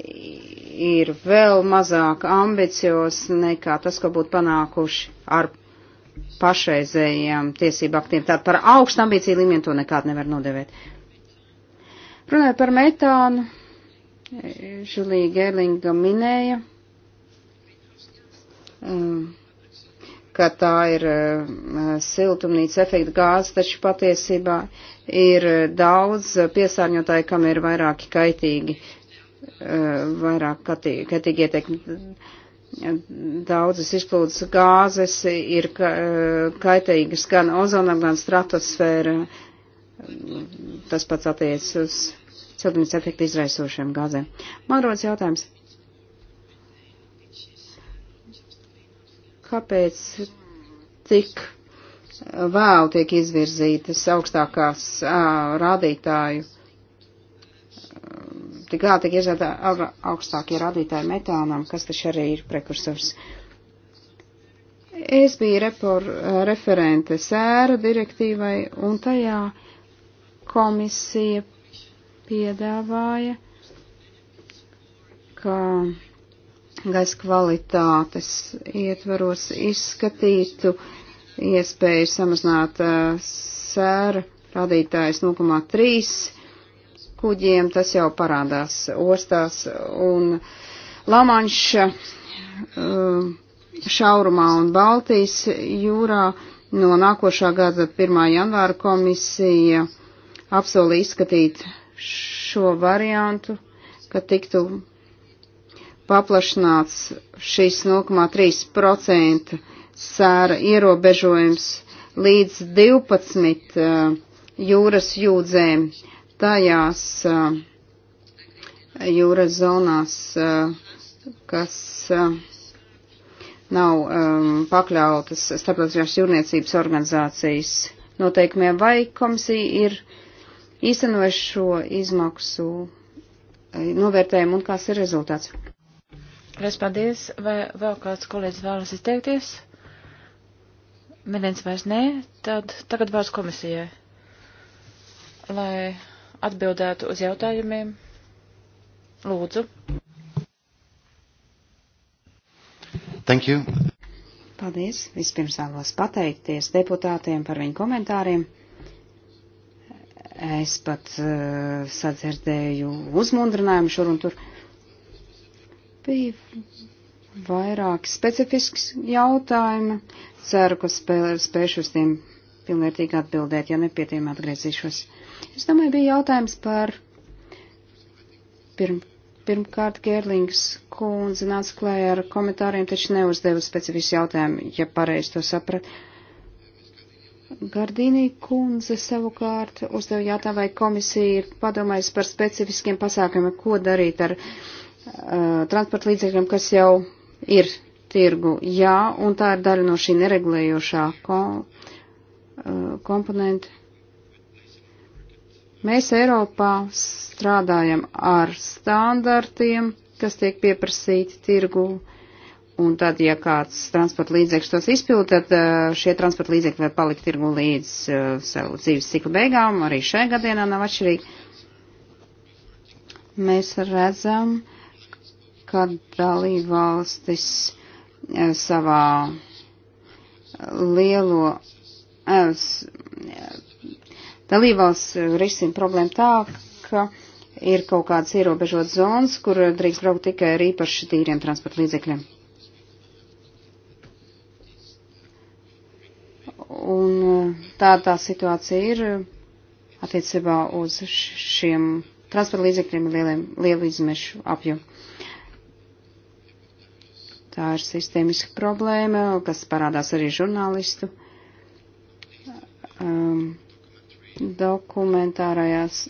ir vēl mazāk ambicios nekā tas, ko būtu panākuši ar pašreizējiem tiesību aktiem. Tātad par augstu ambīciju līmeni to nekādu nevar nodevēt. Runājot par metānu, Žulija Gerlinga minēja. Um, ka tā ir eh, siltumnīca efekta gāze, taču patiesībā ir eh, daudz piesārņotāju, kam ir vairāki kaitīgi, eh, vairāk kaitīgi, kaitīgi ietekmi. Daudzas izplūdes gāzes ir kaitīgas gan ozonam, gan stratosfēra. Tas pats attiec uz siltumnīca efekta izraisošiem gāzēm. Man rodas jautājums kāpēc tik vēl tiek izvirzītas augstākās ā, rādītāju, tik vēl tiek izvirzīta augstākie rādītāji metānam, kas taču arī ir prekursors. Es biju repor, referente sēra direktīvai, un tajā komisija piedāvāja, ka gaisa kvalitātes ietvaros izskatītu iespēju samazināt uh, sēra radītājs 0,3 kuģiem, tas jau parādās ostās un Lamanša uh, šaurumā un Baltijas jūrā no nākošā gada 1. janvāra komisija apsolīja izskatīt šo variantu, ka tiktu paplašināts šīs 0,3% sēra ierobežojums līdz 12 uh, jūras jūdzēm tajās uh, jūras zonās, uh, kas nav um, pakļautas starptautiskās jūrniecības organizācijas noteikumiem, vai komisija ir īstenojuši šo izmaksu novērtējumu un kāds ir rezultāts? Pres, paldies. Vai vēl kāds kolēģis vēlas izteikties? Neviens vairs nē. Tad tagad vārds komisijai, lai atbildētu uz jautājumiem. Lūdzu. Thank you. Paldies. Vispirms vēlos pateikties deputātiem par viņu komentāriem. Es pat uh, sadzirdēju uzmundrinājumu šur un tur. Uh, Bija vairāki specifiski jautājumi. Ceru, ka spēšu uz tiem pilnvērtīgi atbildēt, ja nepietiem atgriezīšos. Es domāju, bija jautājums par pirm, pirmkārt Gerlings kundze nāca klēja ar komentāriem, taču neuzdeva specifisku jautājumu, ja pareizi to saprat. Gardīnī kundze savukārt uzdeva jautājumu, vai komisija ir padomājusi par specifiskiem pasākumiem, ko darīt ar Uh, transporta līdzekļiem, kas jau ir tirgu. Jā, un tā ir daļa no šī neregulējošā kom, uh, komponenta. Mēs Eiropā strādājam ar standartiem, kas tiek pieprasīti tirgu, un tad, ja kāds transporta līdzekļs tos izpild, tad uh, šie transporta līdzekļi var palikt tirgu līdz uh, savu dzīves ciklu beigām, arī šajā gadienā nav atšķirīgi. Mēs redzam, uh, kad dalībvalstis eh, savā eh, lielo eh, dalībvalsts risina problēmu tā, ka ir kaut kādas ierobežotas zonas, kur drīkst braukt tikai ar īpaši tīriem transporta līdzekļiem. Un tā tā situācija ir attiecībā uz šiem transporta līdzekļiem lieliem, lielu izmešu apjomu. Tā ir sistēmiska problēma, kas parādās arī žurnālistu um, dokumentārajās,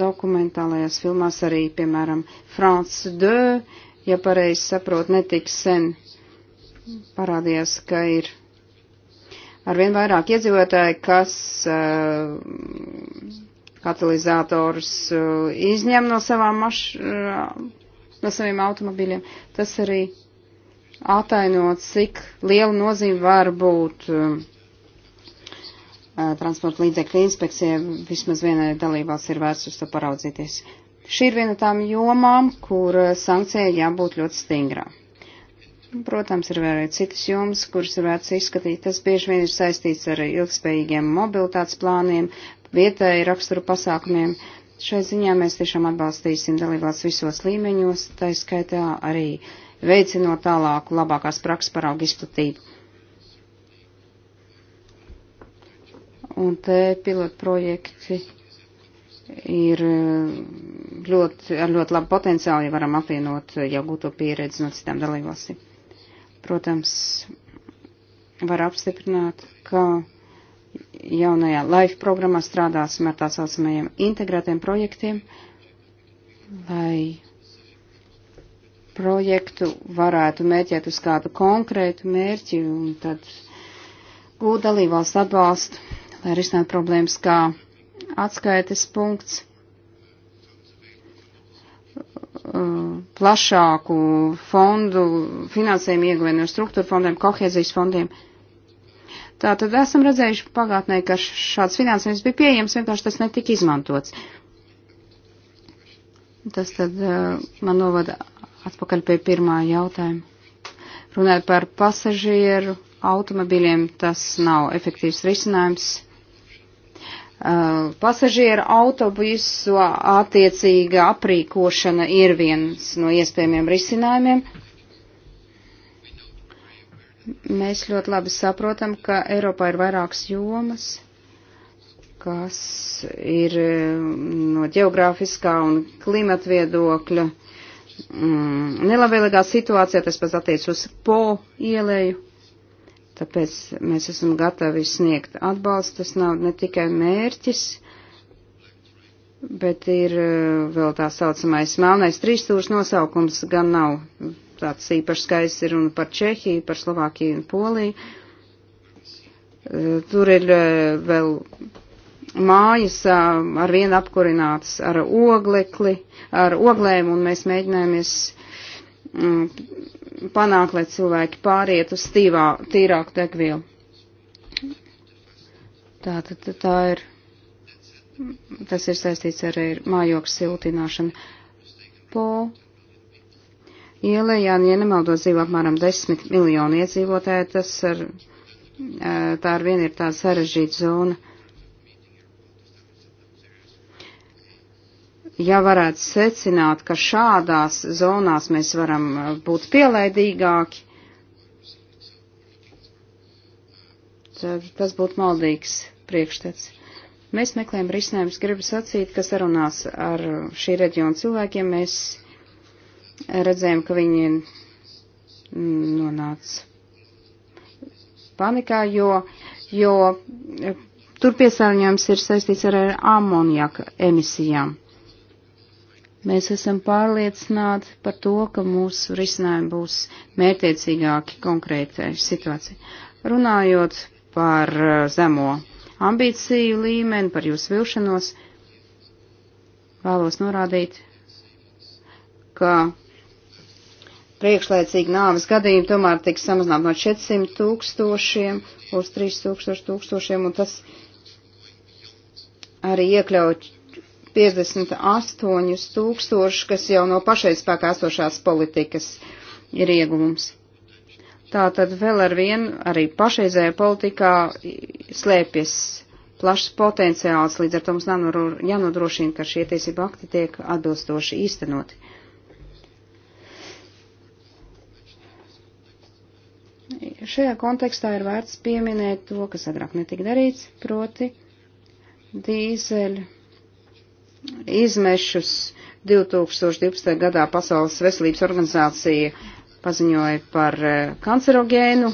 dokumentālajās filmās arī, piemēram, France 2, ja pareizi saprot, netik sen parādījās, ka ir arvien vairāk iedzīvotāji, kas uh, katalizators uh, izņem no savām maš, uh, no saviem automobiļiem. Tas arī atainot, cik liela nozīme var būt um, uh, transporta līdzekļu inspekcija, vismaz vienai dalībās ir vērts uz to paraudzīties. Šī ir viena tām jomām, kur uh, sankcijai jābūt ļoti stingrā. Protams, ir vēl arī citas jomas, kuras ir vērts izskatīt. Tas bieži vien ir saistīts ar ilgspējīgiem mobilitātes plāniem, vietēji raksturu pasākumiem. Šai ziņā mēs tiešām atbalstīsim dalībās visos līmeņos, tā skaitā arī uh, veicinot tālāku labākās prakses paraugu izplatību. Un te pilotu projekti ir eh, ļoti, ar ļoti labu potenciālu, ja varam apvienot eh, jau gūto pieredzi no citām dalībvalstīm. Protams, var apstiprināt, ka jaunajā LIFE programmā strādāsim ar tā saucamajiem integrētiem projektiem, lai projektu varētu mērķēt uz kādu konkrētu mērķi un tad gūt dalībvalstu atbalstu, lai risinātu problēmas kā atskaites punkts, plašāku fondu finansējumu ieguvēju no struktūra fondiem, kohēzijas fondiem. Tātad esam redzējuši pagātnē, ka šāds finansējums bija pieejams, vienkārši tas netika izmantots. Tas tad uh, man novada Atpakaļ pie pirmā jautājuma. Runājot par pasažieru automobiļiem, tas nav efektīvs risinājums. Uh, pasažieru autobusu attiecīga aprīkošana ir viens no iespējamiem risinājumiem. Mēs ļoti labi saprotam, ka Eiropā ir vairākas jomas, kas ir uh, no geogrāfiskā un klimata viedokļa uh, mm, nelabvēlīgā situācijā, tas pats attiec uz po ielēju. Tāpēc mēs esam gatavi sniegt atbalstu. Tas nav ne tikai mērķis, bet ir eh, vēl tā saucamais melnais trīsstūrs nosaukums, gan nav tāds īpaši skaists ir un par Čehiju, par Slovākiju un Poliju. Eh, tur ir eh, vēl mājas ar vienu apkurinātas ar oglekli, ar oglēm, un mēs mēģinājamies mm, panākt, lai cilvēki pāriet uz stīvā, tīrāku degvielu. Tā, tā, tā ir, tas ir saistīts ar, ar mājokļu siltināšanu. Po ielē, ja nemaldos, dzīvo apmēram 10 miljonu iedzīvotāju, tas ar, tā ar vienu ir tā sarežģīta zona ja varētu secināt, ka šādās zonās mēs varam uh, būt pielaidīgāki, tad tas būtu maldīgs priekšstats. Mēs meklējam risinājumus, gribu sacīt, kas sarunās ar šī reģiona cilvēkiem. Mēs redzējām, ka viņi nonāca panikā, jo, jo eh, tur piesārņojums ir saistīts ar amoniaka emisijām. Mēs esam pārliecināti par to, ka mūsu risinājumi būs mērtiecīgāki konkrētai situācijai. Runājot par uh, zemo ambīciju līmeni, par jūsu vilšanos, vēlos norādīt, ka priekšlaicīgi nāves gadījumi tomēr tiks samazināt no 400 tūkstošiem uz 3000 tūkstošiem, un tas arī iekļaut 58 tūkstoši, kas jau no pašais spēkā esošās politikas ir ieguvums. Tātad vēl ar vienu arī pašreizējā politikā slēpjas plašs potenciāls, līdz ar to mums jānodrošina, ka šie tiesība akti tiek atbilstoši īstenoti. Šajā kontekstā ir vērts pieminēt to, kas agrāk netika darīts, proti dīzeļu izmešus 2012. gadā Pasaules veselības organizācija paziņoja par eh, kancerogēnu,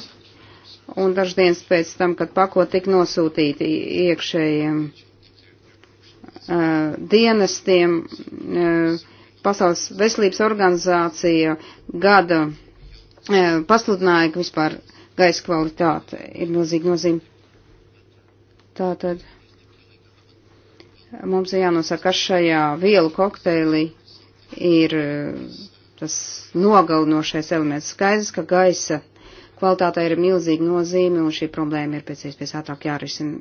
un dažas dienas pēc tam, kad pakot tika nosūtīti iekšējiem uh, dienestiem, uh, Pasaules veselības organizācija gada uh, pasludināja, ka vispār gaisa kvalitāte ir milzīga nozīme. Tātad. Mums ir jānosaka, kas šajā vielu kokteilī ir eh, tas nogalinošais elements. Skaidrs, ka gaisa kvalitātei ir milzīga nozīme un šī problēma ir pēc iespējas ātrāk jārisina.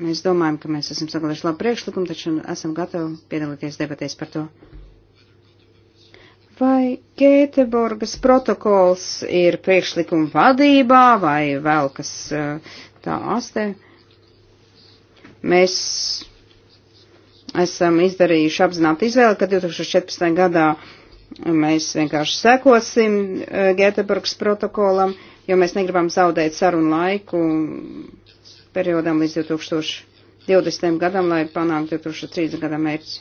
Mēs domājam, ka mēs esam sagatavojuši labu priekšlikumu, taču esam gatavi piedalīties debatēs par to. Vai Gēteborgas protokols ir priekšlikuma vadībā vai vēl kas eh, tā astē? Mēs esam izdarījuši apzinātu izvēli, ka 2014. gadā mēs vienkārši sekosim eh, Gēteburgas protokolam, jo mēs negribam zaudēt sarunu laiku periodam līdz 2020. gadam, lai panāktu 2030. gada mērķi.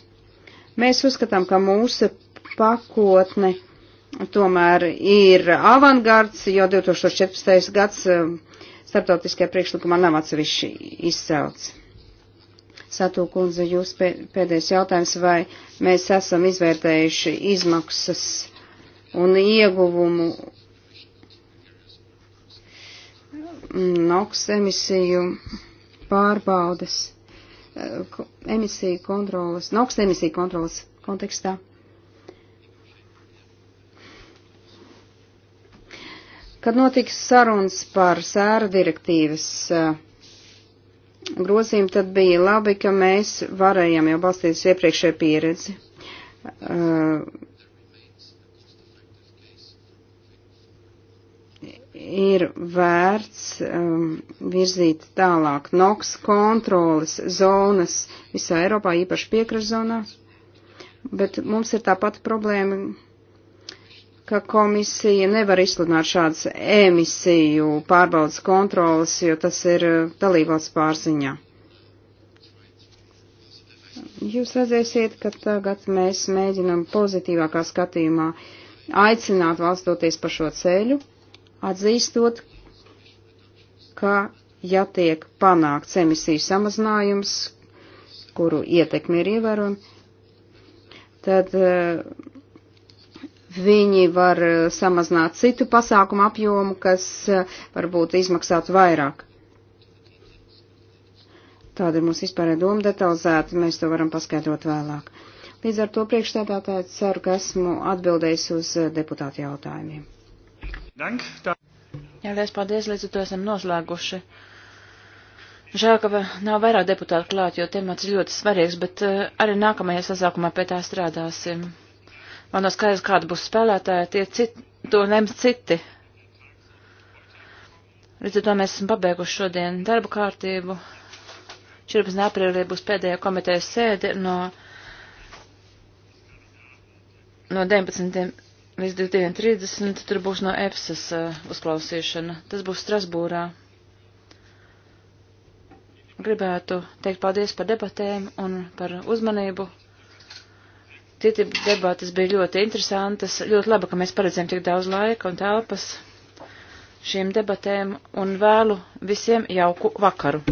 Mēs uzskatām, ka mūsu pakotne tomēr ir avangards, jo 2014. gads eh, starptautiskajā priekšlikumā nav atsevišķi izcelts. Satū kundze, jūs pēdējais jautājums, vai mēs esam izvērtējuši izmaksas un ieguvumu mm, NOX emisiju pārbaudas, eh, emisiju kontrolas, NOX emisiju kontrolas kontekstā. Kad notiks sarunas par sēra direktīvas uh, grozījumi, tad bija labi, ka mēs varējām jau balstīties iepriekšēju pieredzi. Uh, ir vērts um, virzīt tālāk NOX kontrolas zonas visā Eiropā, īpaši piekrašzonā, bet mums ir tā pati problēma ka komisija nevar izsludināt šādas emisiju pārbaudas kontrolas, jo tas ir uh, dalībvalsts pārziņā. Jūs redzēsiet, ka tagad mēs mēģinam pozitīvākā skatījumā aicināt valstoties pa šo ceļu, atzīstot, ka ja tiek panākts emisiju samazinājums, kuru ietekmi ir ievērojami, tad uh, Viņi var eh, samazināt citu pasākumu apjomu, kas eh, varbūt izmaksātu vairāk. Tāda ir mūsu vispārējā doma detalizēta, mēs to varam paskaidrot vēlāk. Līdz ar to priekšstādātāju ceru, ka esmu atbildējis uz eh, deputātu jautājumiem. Dank, tā... Jā, liels paldies, līdz ar to esam noslēguši. Žēl, ka nav vairāk deputātu klāt, jo temats ir ļoti svarīgs, bet arī nākamajā sasākumā pie tā strādāsim. Man nav skaidrs, kāda būs spēlētāja, tie cit, to lems citi. Līdz ar to mēs esam pabeiguši šodien darbu kārtību. 14. aprīlī būs pēdējā komitejas sēde no, no 19. līdz 22.30. Tur būs no EPSAS uh, uzklausīšana. Tas būs Strasbūrā. Gribētu teikt paldies par debatēm un par uzmanību. TTIP debatas bija ļoti interesantas. Ļoti labi, ka mēs paredzējām tik daudz laika un telpas šīm debatēm un vēlu visiem jauku vakaru.